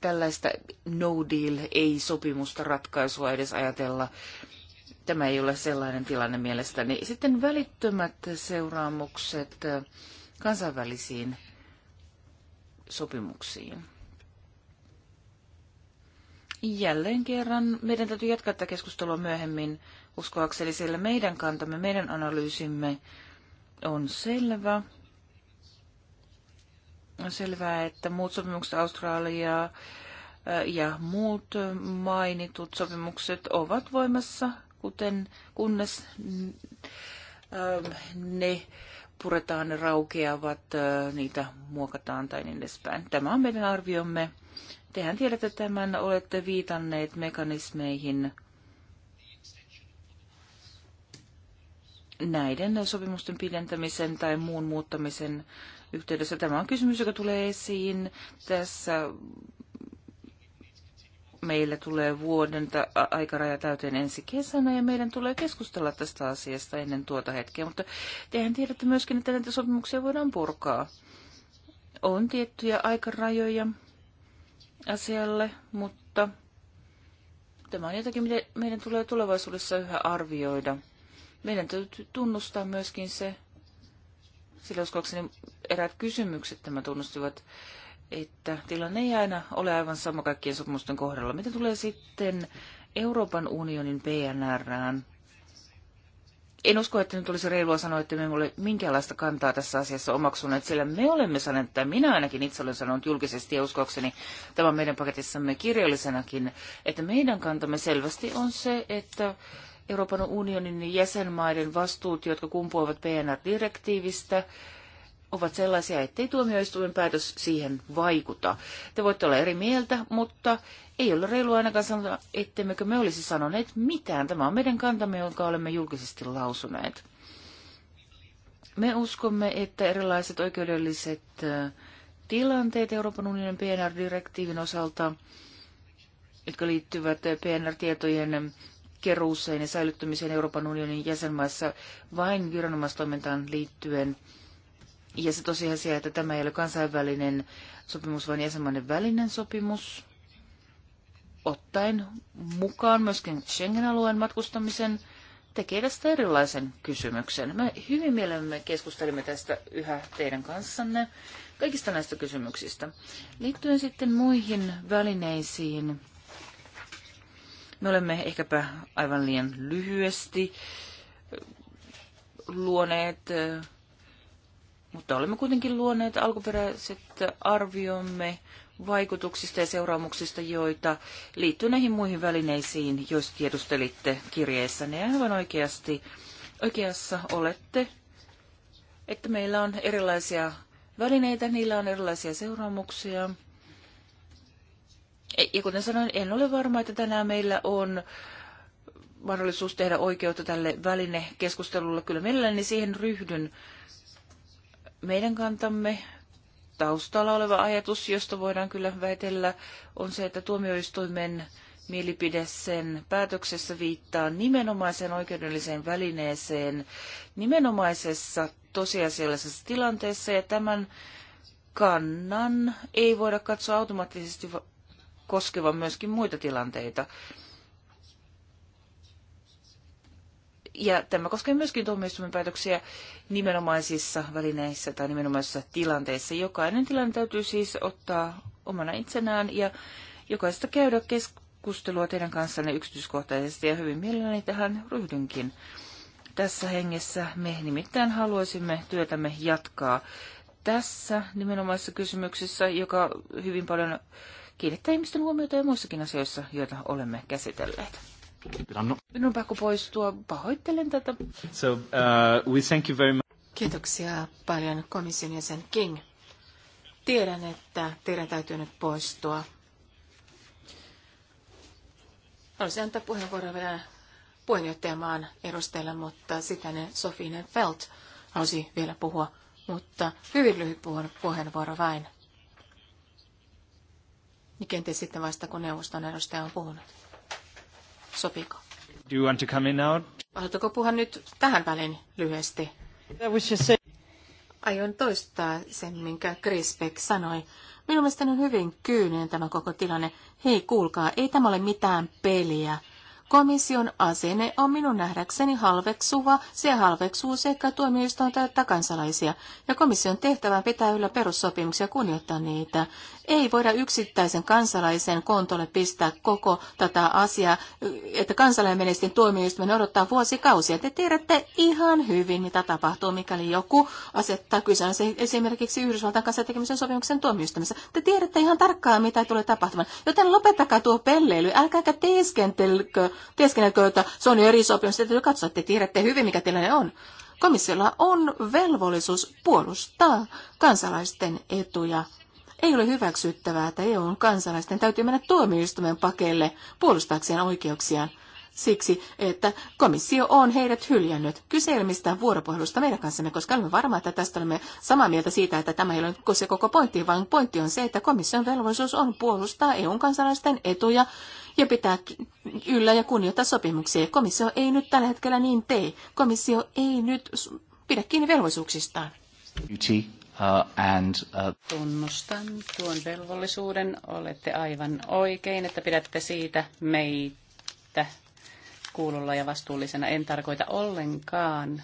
tällaista no deal, ei-sopimusta ratkaisua edes ajatella. Tämä ei ole sellainen tilanne mielestäni. Sitten välittömät seuraamukset äh, kansainvälisiin sopimuksiin. Jälleen kerran meidän täytyy jatkaa tätä keskustelua myöhemmin uskoakseni, sillä meidän kantamme, meidän analyysimme on selvä. On selvää, että muut sopimukset Australia äh, ja muut mainitut sopimukset ovat voimassa, kuten kunnes äh, ne puretaan, ne raukeavat, niitä muokataan tai niin edespäin. Tämä on meidän arviomme. Tehän tiedätte tämän, olette viitanneet mekanismeihin näiden sopimusten pidentämisen tai muun muuttamisen yhteydessä. Tämä on kysymys, joka tulee esiin tässä meillä tulee vuoden aikaraja täyteen ensi kesänä ja meidän tulee keskustella tästä asiasta ennen tuota hetkeä. Mutta tehän tiedätte myöskin, että näitä sopimuksia voidaan purkaa. On tiettyjä aikarajoja asialle, mutta tämä on jotakin, mitä meidän tulee tulevaisuudessa yhä arvioida. Meidän täytyy tunnustaa myöskin se, sillä uskoakseni eräät kysymykset tämä tunnustivat että tilanne ei aina ole aivan sama kaikkien sopimusten kohdalla. Mitä tulee sitten Euroopan unionin PNRään? En usko, että nyt olisi reilua sanoa, että me emme ole minkäänlaista kantaa tässä asiassa omaksuneet, sillä me olemme sanoneet, tai minä ainakin itse olen sanonut julkisesti ja uskokseni tämän meidän paketissamme kirjallisenakin, että meidän kantamme selvästi on se, että Euroopan unionin jäsenmaiden vastuut, jotka kumpuavat PNR-direktiivistä, ovat sellaisia, ettei tuomioistuimen päätös siihen vaikuta. Te voitte olla eri mieltä, mutta ei ole reilua ainakaan sanoa, ettemmekö me olisi sanoneet mitään. Tämä on meidän kantamme, jonka olemme julkisesti lausuneet. Me uskomme, että erilaiset oikeudelliset tilanteet Euroopan unionin PNR-direktiivin osalta, jotka liittyvät PNR-tietojen keruuseen ja säilyttämiseen Euroopan unionin jäsenmaissa vain viranomaistoimintaan liittyen – ja se tosiasia, että tämä ei ole kansainvälinen sopimus, vaan jäsenmaiden välinen sopimus, ottaen mukaan myöskin Schengen-alueen matkustamisen, tekee tästä erilaisen kysymyksen. Me hyvin mielemme keskustelimme tästä yhä teidän kanssanne, kaikista näistä kysymyksistä. Liittyen sitten muihin välineisiin, me olemme ehkäpä aivan liian lyhyesti luoneet mutta olemme kuitenkin luoneet alkuperäiset arviomme vaikutuksista ja seuraamuksista, joita liittyy näihin muihin välineisiin, joista tiedustelitte kirjeessä. Ne aivan oikeasti oikeassa olette, että meillä on erilaisia välineitä, niillä on erilaisia seuraamuksia. E, ja kuten sanoin, en ole varma, että tänään meillä on mahdollisuus tehdä oikeutta tälle välinekeskustelulle. Kyllä mielelläni siihen ryhdyn meidän kantamme taustalla oleva ajatus, josta voidaan kyllä väitellä, on se, että tuomioistuimen mielipide sen päätöksessä viittaa nimenomaiseen oikeudelliseen välineeseen nimenomaisessa tosiasiallisessa tilanteessa ja tämän kannan ei voida katsoa automaattisesti koskevan myöskin muita tilanteita. Ja tämä koskee myöskin tuomioistuimen päätöksiä nimenomaisissa välineissä tai nimenomaisissa tilanteissa. Jokainen tilanne täytyy siis ottaa omana itsenään ja jokaista käydä keskustelua teidän kanssanne yksityiskohtaisesti ja hyvin mielelläni tähän ryhdynkin. Tässä hengessä me nimittäin haluaisimme työtämme jatkaa tässä nimenomaisessa kysymyksessä, joka hyvin paljon kiinnittää ihmisten huomiota ja muissakin asioissa, joita olemme käsitelleet. Minun pakko poistua. Pahoittelen tätä. So, uh, we thank you very much. Kiitoksia paljon komission jäsen King. Tiedän, että teidän täytyy nyt poistua. Haluaisin antaa puheenvuoron vielä puheenjohtajamaan edustajalle, mutta sitä ne Sofinen Felt halusi vielä puhua, mutta hyvin lyhyt puheenvuoro vain. Ja kenties sitten vasta, kun neuvoston edustaja on puhunut. Sopiiko? Do you want to come in now? Haluatko puhua nyt tähän väliin lyhyesti? Aion toistaa sen, minkä Chris Beck sanoi. Minun mielestäni on hyvin kyyninen tämä koko tilanne. Hei, kuulkaa, ei tämä ole mitään peliä. Komission asenne on minun nähdäkseni halveksuva, se halveksuu sekä tuomioistuinta että kansalaisia, ja komission tehtävän pitää yllä perussopimuksia kunnioittaa niitä. Ei voida yksittäisen kansalaisen kontolle pistää koko tätä asiaa, että kansalainen menee tuomioistuimen odottaa vuosikausia. Te tiedätte ihan hyvin, mitä tapahtuu, mikäli joku asettaa kysymään esimerkiksi Yhdysvaltain kanssa tekemisen sopimuksen tuomioistuimessa. Te tiedätte ihan tarkkaan, mitä tulee tapahtumaan. Joten lopettakaa tuo pelleily, älkääkä teeskentelkö että se on eri sopimus, täytyy katsoa, että tiedätte hyvin, mikä tilanne on. Komissiolla on velvollisuus puolustaa kansalaisten etuja. Ei ole hyväksyttävää, että on e kansalaisten täytyy mennä tuomioistuimen pakelle puolustaakseen oikeuksiaan siksi, että komissio on heidät hyljännyt. kyselmistä vuoropuhelusta meidän kanssamme, koska olemme varmaa, että tästä olemme samaa mieltä siitä, että tämä ei ole se koko pointti, vaan pointti on se, että komission velvollisuus on puolustaa EUn kansalaisten etuja ja pitää yllä ja kunnioittaa sopimuksia. Komissio ei nyt tällä hetkellä niin tee. Komissio ei nyt pidä kiinni velvollisuuksistaan. Uh, and, uh... Tunnustan tuon velvollisuuden. Olette aivan oikein, että pidätte siitä meitä kuulolla ja vastuullisena. En tarkoita ollenkaan,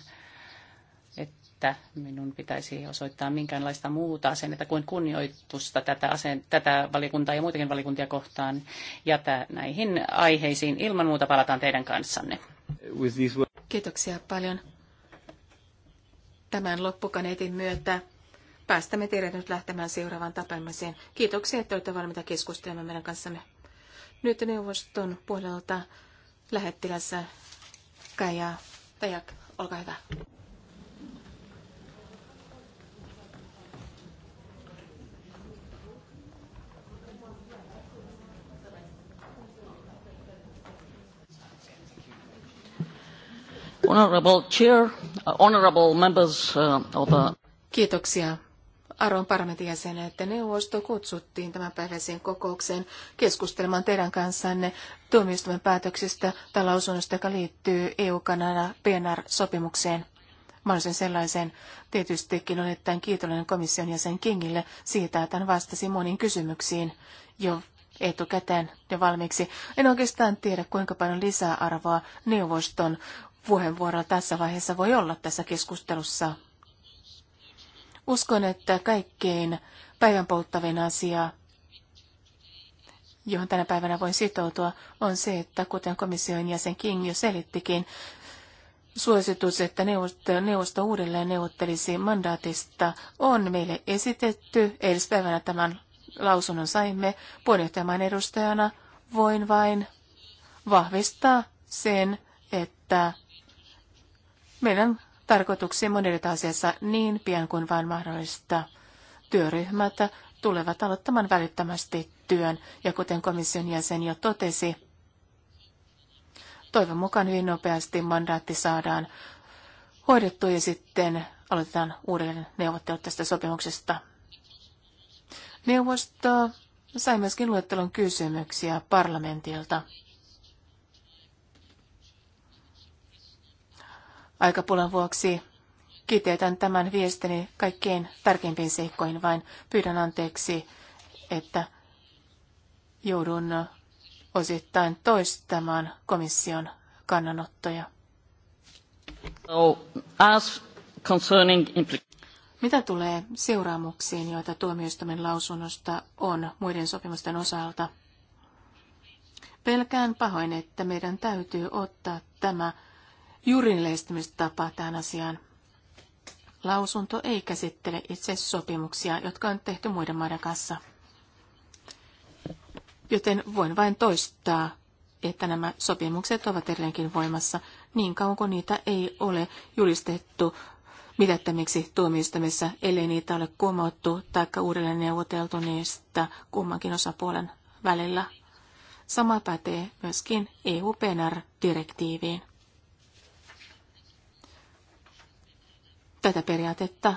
että minun pitäisi osoittaa minkäänlaista muuta asennetta kuin kunnioitusta tätä, asen, tätä valiokuntaa ja muitakin valiokuntia kohtaan. Ja näihin aiheisiin ilman muuta palataan teidän kanssanne. Kiitoksia paljon. Tämän loppukaneetin myötä päästämme teidät nyt lähtemään seuraavaan tapaamiseen. Kiitoksia, että olette valmiita keskustelemaan meidän kanssamme. Nyt neuvoston puolelta lähettiläs Kaija Tajak, olkaa hyvä. Honorable chair, honorable members uh, of the... Uh, Kiitoksia Aron parlamentin jäsenen, että neuvosto kutsuttiin tämän päiväiseen kokoukseen keskustelemaan teidän kanssanne tuomioistuimen päätöksistä tai lausunnosta, joka liittyy EU-Kanada-PNR-sopimukseen mahdollisen sellaisen. Tietystikin on erittäin kiitollinen komission jäsen Kingille siitä, että hän vastasi moniin kysymyksiin jo etukäteen ja valmiiksi. En oikeastaan tiedä, kuinka paljon lisäarvoa neuvoston puheenvuorolla tässä vaiheessa voi olla tässä keskustelussa Uskon, että kaikkein päivän polttavin asia, johon tänä päivänä voin sitoutua, on se, että kuten komission jäsen King jo selittikin, suositus, että neuvosto, neuvosto uudelleen neuvottelisi mandaatista, on meille esitetty. Eilispäivänä tämän lausunnon saimme puheenjohtajamaan edustajana. Voin vain vahvistaa sen, että meidän tarkoituksiin monelta asiassa niin pian kuin vain mahdollista. Työryhmät tulevat aloittamaan välittömästi työn, ja kuten komission jäsen jo totesi, toivon mukaan hyvin nopeasti mandaatti saadaan hoidettua ja sitten aloitetaan uudelleen neuvottelut tästä sopimuksesta. Neuvosto sai myöskin luettelon kysymyksiä parlamentilta. aikapulan vuoksi kiteytän tämän viestini kaikkein tärkeimpiin seikkoihin, vain pyydän anteeksi, että joudun osittain toistamaan komission kannanottoja. So, as concerning mitä tulee seuraamuksiin, joita tuomioistuimen lausunnosta on muiden sopimusten osalta? Pelkään pahoin, että meidän täytyy ottaa tämä Jurin lähestymistapa tähän asiaan. Lausunto ei käsittele itse sopimuksia, jotka on tehty muiden maiden kanssa. Joten voin vain toistaa, että nämä sopimukset ovat edelleenkin voimassa niin kauan kuin niitä ei ole julistettu mitättämiksi tuomioistuimissa, ellei niitä ole kumottu tai uudelleen neuvoteltu niistä kummankin osapuolen välillä. Sama pätee myöskin EU-PNR-direktiiviin. Tätä periaatetta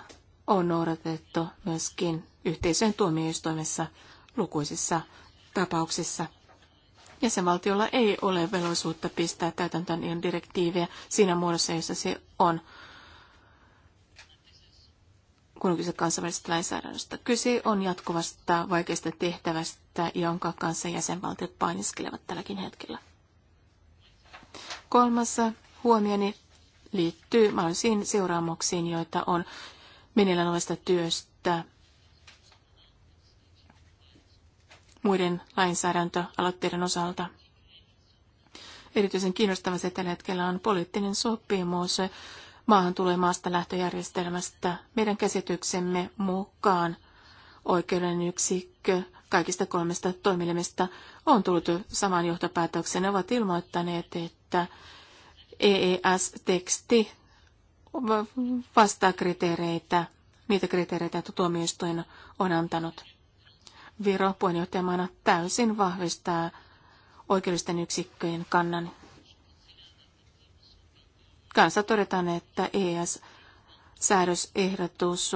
on noudatettu myöskin yhteisöjen tuomioistuimessa lukuisissa tapauksissa. Jäsenvaltiolla ei ole velvollisuutta pistää täytäntöön direktiiviä siinä muodossa, jossa se on kun on kyse kansainvälisestä lainsäädännöstä. Kyse on jatkuvasta vaikeasta tehtävästä, jonka kanssa jäsenvaltiot painiskelevat tälläkin hetkellä. Kolmas huomioni liittyy mahdollisiin seuraamuksiin, joita on meneillään olevasta työstä muiden lainsäädäntöaloitteiden osalta. Erityisen se tällä hetkellä on poliittinen sopimus maahan tulee maasta lähtöjärjestelmästä. Meidän käsityksemme mukaan oikeuden yksikkö kaikista kolmesta toimilimesta on tullut saman johtopäätöksen. Ne ovat ilmoittaneet, että EES-teksti vastaa kriteereitä, niitä kriteereitä, joita tuomioistuin on antanut. Viro puheenjohtajamaana täysin vahvistaa oikeudellisten yksikköjen kannan. Kanssa todetaan, että EES-säädösehdotus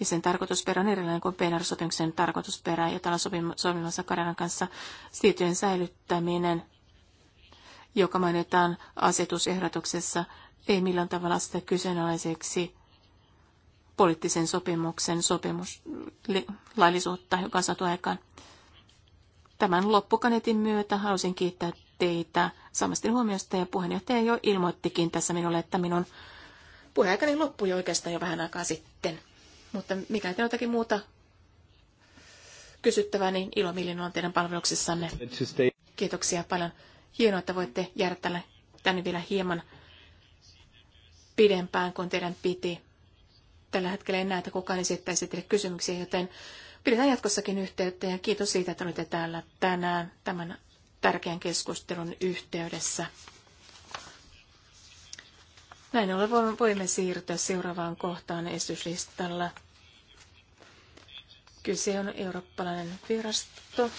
ja sen tarkoitusperä on erilainen kuin PNR-sopimuksen tarkoitusperä, jota ollaan sopimassa Karjalan kanssa siirtyjen säilyttäminen – joka mainitaan asetusehdotuksessa, ei millään tavalla sitä kyseenalaiseksi poliittisen sopimuksen sopimus, laillisuutta, joka on saatu aikaan. Tämän loppukanetin myötä halusin kiittää teitä samasta huomiosta ja puheenjohtaja jo ilmoittikin tässä minulle, että minun puheaikani loppui oikeastaan jo vähän aikaa sitten. Mutta mikä teillä jotakin muuta kysyttävää, niin ilomielinen on teidän palveluksissanne. Kiitoksia paljon. Hienoa, että voitte jäädä tänne, tänne vielä hieman pidempään kuin teidän piti. Tällä hetkellä en näe, että kukaan esittäisi teille kysymyksiä, joten pidetään jatkossakin yhteyttä ja kiitos siitä, että olitte täällä tänään tämän tärkeän keskustelun yhteydessä. Näin ollen voimme siirtyä seuraavaan kohtaan esityslistalla. Kyse on eurooppalainen virasto.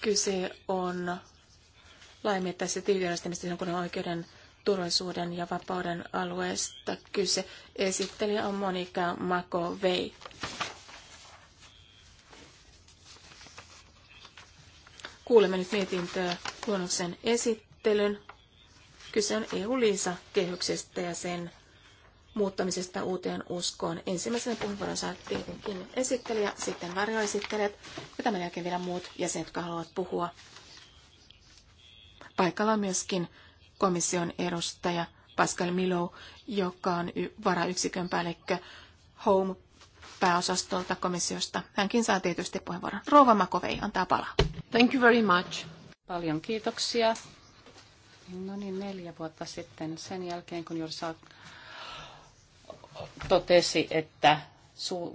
Kyse on laajemmittaisesta tiivijarjestelmistä, kun on oikeuden turvallisuuden ja vapauden alueesta kyse. Esittelijä on Monika Makovei. Kuulemme nyt mietintöä luonnoksen esittelyn. Kyse on EU-liisa-kehyksestä ja sen muuttamisesta uuteen uskoon. Ensimmäisenä puheenvuoron saa tietenkin esittelijä, sitten varjoesittelijät ja tämän jälkeen vielä muut jäsenet, jotka haluavat puhua. Paikalla on myöskin komission edustaja Pascal Milo, joka on varayksikön päällikkö Home pääosastolta komissiosta. Hänkin saa tietysti puheenvuoron. Rouva Makovei antaa palaa. Thank you very much. Paljon kiitoksia. No niin, neljä vuotta sitten sen jälkeen, kun Jorsa totesi, että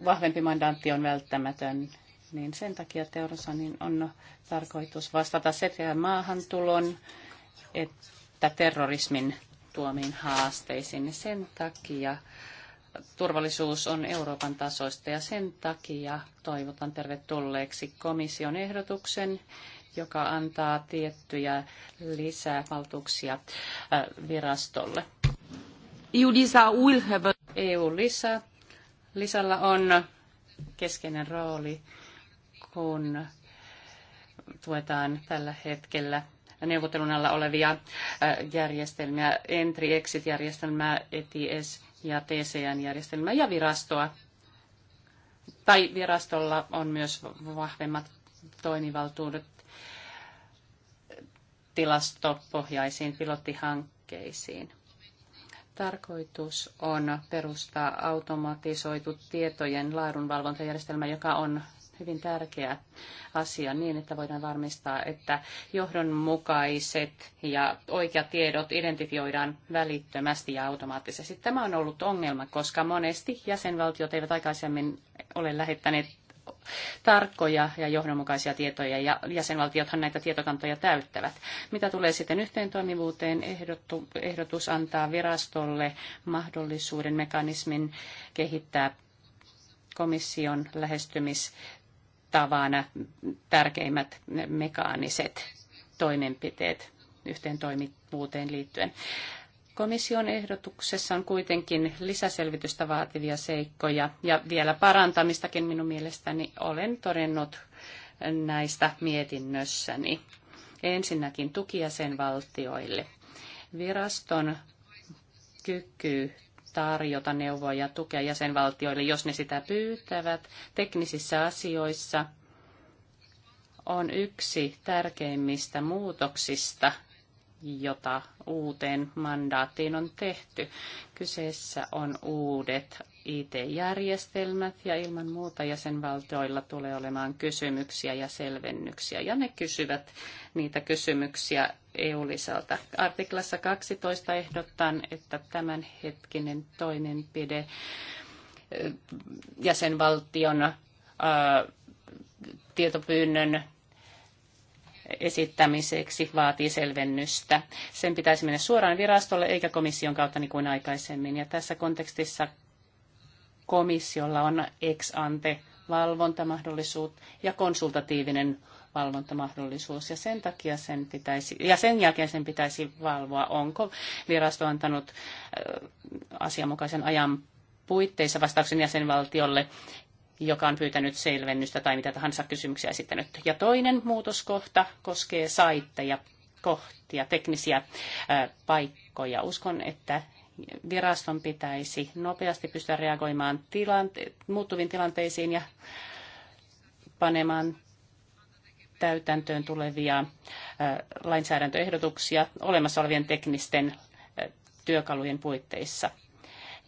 vahvempi mandaatti on välttämätön niin sen takia niin on tarkoitus vastata sekä maahantulon että terrorismin tuomiin haasteisiin. Sen takia turvallisuus on Euroopan tasoista ja sen takia toivotan tervetulleeksi komission ehdotuksen, joka antaa tiettyjä lisävaltuuksia äh, virastolle. EU-lisä EU-lisä. Lisällä on keskeinen rooli kun tuetaan tällä hetkellä neuvottelun alla olevia äh, järjestelmiä, entry-exit-järjestelmää, ETS ja TCN-järjestelmää ja virastoa. Tai virastolla on myös vahvemmat toimivaltuudet tilastopohjaisiin pilottihankkeisiin. Tarkoitus on perustaa automatisoitu tietojen laadunvalvontajärjestelmä, joka on hyvin tärkeä asia niin, että voidaan varmistaa, että johdonmukaiset ja oikeat tiedot identifioidaan välittömästi ja automaattisesti. Tämä on ollut ongelma, koska monesti jäsenvaltiot eivät aikaisemmin ole lähettäneet tarkkoja ja johdonmukaisia tietoja, ja jäsenvaltiothan näitä tietokantoja täyttävät. Mitä tulee sitten yhteentoimivuuteen, ehdottu, ehdotus antaa virastolle mahdollisuuden mekanismin kehittää komission lähestymis tavana tärkeimmät mekaaniset toimenpiteet yhteen toimivuuteen liittyen. Komission ehdotuksessa on kuitenkin lisäselvitystä vaativia seikkoja ja vielä parantamistakin minun mielestäni olen todennut näistä mietinnössäni. Ensinnäkin tukijäsenvaltioille. Viraston kyky tarjota neuvoa ja tukea jäsenvaltioille, jos ne sitä pyytävät. Teknisissä asioissa on yksi tärkeimmistä muutoksista, jota uuteen mandaattiin on tehty. Kyseessä on uudet IT-järjestelmät ja ilman muuta jäsenvaltioilla tulee olemaan kysymyksiä ja selvennyksiä. Ja ne kysyvät niitä kysymyksiä EU-lisältä. Artiklassa 12 ehdotan, että tämänhetkinen toimenpide jäsenvaltion ää, tietopyynnön esittämiseksi vaatii selvennystä. Sen pitäisi mennä suoraan virastolle eikä komission kautta niin kuin aikaisemmin. Ja tässä kontekstissa komissiolla on ex ante valvontamahdollisuus ja konsultatiivinen valvontamahdollisuus ja sen takia sen pitäisi, ja sen jälkeen sen pitäisi valvoa, onko virasto antanut asianmukaisen ajan puitteissa vastauksen jäsenvaltiolle, joka on pyytänyt selvennystä tai mitä tahansa kysymyksiä esittänyt. Ja toinen muutoskohta koskee saitteja kohtia, teknisiä paikkoja. Uskon, että viraston pitäisi nopeasti pystyä reagoimaan tilante- muuttuviin tilanteisiin ja panemaan täytäntöön tulevia lainsäädäntöehdotuksia olemassa olevien teknisten työkalujen puitteissa.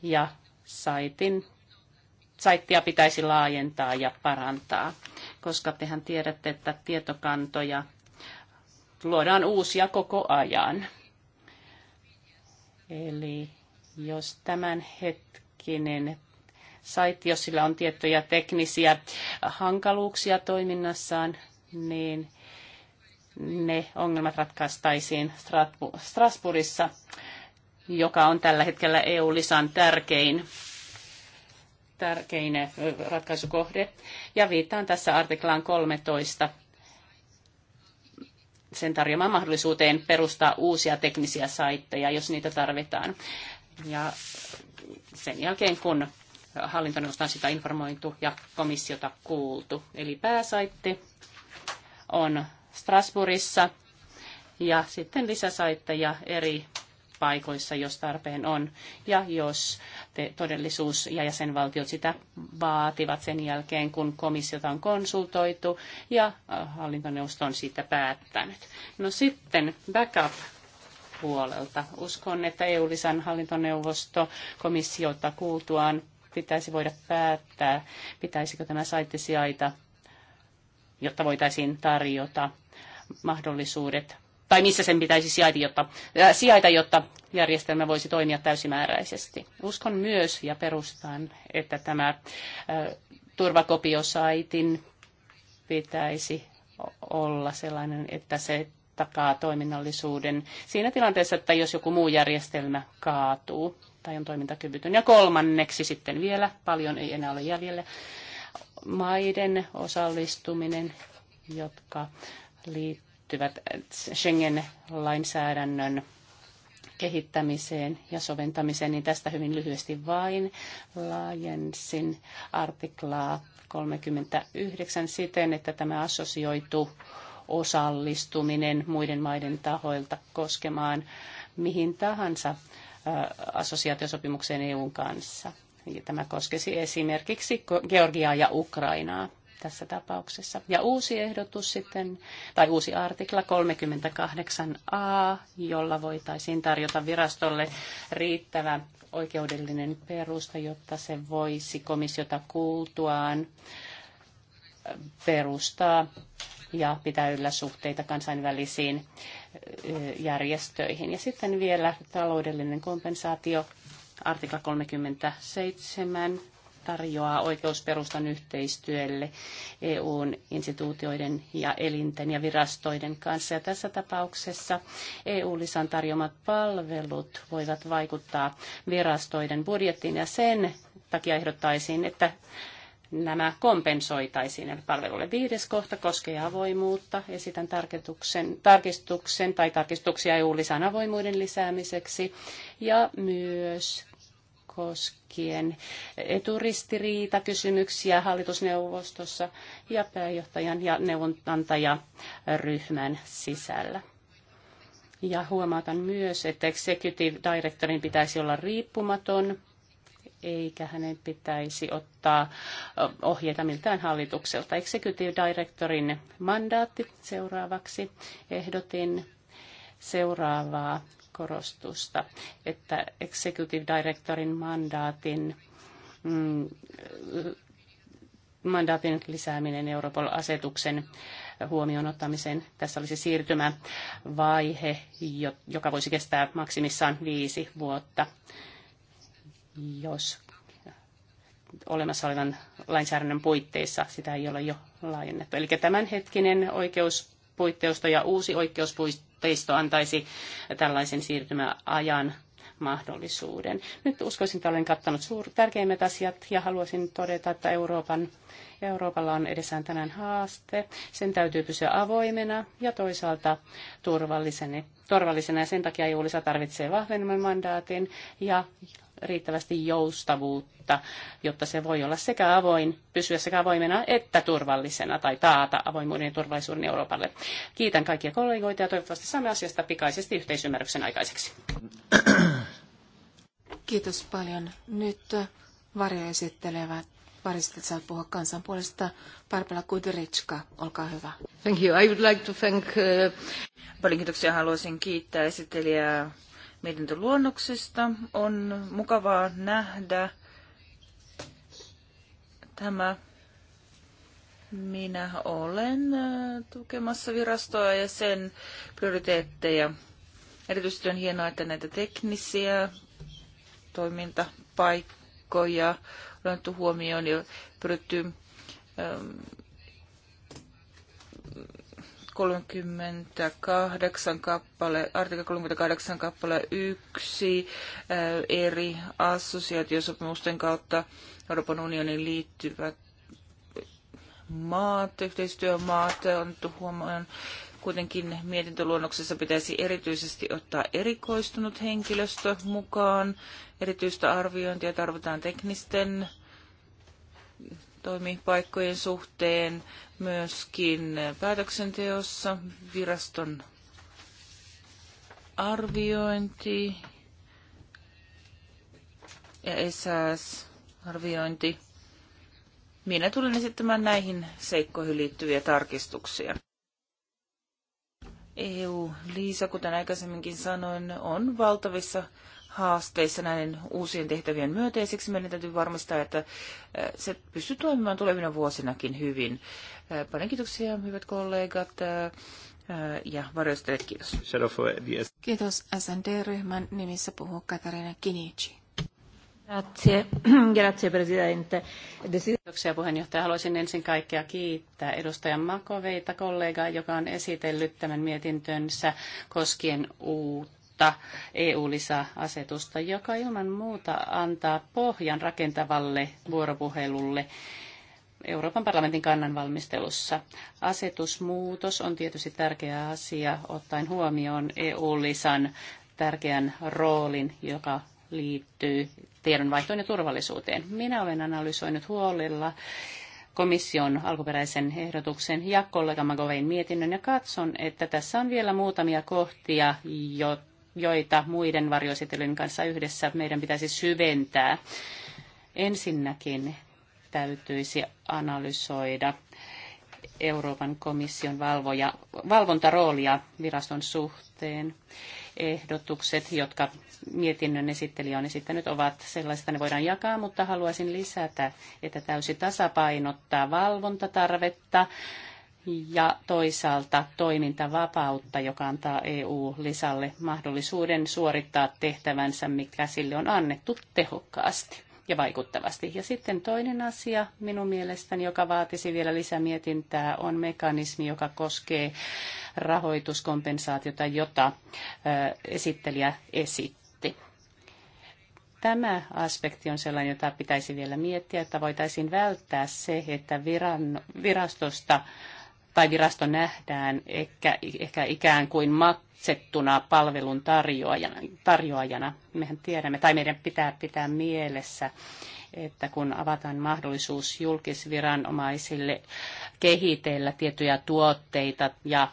Ja saitin, saittia pitäisi laajentaa ja parantaa, koska tehän tiedätte, että tietokantoja luodaan uusia koko ajan. Eli jos tämän hetkinen sait, jos sillä on tiettyjä teknisiä hankaluuksia toiminnassaan, niin ne ongelmat ratkaistaisiin Strasbourgissa, joka on tällä hetkellä EU-lisan tärkein tärkein ratkaisukohde. Ja viittaan tässä artiklaan 13 sen tarjoamaan mahdollisuuteen perustaa uusia teknisiä saitteja, jos niitä tarvitaan. Ja sen jälkeen, kun hallintoneuvoston sitä informoitu ja komissiota kuultu. Eli pääsaitti on Strasbourgissa ja sitten lisäsaitteja eri paikoissa, jos tarpeen on. Ja jos te, todellisuus ja jäsenvaltiot sitä vaativat sen jälkeen, kun komissiota on konsultoitu ja hallintoneuvosto on siitä päättänyt. No sitten backup puolelta. Uskon, että EU-lisän hallintoneuvosto komissiota kuultuaan pitäisi voida päättää, pitäisikö tämä saitti sijaita, jotta voitaisiin tarjota mahdollisuudet, tai missä sen pitäisi sijaita, jotta, äh, sijaita, jotta järjestelmä voisi toimia täysimääräisesti. Uskon myös ja perustan, että tämä äh, turvakopiosaitin pitäisi olla sellainen, että se takaa toiminnallisuuden siinä tilanteessa, että jos joku muu järjestelmä kaatuu tai on toimintakyvytön. Ja kolmanneksi sitten vielä, paljon ei enää ole jäljellä, maiden osallistuminen, jotka liittyvät Schengen-lainsäädännön kehittämiseen ja soventamiseen, niin tästä hyvin lyhyesti vain laajensin artiklaa 39 siten, että tämä assosioitu osallistuminen muiden maiden tahoilta koskemaan mihin tahansa assosiaatiosopimukseen EUn kanssa. Tämä koskesi esimerkiksi Georgiaa ja Ukrainaa tässä tapauksessa. Ja uusi ehdotus sitten, tai uusi artikla 38a, jolla voitaisiin tarjota virastolle riittävä oikeudellinen perusta, jotta se voisi komissiota kuultuaan perustaa ja pitää yllä suhteita kansainvälisiin järjestöihin. Ja sitten vielä taloudellinen kompensaatio. Artikla 37 tarjoaa oikeusperustan yhteistyölle EUn instituutioiden ja elinten ja virastoiden kanssa. Ja tässä tapauksessa EU-lisan tarjomat palvelut voivat vaikuttaa virastoiden budjettiin ja sen takia ehdottaisin, että nämä kompensoitaisiin näille palveluille. Viides kohta koskee avoimuutta. Esitän tarkistuksen, tarkistuksen tai tarkistuksia EU-lisän avoimuuden lisäämiseksi ja myös koskien eturistiriitakysymyksiä hallitusneuvostossa ja pääjohtajan ja neuvonantajaryhmän sisällä. Ja huomautan myös, että executive directorin pitäisi olla riippumaton eikä hänen pitäisi ottaa ohjeita miltään hallitukselta. Executive Directorin mandaatti seuraavaksi ehdotin seuraavaa korostusta, että Executive Directorin mandaatin mm, mandaatin lisääminen Europol-asetuksen huomioon ottamiseen. Tässä olisi siirtymävaihe, joka voisi kestää maksimissaan viisi vuotta jos olemassa olevan lainsäädännön puitteissa sitä ei ole jo laajennettu. Eli tämänhetkinen oikeuspuitteisto ja uusi oikeuspuitteisto antaisi tällaisen siirtymäajan mahdollisuuden. Nyt uskoisin, että olen kattanut suur, tärkeimmät asiat ja haluaisin todeta, että Euroopan, Euroopalla on edessään tänään haaste. Sen täytyy pysyä avoimena ja toisaalta turvallisena. turvallisena ja sen takia EU tarvitsee vahvemman mandaatin ja riittävästi joustavuutta, jotta se voi olla sekä avoin, pysyä sekä avoimena että turvallisena tai taata avoimuuden ja turvallisuuden Euroopalle. Kiitän kaikkia kollegoita ja toivottavasti saamme asiasta pikaisesti yhteisymmärryksen aikaiseksi. Kiitos paljon. Nyt varjo esittelevät paristet saa puhua kansan puolesta. Parpela Kudritska, olkaa hyvä. Thank you. I would like to thank... Uh... Paljon kiitoksia. Haluaisin kiittää esittelijää mietintöluonnoksesta. On mukavaa nähdä tämä. Minä olen äh, tukemassa virastoa ja sen prioriteetteja. Erityisesti on hienoa, että näitä teknisiä toimintapaikkoja on otettu huomioon ja pyritty ähm, 38 kappale, artikla 38 kappale 1 äh, eri assosiaatiosopimusten kautta Euroopan unionin liittyvät maat, yhteistyömaat on otettu huomioon. Kuitenkin mietintöluonnoksessa pitäisi erityisesti ottaa erikoistunut henkilöstö mukaan. Erityistä arviointia tarvitaan teknisten toimipaikkojen suhteen, myöskin päätöksenteossa, viraston arviointi ja ESAS-arviointi. Minä tulen esittämään näihin seikkoihin liittyviä tarkistuksia. EU-Liisa, kuten aikaisemminkin sanoin, on valtavissa haasteissa näiden uusien tehtävien myötä, siksi Meidän täytyy varmistaa, että äh, se pystyy toimimaan tulevina vuosinakin hyvin. Äh, paljon kiitoksia, hyvät kollegat äh, ja varjostelijat, kiitos. Kiitos SND-ryhmän nimissä puhuu Katarina Kinici. Grazie. Grazie Presidente. Kiitoksia puheenjohtaja. Haluaisin ensin kaikkea kiittää edustaja Makoveita, kollegaa, joka on esitellyt tämän mietintönsä koskien uutta uutta EU-lisäasetusta, joka ilman muuta antaa pohjan rakentavalle vuoropuhelulle Euroopan parlamentin kannan valmistelussa. Asetusmuutos on tietysti tärkeä asia ottaen huomioon EU-lisan tärkeän roolin, joka liittyy tiedonvaihtoon ja turvallisuuteen. Minä olen analysoinut huolella komission alkuperäisen ehdotuksen ja kollega Magovein mietinnön ja katson, että tässä on vielä muutamia kohtia, joita muiden varjoesitelyjen kanssa yhdessä meidän pitäisi syventää. Ensinnäkin täytyisi analysoida Euroopan komission valvoja, valvontaroolia viraston suhteen. Ehdotukset, jotka mietinnön esittelijä on esittänyt, ovat sellaista, ne voidaan jakaa, mutta haluaisin lisätä, että täysi tasapainottaa valvontatarvetta ja toisaalta toimintavapautta, joka antaa EU-lisälle mahdollisuuden suorittaa tehtävänsä, mikä sille on annettu tehokkaasti ja vaikuttavasti. Ja sitten toinen asia minun mielestäni, joka vaatisi vielä lisämietintää, on mekanismi, joka koskee rahoituskompensaatiota, jota esittelijä esitti. Tämä aspekti on sellainen, jota pitäisi vielä miettiä, että voitaisiin välttää se, että viran, virastosta tai virasto nähdään ehkä, ehkä ikään kuin maksettuna palvelun tarjoajana, tarjoajana. Mehän tiedämme, tai meidän pitää pitää mielessä, että kun avataan mahdollisuus julkisviranomaisille kehitellä tiettyjä tuotteita ja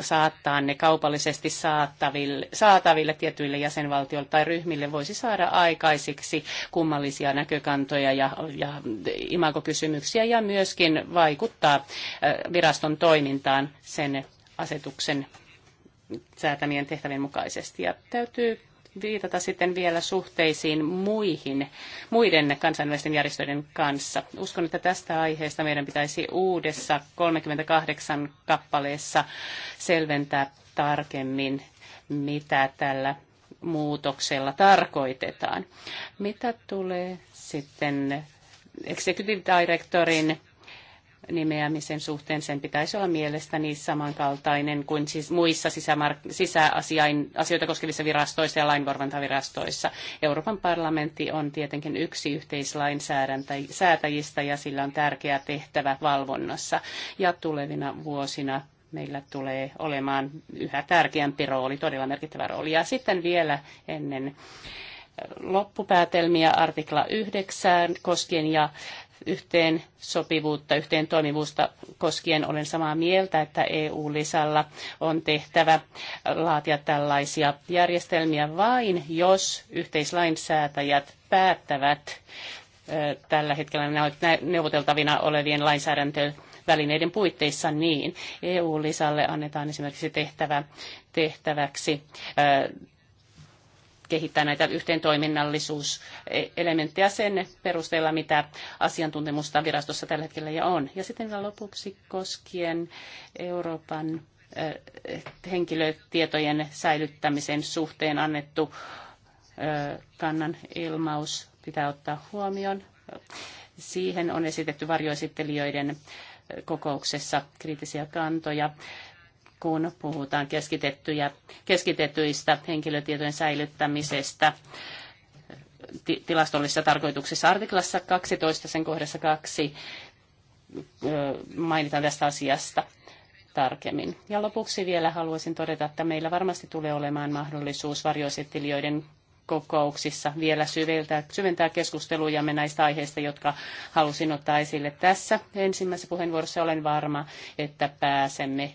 saattaa ne kaupallisesti saataville, saataville tietyille jäsenvaltioille tai ryhmille, voisi saada aikaisiksi kummallisia näkökantoja ja, ja imagokysymyksiä ja myöskin vaikuttaa viraston toimintaan sen asetuksen säätämien tehtävien mukaisesti. Ja täytyy viitata sitten vielä suhteisiin muihin, muiden kansainvälisten järjestöiden kanssa. Uskon, että tästä aiheesta meidän pitäisi uudessa 38 kappaleessa selventää tarkemmin, mitä tällä muutoksella tarkoitetaan. Mitä tulee sitten executive directorin nimeämisen suhteen sen pitäisi olla mielestäni samankaltainen kuin siis muissa sisämark- sisäasioita koskevissa virastoissa ja lainvalvontavirastoissa. Euroopan parlamentti on tietenkin yksi yhteislainsäätäjistä ja sillä on tärkeä tehtävä valvonnassa. Ja tulevina vuosina meillä tulee olemaan yhä tärkeämpi rooli, todella merkittävä rooli. Ja sitten vielä ennen loppupäätelmiä artikla 9 koskien ja yhteen sopivuutta, yhteen toimivuutta, koskien olen samaa mieltä, että EU-lisalla on tehtävä laatia tällaisia järjestelmiä vain, jos yhteislainsäätäjät päättävät tällä hetkellä neuvoteltavina olevien lainsäädäntövälineiden puitteissa niin. EU-lisalle annetaan esimerkiksi tehtävä, tehtäväksi kehittää näitä yhteentoiminnallisuuselementtejä sen perusteella, mitä asiantuntemusta virastossa tällä hetkellä jo on. Ja sitten vielä lopuksi koskien Euroopan eh, henkilötietojen säilyttämisen suhteen annettu eh, kannan ilmaus pitää ottaa huomioon. Siihen on esitetty varjoesittelijöiden eh, kokouksessa kriittisiä kantoja kun puhutaan keskitettyjä, keskitettyistä henkilötietojen säilyttämisestä tilastollisissa tarkoituksissa. Artiklassa 12, sen kohdassa 2, mainitaan tästä asiasta tarkemmin. Ja lopuksi vielä haluaisin todeta, että meillä varmasti tulee olemaan mahdollisuus varjoesittelijöiden kokouksissa vielä syventää, syventää me näistä aiheista, jotka halusin ottaa esille tässä ensimmäisessä puheenvuorossa. Olen varma, että pääsemme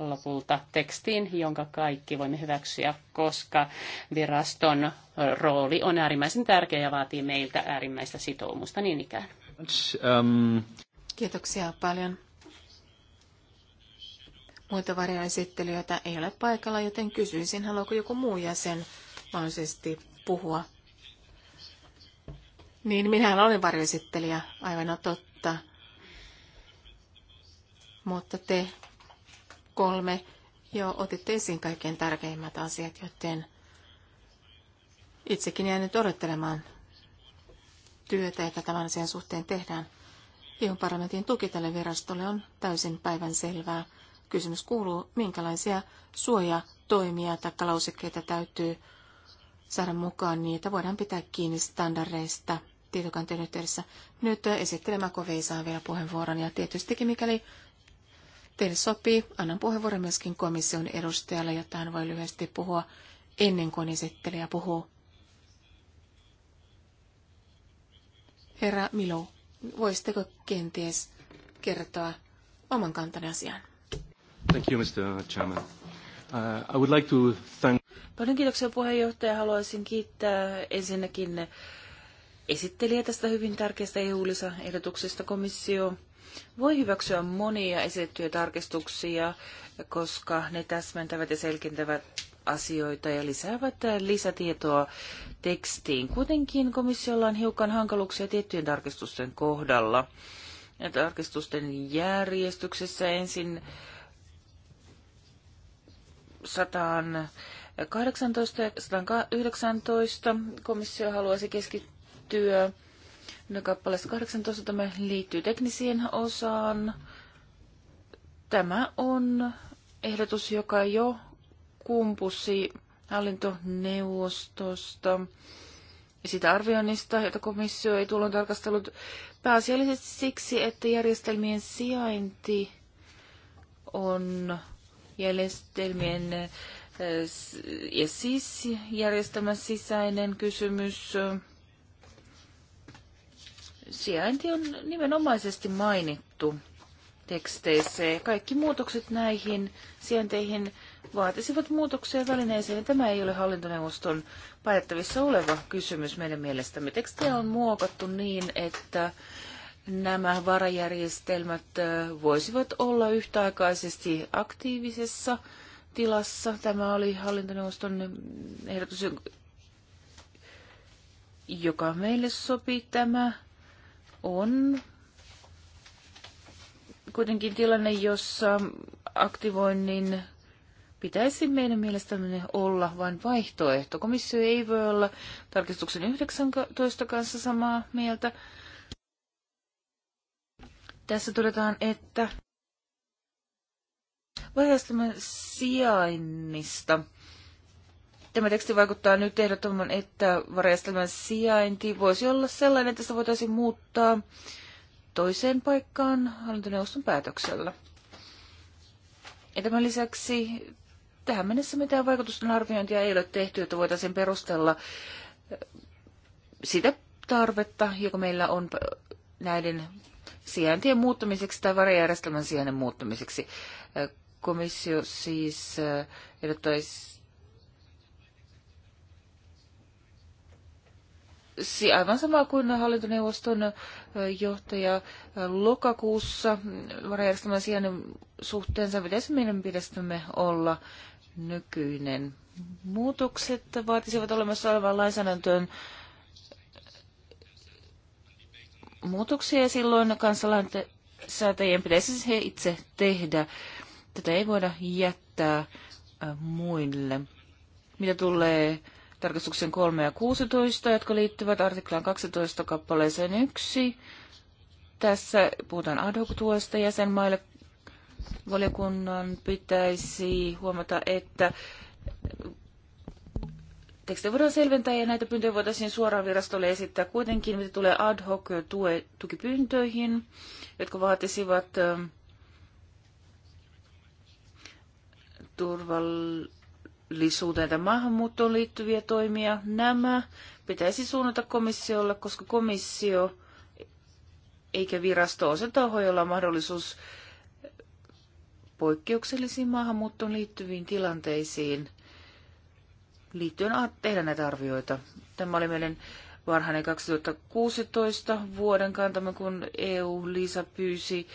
lopulta tekstiin, jonka kaikki voimme hyväksyä, koska viraston rooli on äärimmäisen tärkeä ja vaatii meiltä äärimmäistä sitoumusta niin ikään. Um, Kiitoksia paljon. Muita varjoesittelijöitä ei ole paikalla, joten kysyisin, haluaako joku muu jäsen mahdollisesti puhua. Niin, minähän olen varjoesittelijä, aivan totta. Mutta te kolme jo otitte esiin kaikkein tärkeimmät asiat, joten itsekin jään nyt odottelemaan työtä, että tämän asian suhteen tehdään. EU-parlamentin tuki tälle virastolle on täysin päivän selvää. Kysymys kuuluu, minkälaisia suojatoimia tai lausekkeita täytyy saada mukaan, niitä voidaan pitää kiinni standardeista tietokantien yhteydessä. Nyt esittelemä Kove vielä puheenvuoron ja tietystikin mikäli Teille sopii. Annan puheenvuoron myöskin komission edustajalle, jotta hän voi lyhyesti puhua ennen kuin esittelijä puhuu. Herra Milo, voisitteko kenties kertoa oman kantani asiaan? Thank you, Mr. Chairman. Uh, I would like to thank... Paljon kiitoksia puheenjohtaja. Haluaisin kiittää ensinnäkin esittelijä tästä hyvin tärkeästä EU-lisäehdotuksesta. Komissio voi hyväksyä monia esitettyjä tarkistuksia, koska ne täsmentävät ja selkentävät asioita ja lisäävät lisätietoa tekstiin. Kuitenkin komissiolla on hiukan hankaluuksia tiettyjen tarkistusten kohdalla. Ja tarkistusten järjestyksessä ensin 118 ja 119 komissio haluaisi keskittyä No kappaleessa 18 tämä liittyy teknisiin osaan. Tämä on ehdotus, joka jo kumpusi hallintoneuvostosta ja sitä arvioinnista, jota komissio ei tuolloin tarkastellut pääasiallisesti siksi, että järjestelmien sijainti on järjestelmien äh, ja siis järjestelmän sisäinen kysymys – sijainti on nimenomaisesti mainittu teksteissä ja kaikki muutokset näihin sijainteihin vaatisivat muutoksia välineeseen. Tämä ei ole hallintoneuvoston päätettävissä oleva kysymys meidän mielestämme. Tekstejä on muokattu niin, että nämä varajärjestelmät voisivat olla yhtäaikaisesti aktiivisessa tilassa. Tämä oli hallintoneuvoston ehdotus, joka meille sopii tämä on kuitenkin tilanne, jossa aktivoinnin pitäisi meidän mielestämme olla vain vaihtoehto. Komissio ei voi olla tarkistuksen 19 kanssa samaa mieltä. Tässä todetaan, että varjastamme sijainnista Tämä teksti vaikuttaa nyt ehdottoman, että varjastelman sijainti voisi olla sellainen, että se voitaisiin muuttaa toiseen paikkaan hallintoneuvoston päätöksellä. Ja tämän lisäksi tähän mennessä mitään vaikutusten arviointia ei ole tehty, että voitaisiin perustella eh, sitä tarvetta, joka meillä on näiden sijaintien muuttamiseksi tai varajärjestelmän sijainnin muuttamiseksi. Eh, komissio siis eh, ehdottaisi aivan sama kuin hallintoneuvoston johtaja lokakuussa varajärjestelmän sijainnin suhteensa pitäisi meidän pidestämme olla nykyinen. Muutokset vaatisivat olemassa olevan lainsäädäntöön muutoksia ja silloin kansalaisäätäjien pitäisi se itse tehdä. Tätä ei voida jättää muille. Mitä tulee Tarkastuksen 3 ja 16, jotka liittyvät artiklaan 12 kappaleeseen 1. Tässä puhutaan ad hoc-tuesta jäsenmaille. Valiokunnan pitäisi huomata, että tekstejä voidaan selventää ja näitä pyyntöjä voitaisiin suoraan virastolle esittää kuitenkin, mitä tulee ad hoc tukipyyntöihin, jotka vaatisivat ähm, turvallista turvallisuuteen tai maahanmuuttoon liittyviä toimia. Nämä pitäisi suunnata komissiolle, koska komissio eikä virasto ole se taho, jolla on mahdollisuus poikkeuksellisiin maahanmuuttoon liittyviin tilanteisiin liittyen tehdä näitä arvioita. Tämä oli meidän varhainen 2016 vuoden kantamme, kun EU-Liisa pyysi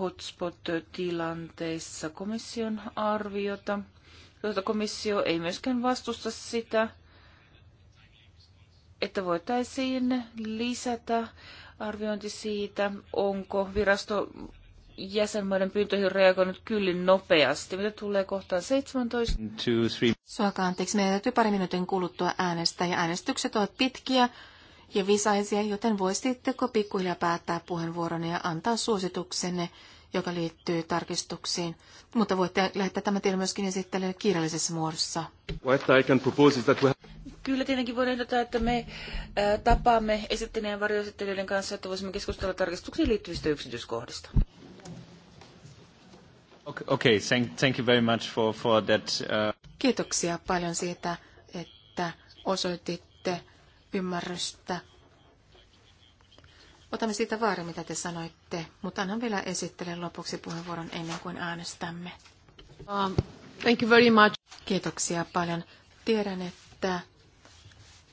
hotspot-tilanteissa komission arviota joita komissio ei myöskään vastusta sitä, että voitaisiin lisätä arviointi siitä, onko virasto jäsenmaiden pyyntöihin reagoinut kyllin nopeasti. Mitä tulee kohtaan 17? Suoka anteeksi, meidän täytyy pari minuutin kuluttua äänestä ja äänestykset ovat pitkiä ja visaisia, joten voisitteko pikkuhiljaa päättää puheenvuoron ja antaa suosituksenne joka liittyy tarkistuksiin, mutta voitte lähettää tämän tiedon myöskin esittelyyn kirjallisessa muodossa. Kyllä tietenkin voin ehdottaa, että me tapaamme esittelijän varjoesittelijöiden kanssa, että voisimme keskustella tarkistuksiin liittyvistä yksityiskohdista. Okay, thank, thank you very much for, for that. Uh... Kiitoksia paljon siitä, että osoititte ymmärrystä Otamme siitä vaara, mitä te sanoitte, mutta annan vielä esittelen lopuksi puheenvuoron ennen kuin äänestämme. Um, thank you very much. Kiitoksia paljon. Tiedän, että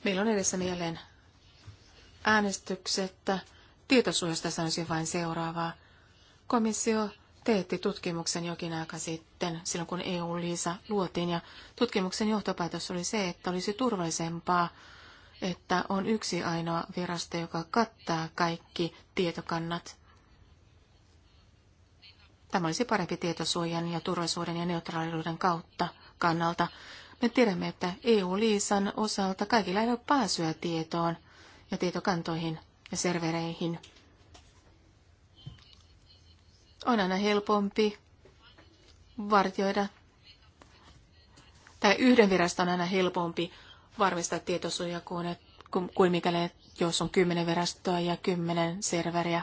meillä on edessä mieleen äänestykset. Tietosuojasta sanoisin vain seuraavaa. Komissio teetti tutkimuksen jokin aika sitten, silloin kun EU-liisa luotiin, ja tutkimuksen johtopäätös oli se, että olisi turvallisempaa että on yksi ainoa virasto, joka kattaa kaikki tietokannat. Tämä olisi parempi tietosuojan ja turvallisuuden ja neutraaliuden kautta kannalta. Me tiedämme, että EU-liisan osalta kaikilla ei ole pääsyä tietoon ja tietokantoihin ja servereihin. On aina helpompi vartioida, tai yhden viraston on aina helpompi varmistaa tietosuoja kuin, kuin mikäli jos on kymmenen verastoa ja kymmenen serveriä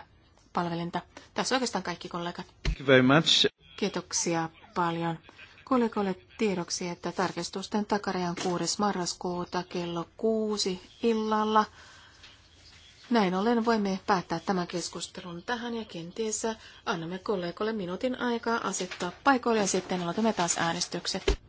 palvelinta. Tässä oikeastaan kaikki kollegat. Thank you very much. Kiitoksia paljon. Kollegoille tiedoksi, että tarkistusten takarajan 6. marraskuuta kello 6 illalla. Näin ollen voimme päättää tämän keskustelun tähän ja kenties annamme kollegoille minuutin aikaa asettaa paikoille ja sitten aloitamme taas äänestykset.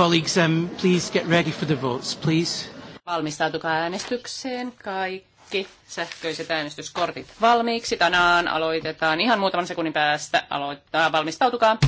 colleagues, um, please get ready for the votes, please. Valmistautukaa äänestykseen kaikki sähköiset äänestyskortit valmiiksi. Tänään aloitetaan ihan muutaman sekunnin päästä. Aloittaa. Valmistautukaa.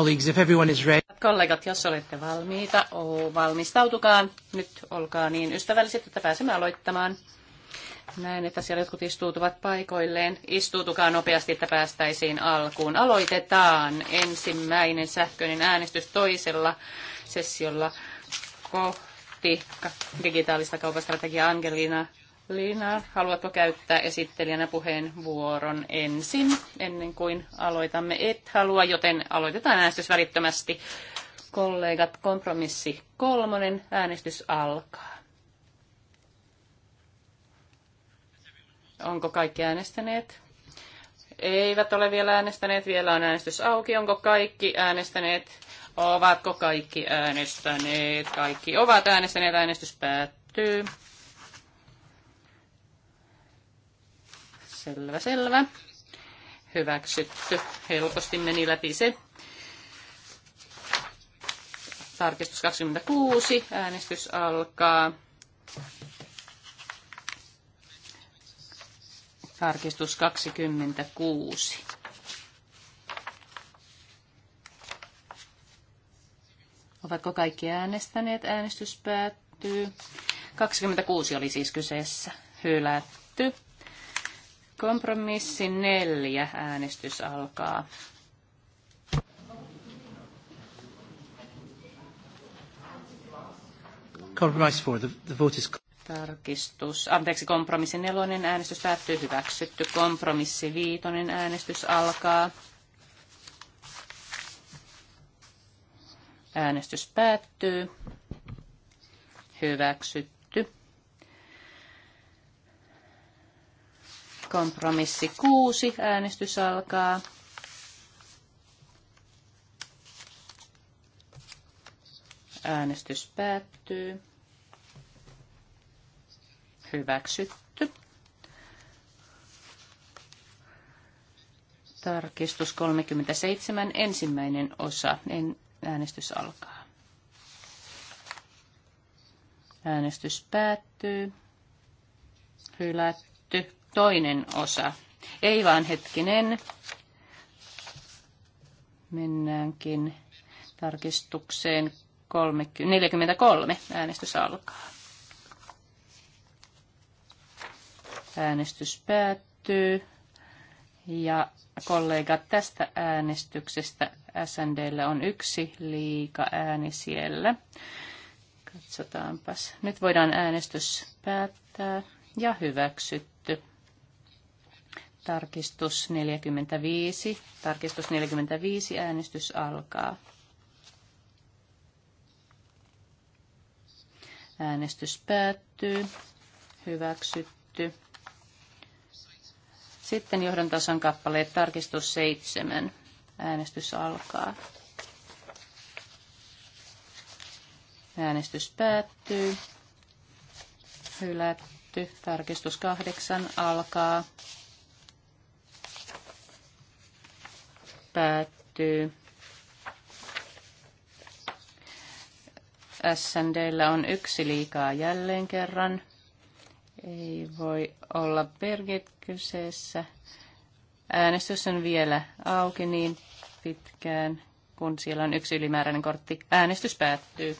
colleagues, if everyone is ready. Kollegat, jos olette valmiita, valmistautukaa. Nyt olkaa niin ystävälliset, että pääsemme aloittamaan. Näen, että siellä jotkut istuutuvat paikoilleen. Istuutukaa nopeasti, että päästäisiin alkuun. Aloitetaan ensimmäinen sähköinen äänestys toisella sessiolla kohti digitaalista kaupastrategiaa Angelina Liina, haluatko käyttää esittelijänä puheenvuoron ensin, ennen kuin aloitamme? Et halua, joten aloitetaan äänestys välittömästi. Kollegat, kompromissi kolmonen, äänestys alkaa. Onko kaikki äänestäneet? Eivät ole vielä äänestäneet, vielä on äänestys auki. Onko kaikki äänestäneet? Ovatko kaikki äänestäneet? Kaikki ovat äänestäneet, äänestys päättyy. Selvä, selvä. Hyväksytty. Helposti meni läpi se. Tarkistus 26. Äänestys alkaa. Tarkistus 26. Ovatko kaikki äänestäneet? Äänestys päättyy. 26 oli siis kyseessä. Hylätty. Kompromissi neljä. Äänestys alkaa. Compromise four. The, the vote is... Tarkistus. Anteeksi, kompromissi nelonen äänestys päättyy. Hyväksytty. Kompromissi viitonen äänestys alkaa. Äänestys päättyy. Hyväksytty Kompromissi 6. Äänestys alkaa. Äänestys päättyy. Hyväksytty. Tarkistus 37, ensimmäinen osa. En, äänestys alkaa. Äänestys päättyy. Hylätty. Toinen osa. Ei vaan hetkinen. Mennäänkin tarkistukseen 30, 43. Äänestys alkaa. Äänestys päättyy. Ja kollegat tästä äänestyksestä SNDllä on yksi liika ääni siellä. Katsotaanpas. Nyt voidaan äänestys päättää ja hyväksyt Tarkistus 45. Tarkistus 45. Äänestys alkaa. Äänestys päättyy. Hyväksytty. Sitten tasan kappaleet tarkistus 7. Äänestys alkaa. Äänestys päättyy. Hylätty. Tarkistus 8 alkaa. päättyy. SNDllä on yksi liikaa jälleen kerran. Ei voi olla Birgit kyseessä. Äänestys on vielä auki niin pitkään, kun siellä on yksi ylimääräinen kortti. Äänestys päättyy.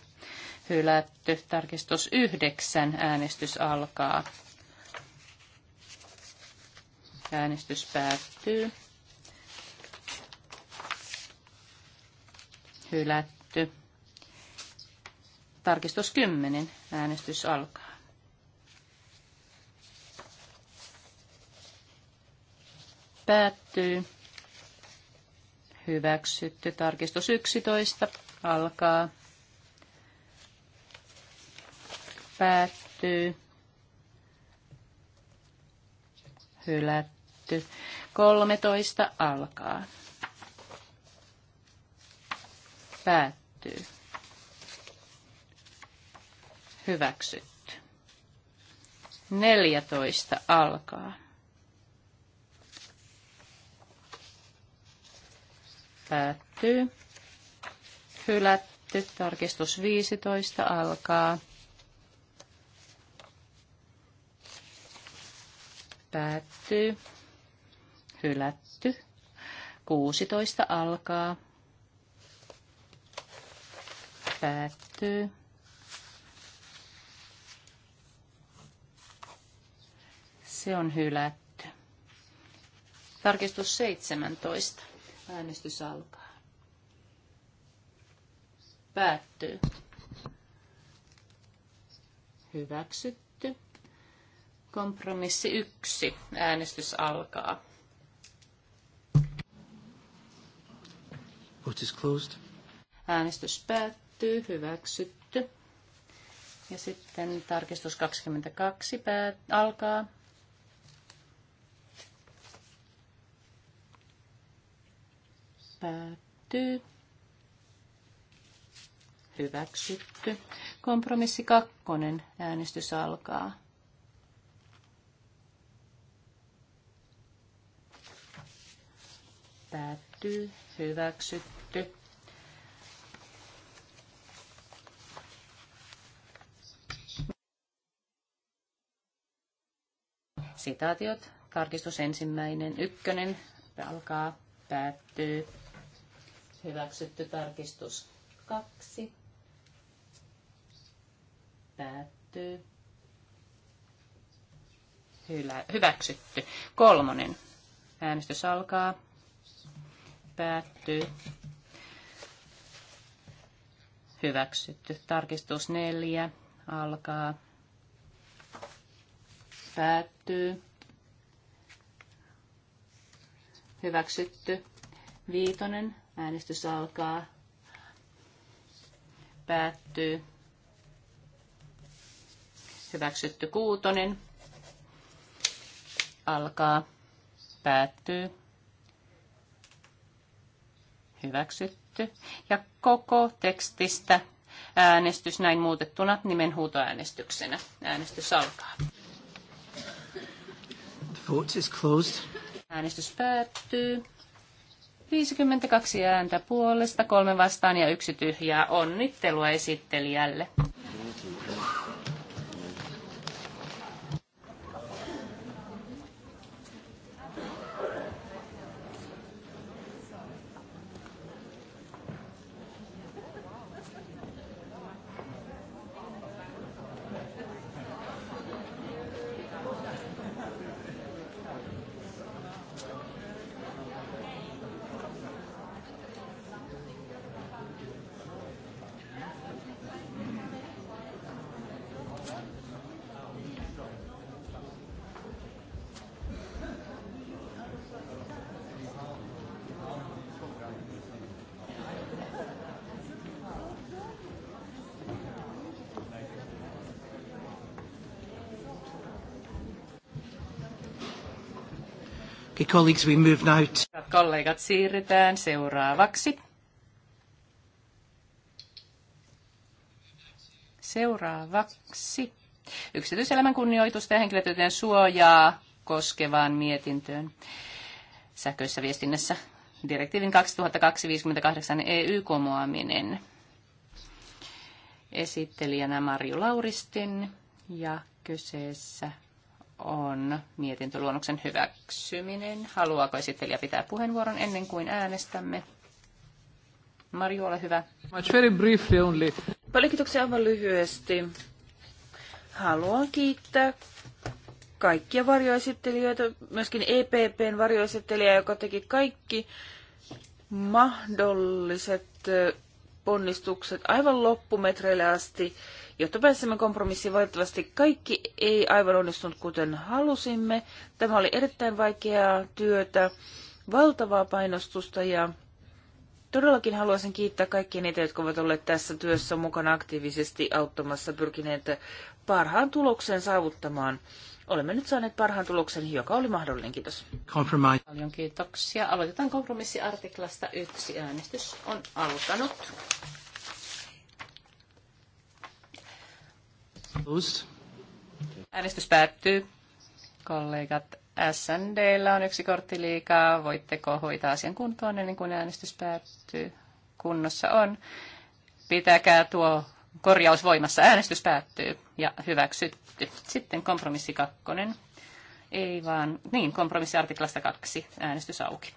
Hylätty. Tarkistus yhdeksän. Äänestys alkaa. Äänestys päättyy. hylätty. Tarkistus 10. Äänestys alkaa. Päättyy. Hyväksytty. Tarkistus 11. Alkaa. Päättyy. Hylätty. 13. Alkaa. päättyy. Hyväksytty. 14 alkaa. Päättyy. Hylätty. Tarkistus 15 alkaa. Päättyy. Hylätty. 16 alkaa. Päättyy. Se on hylätty. Tarkistus 17. Äänestys alkaa. Päättyy. Hyväksytty. Kompromissi 1. Äänestys alkaa. Vote is closed. Äänestys päättyy päättyy, hyväksytty. Ja sitten tarkistus 22 pää- alkaa. Päättyy. Hyväksytty. Kompromissi kakkonen. Äänestys alkaa. Päättyy. Hyväksytty Sitaatiot. Tarkistus ensimmäinen. Ykkönen. Alkaa. Päättyy. Hyväksytty tarkistus kaksi. Päättyy. Hylä, hyväksytty. Kolmonen. Äänestys alkaa. Päättyy. Hyväksytty. Tarkistus neljä. Alkaa päättyy. Hyväksytty. Viitonen. Äänestys alkaa. Päättyy. Hyväksytty kuutonen. Alkaa. Päättyy. Hyväksytty. Ja koko tekstistä äänestys näin muutettuna nimenhuutoäänestyksenä. Äänestys alkaa. Vote is closed. Äänestys päättyy. 52 ääntä puolesta, kolme vastaan ja yksi tyhjää. Onnittelua esittelijälle. colleagues, we move now to... Kollegat, siirrytään seuraavaksi. Seuraavaksi yksityiselämän kunnioitusta ja henkilötyöten suojaa koskevaan mietintöön sähköisessä viestinnässä direktiivin 2258 EU komoaminen. Esittelijänä Marju Lauristin ja kyseessä on mietintöluonnoksen hyväksyminen. Haluaako esittelijä pitää puheenvuoron ennen kuin äänestämme? Marju, ole hyvä. very briefly only. Paljon kiitoksia aivan lyhyesti. Haluan kiittää kaikkia varjoesittelijöitä, myöskin EPPn varjoesittelijää, joka teki kaikki mahdolliset ponnistukset aivan loppumetreille asti, jotta pääsemme kompromissiin. Valitettavasti kaikki ei aivan onnistunut kuten halusimme. Tämä oli erittäin vaikeaa työtä, valtavaa painostusta ja todellakin haluaisin kiittää kaikkia niitä, jotka ovat olleet tässä työssä mukana aktiivisesti auttamassa, pyrkineet parhaan tuloksen saavuttamaan olemme nyt saaneet parhaan tuloksen, joka oli mahdollinen. Kiitos. Compromise. Paljon kiitoksia. Aloitetaan kompromissiartiklasta yksi. Äänestys on alkanut. Closed. Äänestys päättyy. Kollegat, SNDllä on yksi kortti liikaa. Voitteko hoitaa asian kuntoon ennen kuin äänestys päättyy? Kunnossa on. Pitäkää tuo korjaus voimassa. Äänestys päättyy ja hyväksytty. Sitten kompromissi kakkonen. Ei vaan, niin, kompromissiartiklasta kaksi. Äänestys auki.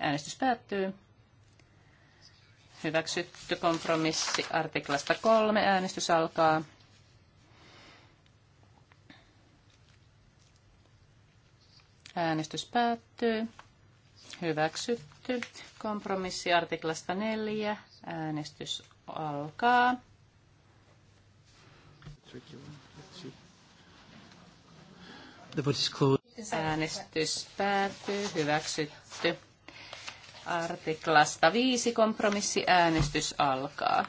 Äänestys päättyy. Hyväksytty kompromissi artiklasta kolme. Äänestys alkaa. Äänestys päättyy. Hyväksytty. Kompromissi artiklasta 4. Äänestys alkaa. Äänestys päättyy. Hyväksytty. Artiklasta 5 äänestys alkaa.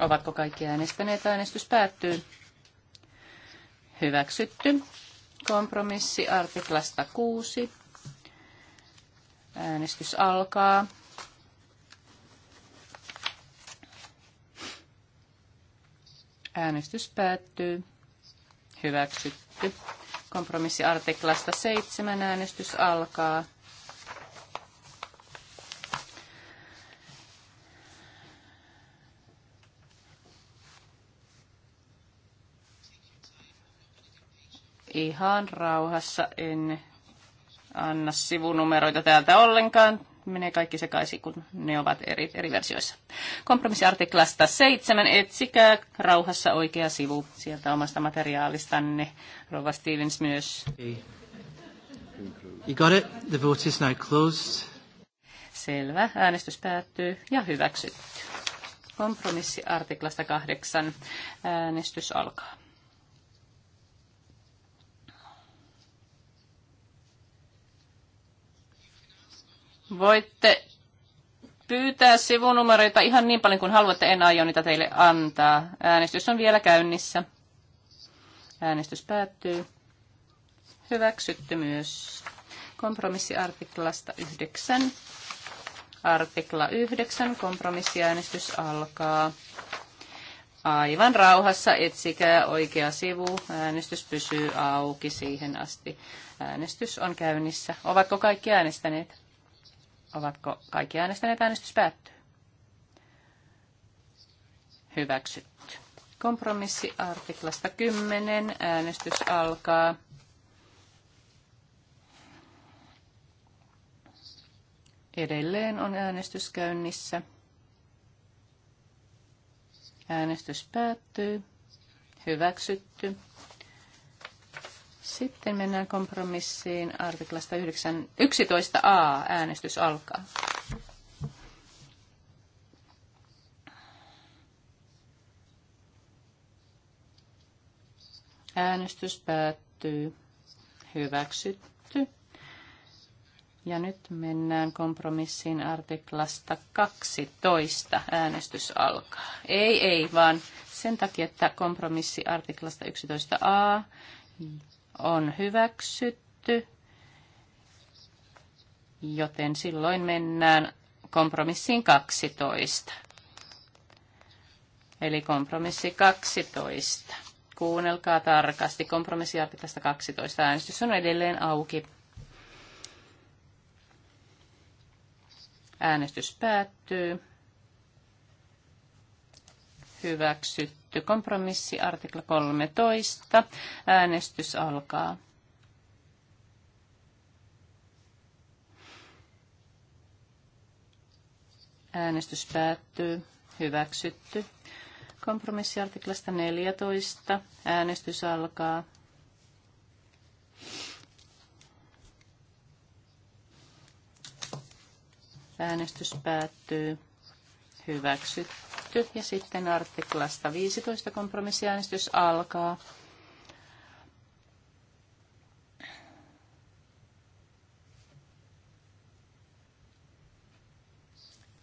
Ovatko kaikki äänestäneet? Äänestys päättyy. Hyväksytty. Kompromissi artiklasta 6. Äänestys alkaa. Äänestys päättyy. Hyväksytty. Kompromissi artiklasta 7. Äänestys alkaa. ihan rauhassa. En anna sivunumeroita täältä ollenkaan. Menee kaikki sekaisin, kun ne ovat eri, eri versioissa. Kompromissiartiklasta 7. Etsikää rauhassa oikea sivu sieltä omasta materiaalistanne. Rova Stevens myös. You got it. The vote is now closed. Selvä. Äänestys päättyy ja hyväksytty. Kompromissiartiklasta 8. Äänestys alkaa. Voitte pyytää sivunumeroita ihan niin paljon kuin haluatte, en aio niitä teille antaa. Äänestys on vielä käynnissä. Äänestys päättyy. Hyväksytty myös kompromissiartiklasta 9. Artikla 9, kompromissiäänestys alkaa. Aivan rauhassa etsikää oikea sivu. Äänestys pysyy auki siihen asti. Äänestys on käynnissä. Ovatko kaikki äänestäneet? Ovatko kaikki äänestäneet? Äänestys päättyy. Hyväksytty. Kompromissi artiklasta 10. Äänestys alkaa. Edelleen on äänestys käynnissä. Äänestys päättyy. Hyväksytty. Sitten mennään kompromissiin artiklasta 9, 11a. Äänestys alkaa. Äänestys päättyy. Hyväksytty. Ja nyt mennään kompromissiin artiklasta 12. Äänestys alkaa. Ei, ei, vaan sen takia, että kompromissi artiklasta 11a on hyväksytty, joten silloin mennään kompromissiin 12. Eli kompromissi 12. Kuunnelkaa tarkasti. Kompromissiartiklasta 12. Äänestys on edelleen auki. Äänestys päättyy. Hyväksytty hyväksytty. Kompromissi artikla 13. Äänestys alkaa. Äänestys päättyy. Hyväksytty. kompromissi artiklasta 14. Äänestys alkaa. Äänestys päättyy. Hyväksytty hyväksytty. Ja sitten artiklasta 15 kompromissiäänestys alkaa.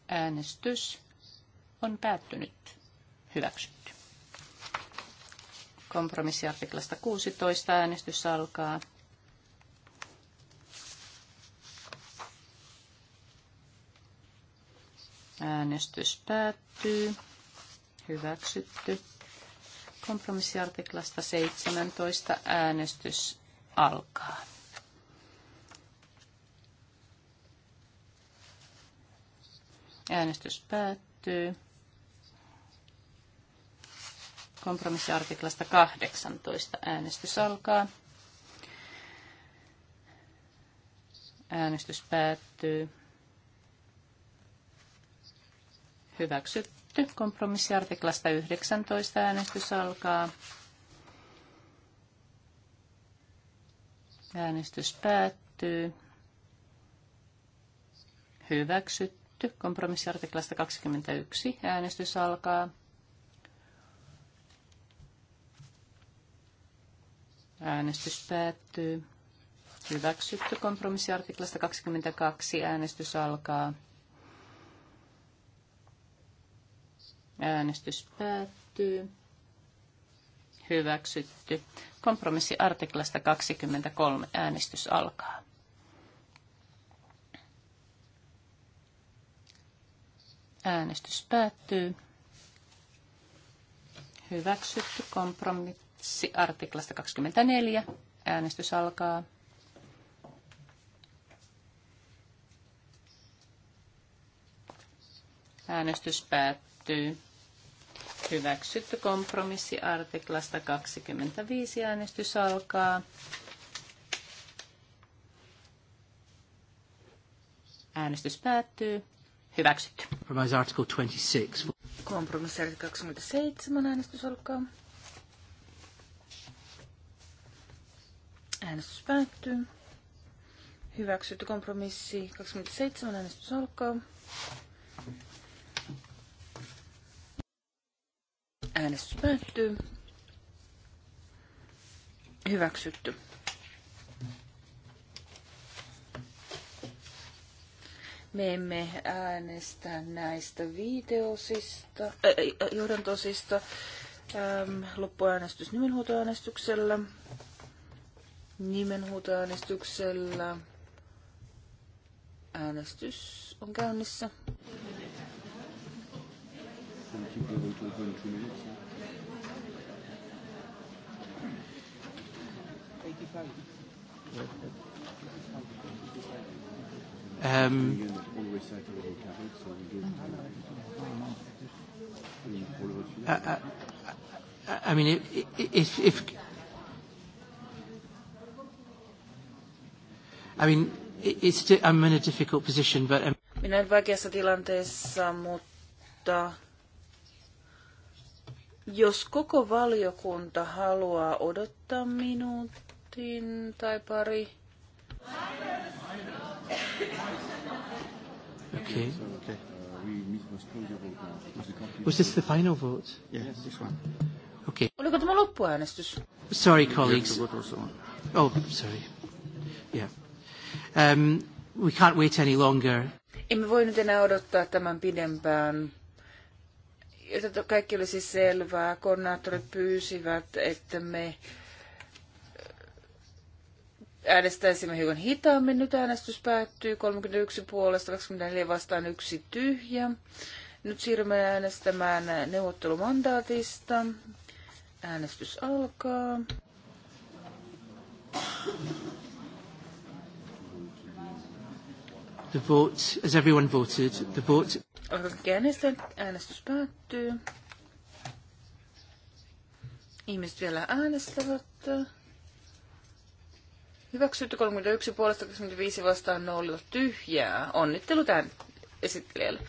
Äänestys on päättynyt. Hyväksytty. Kompromissiartiklasta 16 äänestys alkaa. Äänestys päättyy. Hyväksytty. Kompromissiartiklasta 17 äänestys alkaa. Äänestys päättyy. Kompromissiartiklasta 18 äänestys alkaa. Äänestys päättyy. Hyväksytty. Kompromissiartiklasta 19 äänestys alkaa. Äänestys päättyy. Hyväksytty. Kompromissiartiklasta 21 äänestys alkaa. Äänestys päättyy. Hyväksytty. Kompromissiartiklasta 22 äänestys alkaa. Äänestys päättyy. Hyväksytty. Kompromissi artiklasta 23. Äänestys alkaa. Äänestys päättyy. Hyväksytty kompromissi artiklasta 24. Äänestys alkaa. Äänestys päättyy päättyy. Hyväksytty kompromissi artiklasta 25 äänestys alkaa. Äänestys päättyy. Hyväksytty. 26. Kompromissi artikla 27 äänestys alkaa. Äänestys päättyy. Hyväksytty kompromissi 27 äänestys alkaa. Äänestys päättyy. Hyväksytty. Me emme äänestä näistä videosista, äh, äh johdantosista ähm, loppuäänestys nimenhuutoäänestyksellä. Nimenhuutoäänestyksellä äänestys on käynnissä. Um, I, uh, uh, I, I mean, if, if I mean, it's, I'm in a difficult position, but I'm... Um, Minä olen vaikeassa tilanteessa, mutta jos koko valiokunta haluaa odottaa minuutin tai pari. Okay. Was this the final vote? Yes, this one. Okay. Oliko tämä loppuäänestys? Sorry, colleagues. Oh, sorry. Yeah. Um, we can't wait any longer. Emme voi nyt enää odottaa tämän pidempään jotta kaikki olisi siis selvää, koordinaattorit pyysivät, että me äänestäisimme hiukan hitaammin. Nyt äänestys päättyy 31 puolesta, 24 vastaan yksi tyhjä. Nyt siirrymme äänestämään neuvottelumandaatista. Äänestys alkaa. The vote, as everyone voted, the vote Oliko kaikki äänestäjät? Äänestys päättyy. Ihmiset vielä äänestävät. Hyväksytty 31 puolesta 25 vastaan 0 tyhjää. Onnittelut ään esittelijälle.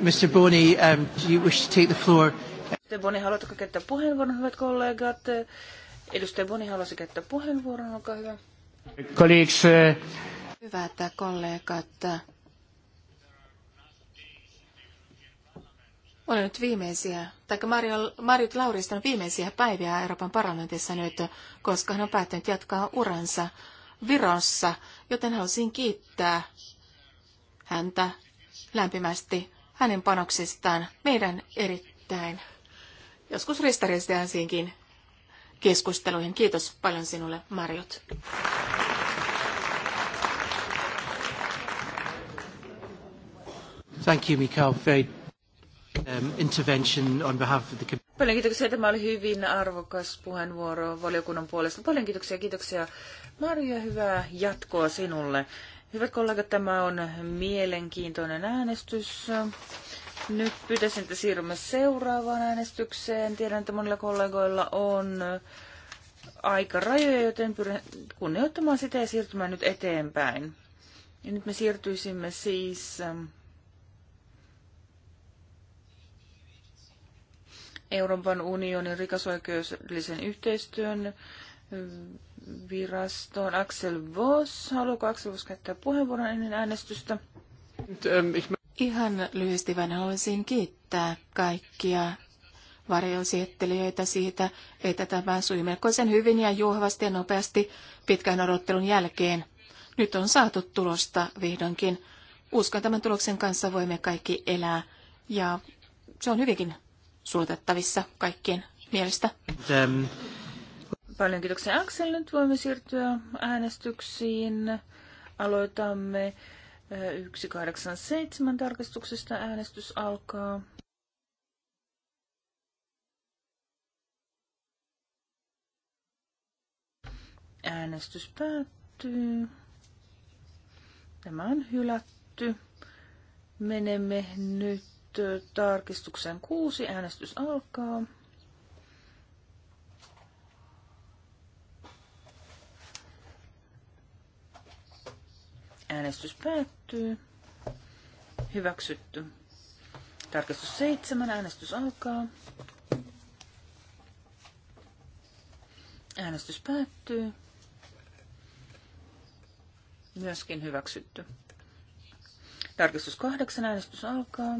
Mr. Boni, um, do you wish to take the floor? Mr. Boni, haluatteko käyttää puheenvuoron, hyvät kollegat? Edustaja Boni haluaisi käyttää puheenvuoron, olkaa hyvä. Colleagues. Eh, Hyvät kollegat, olen nyt viimeisiä, tai Mario, Marjut Laurista on viimeisiä päiviä Euroopan parlamentissa nyt, koska hän on päättänyt jatkaa uransa Virossa, joten haluaisin kiittää häntä lämpimästi hänen panoksistaan meidän erittäin joskus ristiriitaisiinkin keskusteluihin. Kiitos paljon sinulle, Marjot. Thank you, Mikael. Very um, intervention on behalf of the Paljon kiitoksia. Tämä oli hyvin arvokas puheenvuoro valiokunnan puolesta. Paljon kiitoksia. Kiitoksia Marja. Hyvää jatkoa sinulle. Hyvät kollegat, tämä on mielenkiintoinen äänestys. Nyt pyytäisin, että siirrymme seuraavaan äänestykseen. Tiedän, että monilla kollegoilla on aika rajoja, joten pyydän kunnioittamaan sitä ja siirtymään nyt eteenpäin. Ja nyt me siirtyisimme siis ähm, Euroopan unionin rikasoikeudellisen yhteistyön äh, virastoon. Axel Voss, haluaako Axel Voss käyttää puheenvuoron ennen äänestystä? Ähm, Ihan lyhyesti vain haluaisin kiittää kaikkia varjoesittelijöitä siitä, että tämä sui melkoisen hyvin ja juohvasti ja nopeasti pitkän odottelun jälkeen. Nyt on saatu tulosta vihdoinkin. Uskon tämän tuloksen kanssa voimme kaikki elää ja se on hyvinkin suotettavissa kaikkien mielestä. Täm. Paljon kiitoksia Aksel. Nyt voimme siirtyä äänestyksiin. Aloitamme 187 tarkistuksesta äänestys alkaa. Äänestys päättyy. Tämä on hylätty. Menemme nyt tarkistukseen 6. Äänestys alkaa. Äänestys päättyy. Hyväksytty. Tarkastus seitsemän. Äänestys alkaa. Äänestys päättyy. Myöskin hyväksytty. Tarkistus kahdeksan. Äänestys alkaa.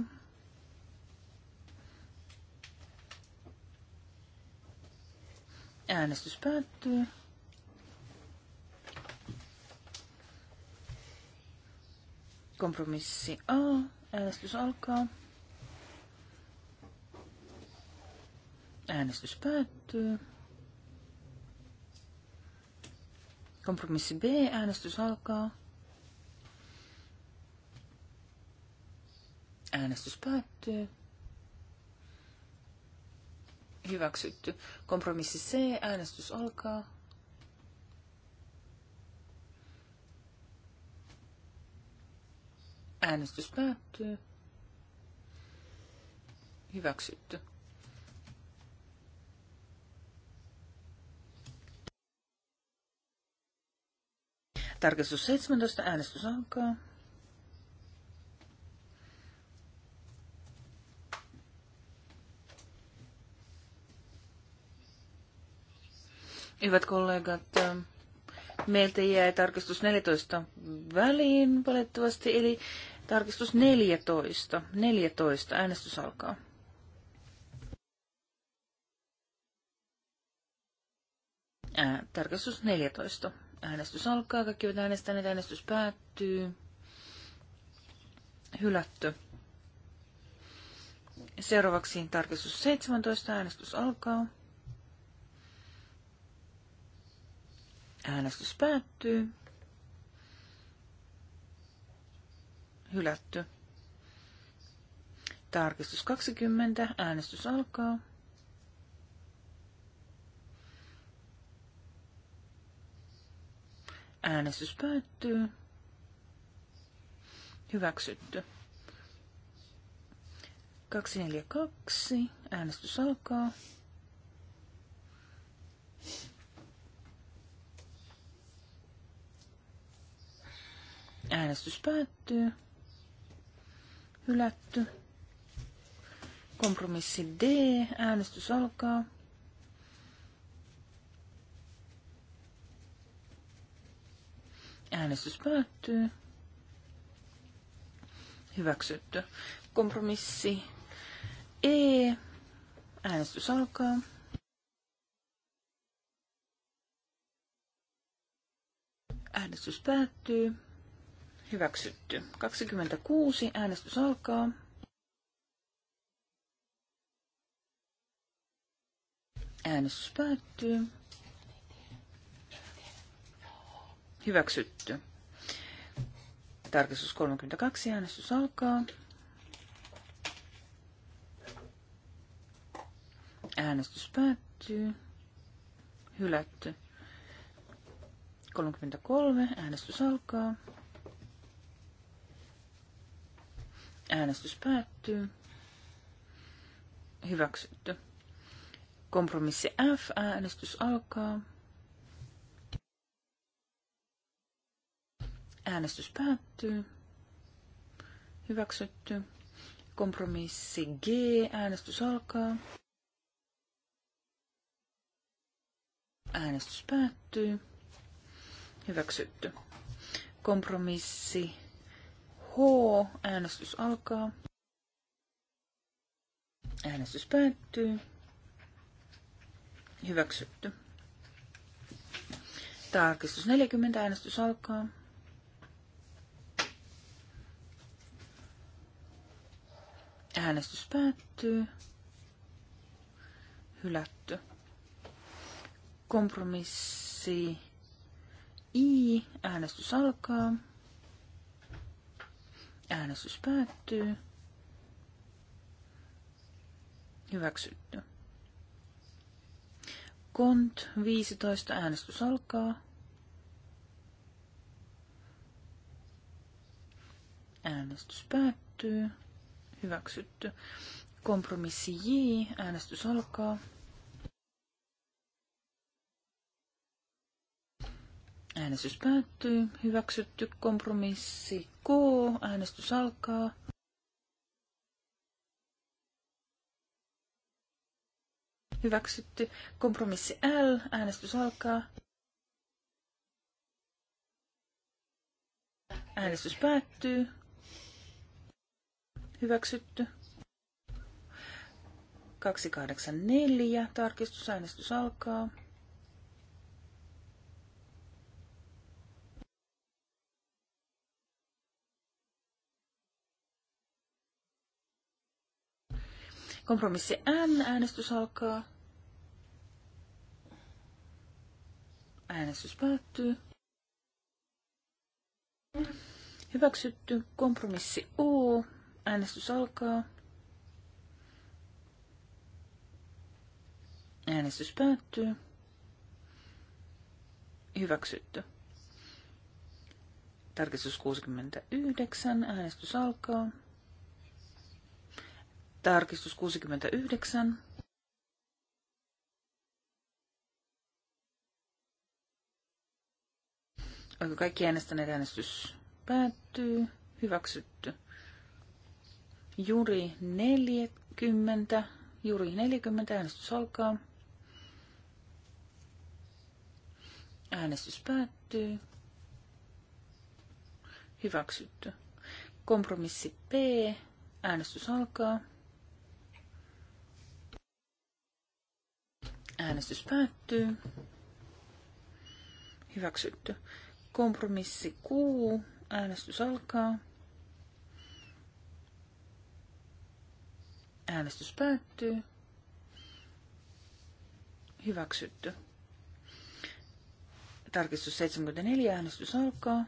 Äänestys päättyy. Kompromissi A. Äänestys alkaa. Äänestys päättyy. Kompromissi B. Äänestys alkaa. Äänestys päättyy. Hyväksytty. Kompromissi C. Äänestys alkaa. Äänestys päättyy. Hyväksytty. Tarkistus 17. Äänestys alkaa. Hyvät kollegat, meiltä jäi tarkistus 14 väliin valitettavasti, eli Tarkistus 14. 14. Äänestys alkaa. Ää, tarkistus 14. Äänestys alkaa. Kaikki ovat äänestäneet. Äänestys päättyy. Hylätty. Seuraavaksi tarkistus 17. Äänestys alkaa. Äänestys päättyy. hylätty. Tarkistus 20. Äänestys alkaa. Äänestys päättyy. Hyväksytty. 242. Äänestys alkaa. Äänestys päättyy. Hylätty. Kompromissi D. Äänestys alkaa. Äänestys päättyy. Hyväksytty. Kompromissi E. Äänestys alkaa. Äänestys päättyy. Hyväksytty. 26. Äänestys alkaa. Äänestys päättyy. Hyväksytty. Tarkistus 32. Äänestys alkaa. Äänestys päättyy. Hylätty. 33. Äänestys alkaa. Äänestys päättyy. Hyväksytty. Kompromissi F. Äänestys alkaa. Äänestys päättyy. Hyväksytty. Kompromissi G. Äänestys alkaa. Äänestys päättyy. Hyväksytty. Kompromissi H. Äänestys alkaa. Äänestys päättyy. Hyväksytty. Tarkistus 40. Äänestys alkaa. Äänestys päättyy. Hylätty. Kompromissi I. Äänestys alkaa. Äänestys päättyy. Hyväksytty. Kont 15 äänestys alkaa. Äänestys päättyy. Hyväksytty. Kompromissi J. Äänestys alkaa. Äänestys päättyy. Hyväksytty kompromissi K. Äänestys alkaa. Hyväksytty. Kompromissi L. Äänestys alkaa. Äänestys päättyy. Hyväksytty. 284. Tarkistusäänestys alkaa. Kompromissi N, äänestys alkaa. Äänestys päättyy. Hyväksytty kompromissi U. Äänestys alkaa. Äänestys päättyy. Hyväksytty. Tarkistus 69. Äänestys alkaa. Tarkistus 69. Oliko kaikki äänestäneet? Äänestys päättyy. Hyväksytty. Juri 40. Juri 40. Äänestys alkaa. Äänestys päättyy. Hyväksytty. Kompromissi P. Äänestys alkaa. Äänestys päättyy. Hyväksytty. Kompromissi Q. Äänestys alkaa. Äänestys päättyy. Hyväksytty. Tarkistus 74. Äänestys alkaa.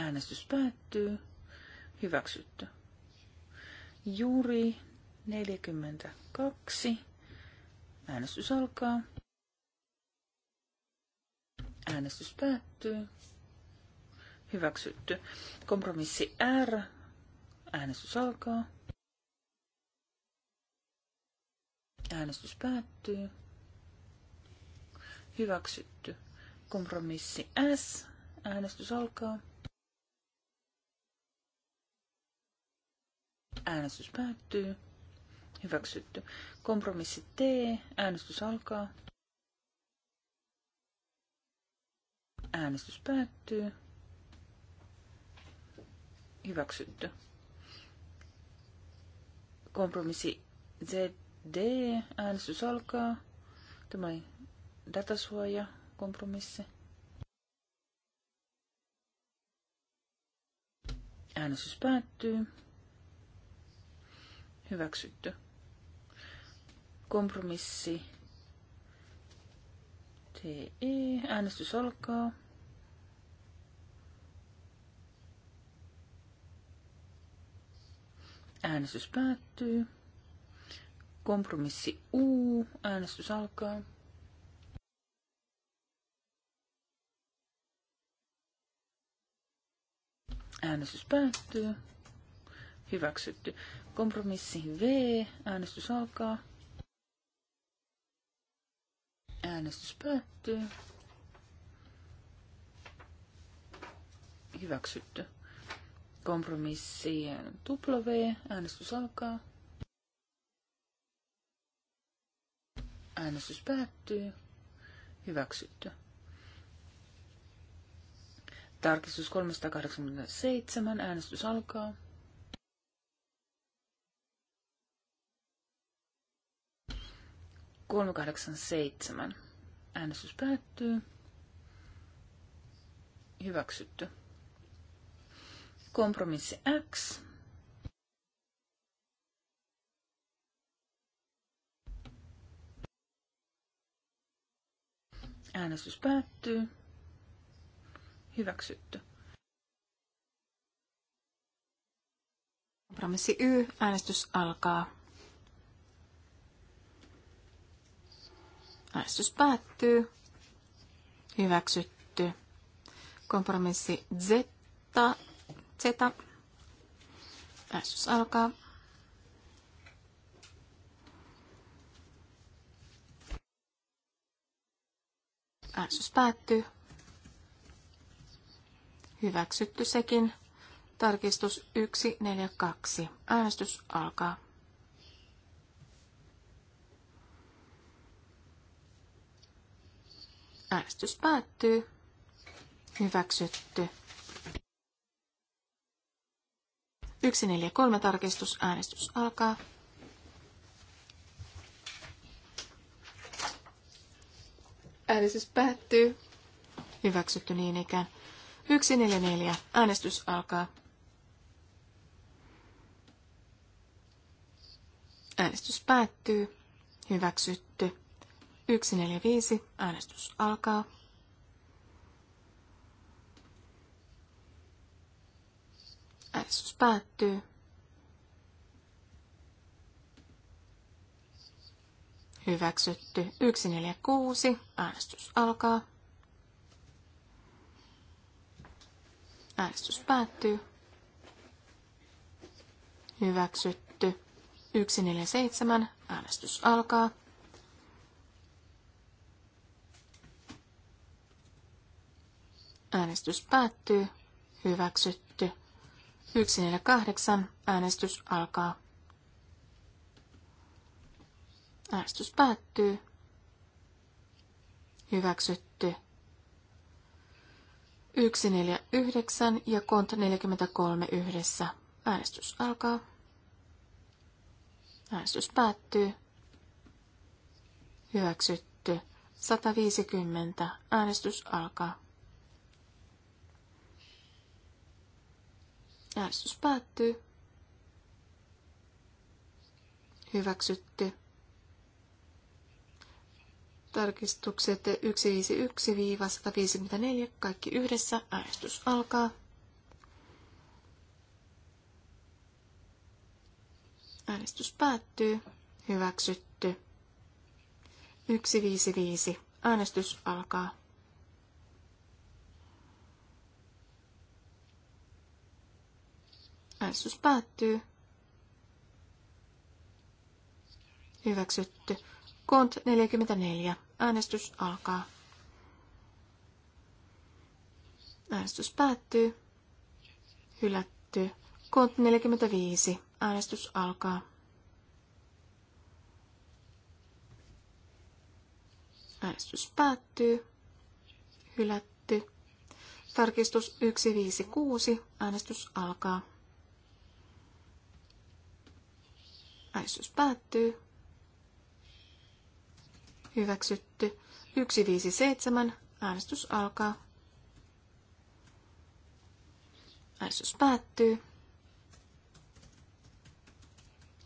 Äänestys päättyy. Hyväksytty. Juuri 42. Äänestys alkaa. Äänestys päättyy. Hyväksytty. Kompromissi R. Äänestys alkaa. Äänestys päättyy. Hyväksytty. Kompromissi S. Äänestys alkaa. Äänestys päättyy. Hyväksytty. Kompromissi T. Äänestys alkaa. Äänestys päättyy. Hyväksytty. Kompromissi ZD. Äänestys alkaa. Tämä oli datasuoja kompromissi. Äänestys päättyy. Hyväksytty. Kompromissi. TE. Äänestys alkaa. Äänestys päättyy. Kompromissi U. Äänestys alkaa. Äänestys päättyy hyväksytty. Kompromissi V, äänestys alkaa. Äänestys päättyy. Hyväksytty. Kompromissi W, äänestys alkaa. Äänestys päättyy. Hyväksytty. Tarkistus 387. Äänestys alkaa. 387. Äänestys päättyy. Hyväksytty. Kompromissi X. Äänestys päättyy. Hyväksytty. Kompromissi Y. Äänestys alkaa. Äänestys päättyy. Hyväksytty. Kompromissi Z. Z. Äänestys alkaa. Äänestys päättyy. Hyväksytty sekin. Tarkistus 142. Äänestys alkaa. Äänestys päättyy. Hyväksytty. 143 tarkistus. Äänestys alkaa. Äänestys päättyy. Hyväksytty niin ikään. 144. Äänestys alkaa. Äänestys päättyy. Hyväksytty. 145. Äänestys alkaa. Äänestys päättyy. Hyväksytty. 146. Äänestys alkaa. Äänestys päättyy. Hyväksytty. 147. Äänestys alkaa. Äänestys päättyy. Hyväksytty. 148. Äänestys alkaa. Äänestys päättyy. Hyväksytty. 149 ja kont 43 yhdessä. Äänestys alkaa. Äänestys päättyy. Hyväksytty. 150. Äänestys alkaa. Äänestys päättyy. Hyväksytty. Tarkistukset 151-154, kaikki yhdessä. Äänestys alkaa. Äänestys päättyy. Hyväksytty. 155. Äänestys alkaa. Äänestys päättyy. Hyväksytty. Kont 44. Äänestys alkaa. Äänestys päättyy. Hylätty. Kont 45. Äänestys alkaa. Äänestys päättyy. Hylätty. Tarkistus 156. Äänestys alkaa. Äänestys päättyy. Hyväksytty. 157. Äänestys alkaa. Äänestys päättyy.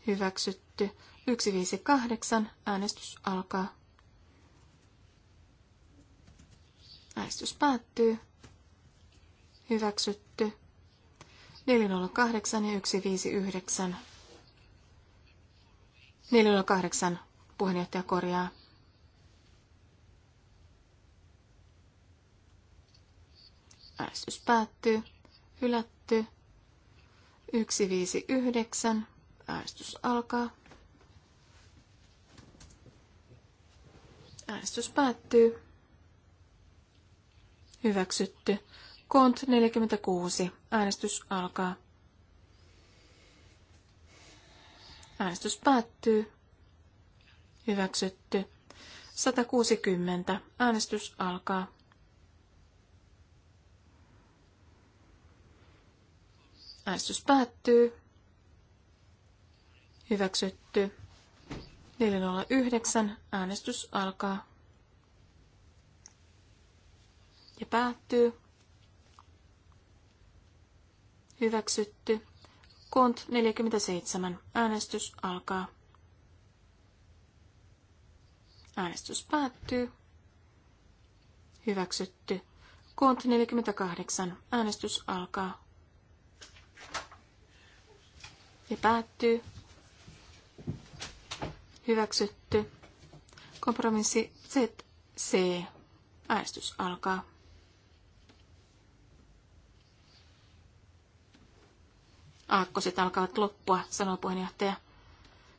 Hyväksytty. 158. Äänestys alkaa. Äänestys päättyy. Hyväksytty. 408 ja 159. 408 puheenjohtaja korjaa. Äänestys päättyy. Hylätty. 159. Äänestys alkaa. Äänestys päättyy. Hyväksytty. Kont 46. Äänestys alkaa. Äänestys päättyy. Hyväksytty. 160. Äänestys alkaa. Äänestys päättyy. Hyväksytty. 409. Äänestys alkaa. Ja päättyy. Hyväksytty. Kont 47. Äänestys alkaa. Äänestys päättyy. Hyväksytty. Kont 48. Äänestys alkaa. Ja päättyy. Hyväksytty. Kompromissi ZC. Äänestys alkaa. aakkoset alkavat loppua, sanoi puheenjohtaja.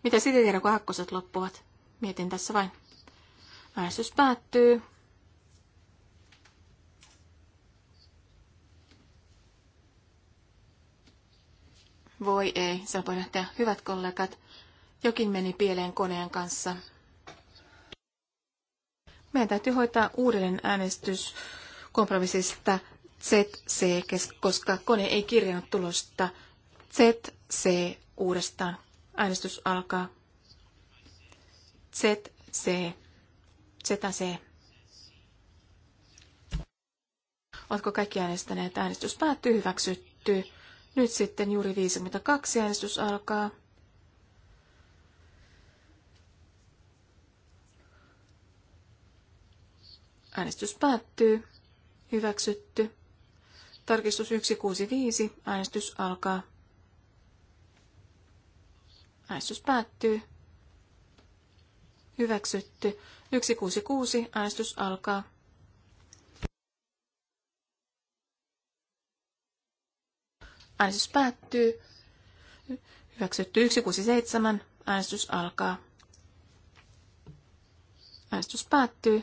Mitä sitten tiedä, kun aakkoset loppuvat? Mietin tässä vain. Äänestys päättyy. Voi ei, sanoi puheenjohtaja. Hyvät kollegat, jokin meni pieleen koneen kanssa. Meidän täytyy hoitaa uudelleen äänestys kompromissista ZC, koska kone ei kirjannut tulosta ZC uudestaan. Äänestys alkaa. ZC. ZC. Oletko kaikki äänestäneet? Äänestys päättyy, hyväksytty. Nyt sitten juuri 52 äänestys alkaa. Äänestys päättyy. Hyväksytty. Tarkistus 165. Äänestys alkaa. Äänestys päättyy. Hyväksytty. 166. Äänestys alkaa. Äänestys päättyy. Hyväksytty 167. Äänestys alkaa. Äänestys päättyy.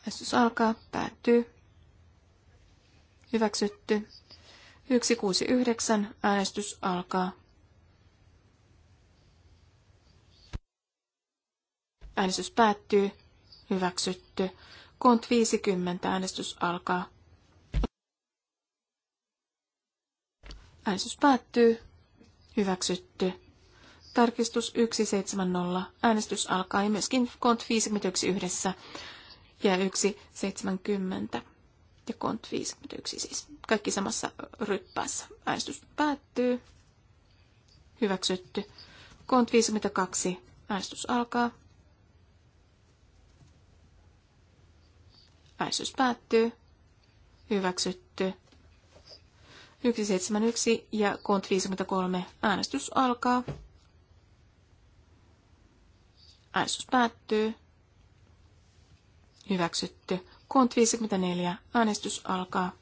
Äänestys alkaa, päättyy. Hyväksytty. 169. Äänestys alkaa. Äänestys päättyy. Hyväksytty. Kont 50. Äänestys alkaa. Äänestys päättyy. Hyväksytty. Tarkistus 170. Äänestys alkaa ja myöskin kont 51 yhdessä ja 170 ja kont 51 siis. Kaikki samassa ryppäässä. Äänestys päättyy. Hyväksytty. Kont 52. Äänestys alkaa. Äänestys päättyy. Hyväksytty. 171 ja kont 53. Äänestys alkaa. Äänestys päättyy. Hyväksytty. Kont 54. Äänestys alkaa.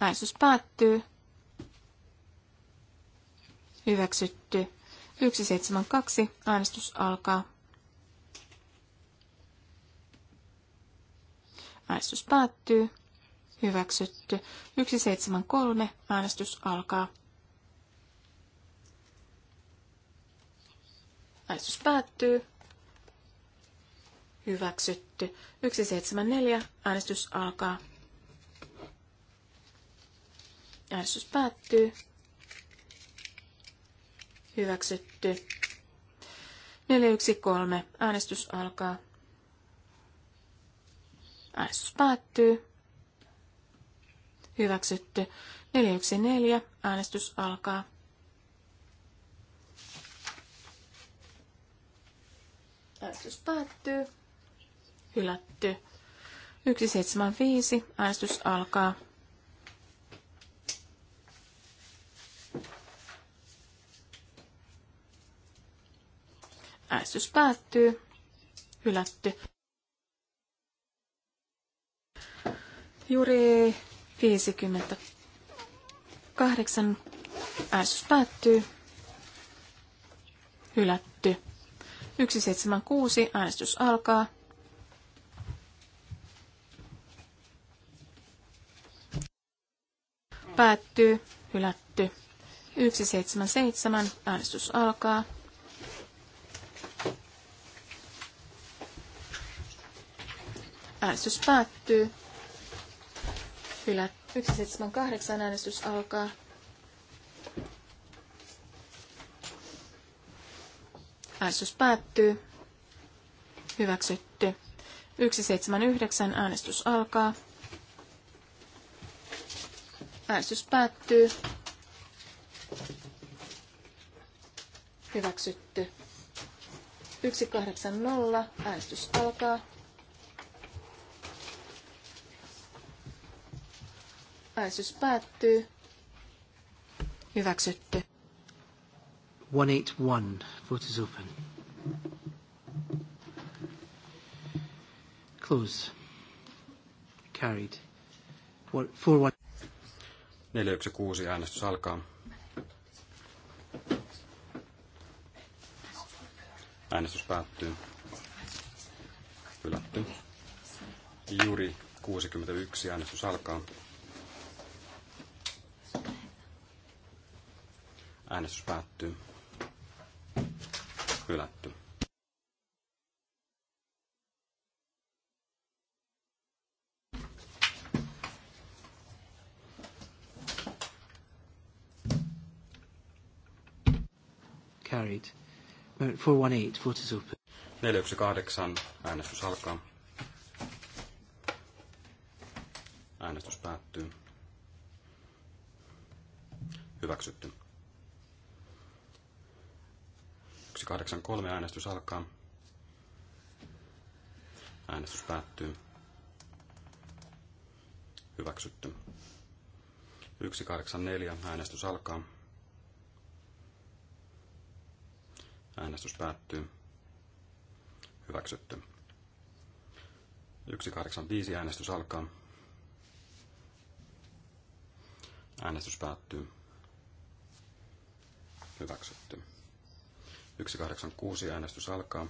Äänestys päättyy. Hyväksytty. 172. Äänestys alkaa. Äänestys päättyy. Hyväksytty. 173. Äänestys alkaa. Äänestys päättyy hyväksytty. 174 äänestys alkaa. Äänestys päättyy. Hyväksytty. 413 äänestys alkaa. Äänestys päättyy. Hyväksytty. 414 äänestys alkaa. Äänestys päättyy hylätty. 175, äänestys alkaa. Äänestys päättyy, hylätty. Juuri 58, äänestys päättyy, hylätty. 176, äänestys alkaa. päättyy, hylätty. 177, äänestys alkaa. Äänestys päättyy. Hylätty. 178 äänestys alkaa. Äänestys päättyy. Hyväksytty. 179 äänestys alkaa. Äänestys päättyy. Hyväksytty. 180. Äänestys alkaa. Äänestys päättyy. Hyväksytty. 181. Vote is open. Close. Carried. 4, 4, 416 äänestys alkaa. Äänestys päättyy. Hylätty. Juri 61 äänestys alkaa. Äänestys päättyy. Hylätty. 418, kahdeksan is 418, äänestys alkaa. Äänestys päättyy. Hyväksytty. 183 äänestys alkaa. Äänestys päättyy. Hyväksytty. 184 äänestys alkaa. Äänestys päättyy. Hyväksytty. 185 äänestys alkaa. Äänestys päättyy. Hyväksytty. 186 äänestys alkaa.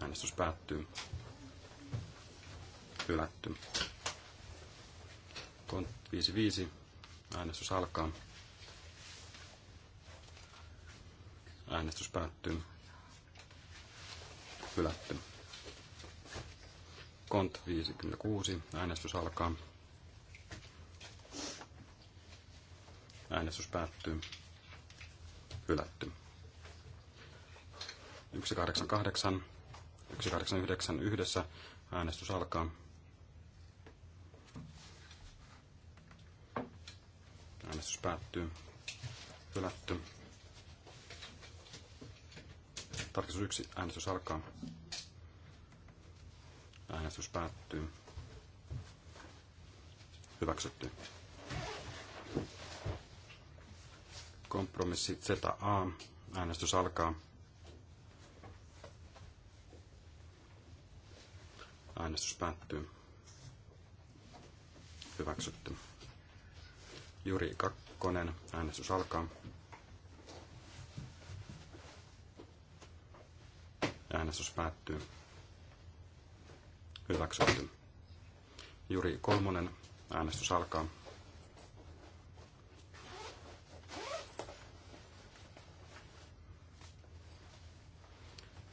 Äänestys päättyy. Hylätty. Kont 55 äänestys alkaa. Äänestys päättyy. Hylätty. Kont 56. Äänestys alkaa. Äänestys päättyy. Hylätty. 188, 189 yhdessä. Äänestys alkaa. Äänestys päättyy. Hylätty. Tarkistus yksi, Äänestys alkaa. Äänestys päättyy. Hyväksytty. Kompromissi ZA. Äänestys alkaa. Äänestys päättyy. Hyväksytty. Juri Kakkonen. Äänestys alkaa. Äänestys päättyy. Hyväksytty. Juri kolmonen. Äänestys alkaa.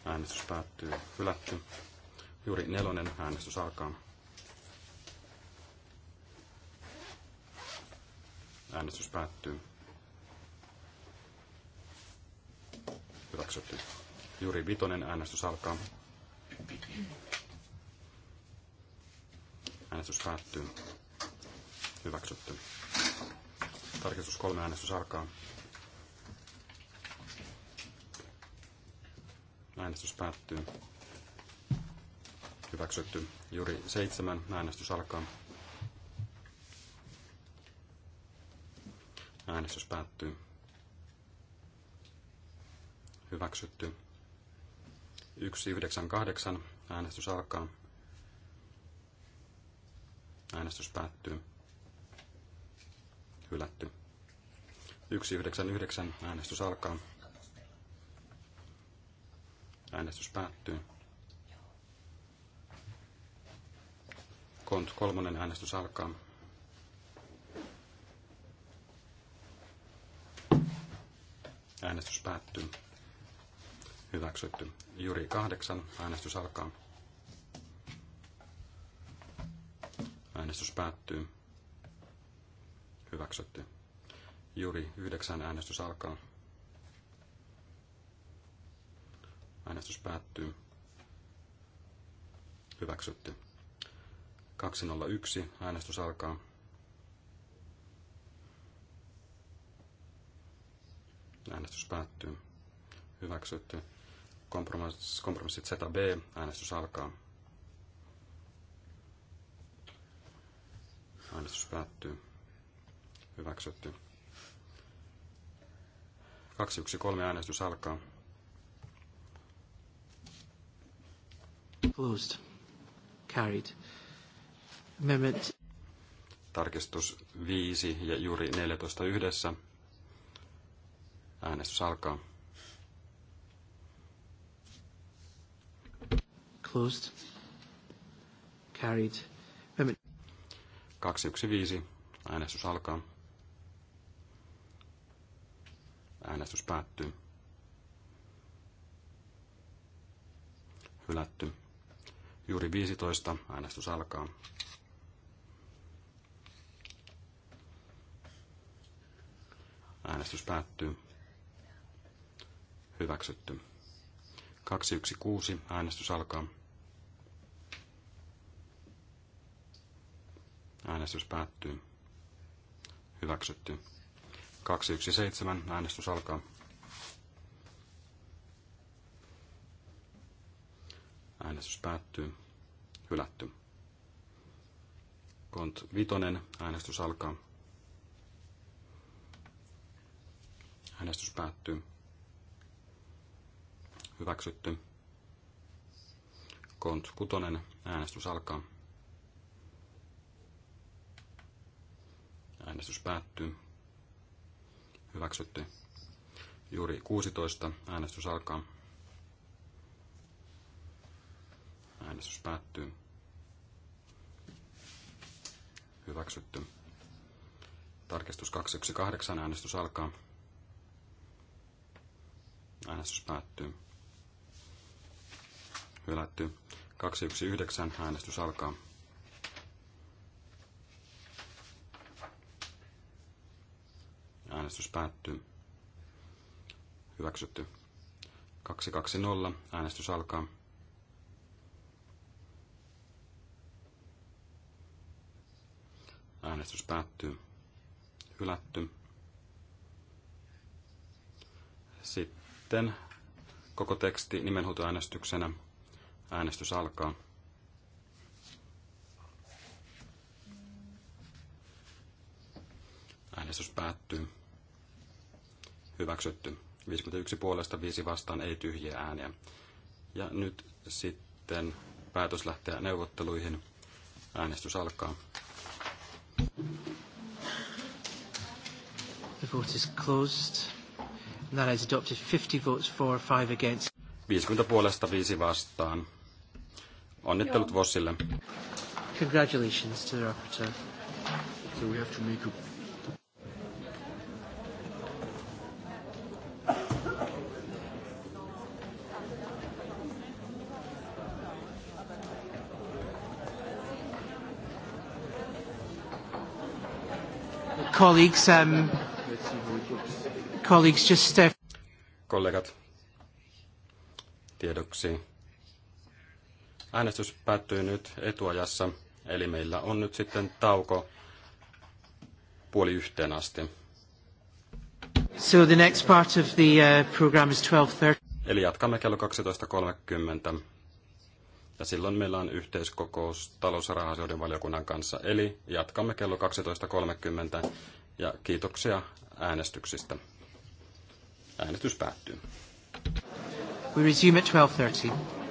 Äänestys päättyy. Hylätty. Juri nelonen. Äänestys alkaa. Äänestys päättyy. Hyväksytty. Juri Vitonen äänestys alkaa. Äänestys päättyy. Hyväksytty. Tarkistus kolme äänestys alkaa. Äänestys päättyy. Hyväksytty. Juri seitsemän äänestys alkaa. Äänestys päättyy. Hyväksytty. 198. Äänestys alkaa. Äänestys päättyy. Hylätty. 199. Äänestys alkaa. Äänestys päättyy. Kont kolmonen äänestys alkaa. Äänestys päättyy. Hyväksytty. Juri kahdeksan. Äänestys alkaa. Äänestys päättyy. Hyväksytty. Juri yhdeksän. Äänestys alkaa. Äänestys päättyy. Hyväksytty. 201. Äänestys alkaa. Äänestys päättyy. Hyväksytty kompromissit ZB, äänestys alkaa. Äänestys päättyy. Hyväksytty. 213 äänestys alkaa. Closed. Carried. Amendment. Tarkistus 5 ja juuri 14 yhdessä. Äänestys alkaa. Closed. Carried. Amendment. 215. Äänestys alkaa. Äänestys päättyy. Hylätty. Juuri 15. Äänestys alkaa. Äänestys päättyy. Hyväksytty. 216. Äänestys alkaa. Äänestys päättyy. Hyväksytty. 217. Äänestys alkaa. Äänestys päättyy. Hylätty. Kont vitonen. Äänestys alkaa. Äänestys päättyy. Hyväksytty. Kont kutonen. Äänestys alkaa. Äänestys päättyy. Hyväksytty. Juuri 16. Äänestys alkaa. Äänestys päättyy. Hyväksytty. Tarkistus 218. Äänestys alkaa. Äänestys päättyy. Hylätty. 219. Äänestys alkaa. Äänestys päättyy. Hyväksytty. 220. Äänestys alkaa. Äänestys päättyy. Hylätty. Sitten koko teksti nimenhuutoäänestyksenä. Äänestys alkaa. Äänestys päättyy hyväksytty. 51 puolesta, 5 vastaan, ei tyhjiä ääniä. Ja nyt sitten päätös lähteä neuvotteluihin. Äänestys alkaa. The vote is closed. that is adopted 50 votes for, 5 against. 50 puolesta, 5 vastaan. Onnittelut Vossille. Congratulations to the rapporteur. So we have to make a colleagues, um, colleagues just, uh... Kollegat, tiedoksi. Äänestys päättyy nyt etuajassa, eli meillä on nyt sitten tauko puoli yhteen asti. So the next part of the uh, program is 12.30. Eli jatkamme kello 12.30. Ja silloin meillä on yhteiskokous talous- ja valiokunnan kanssa. Eli jatkamme kello 12.30 ja kiitoksia äänestyksistä. Äänestys päättyy. We resume at 12.30.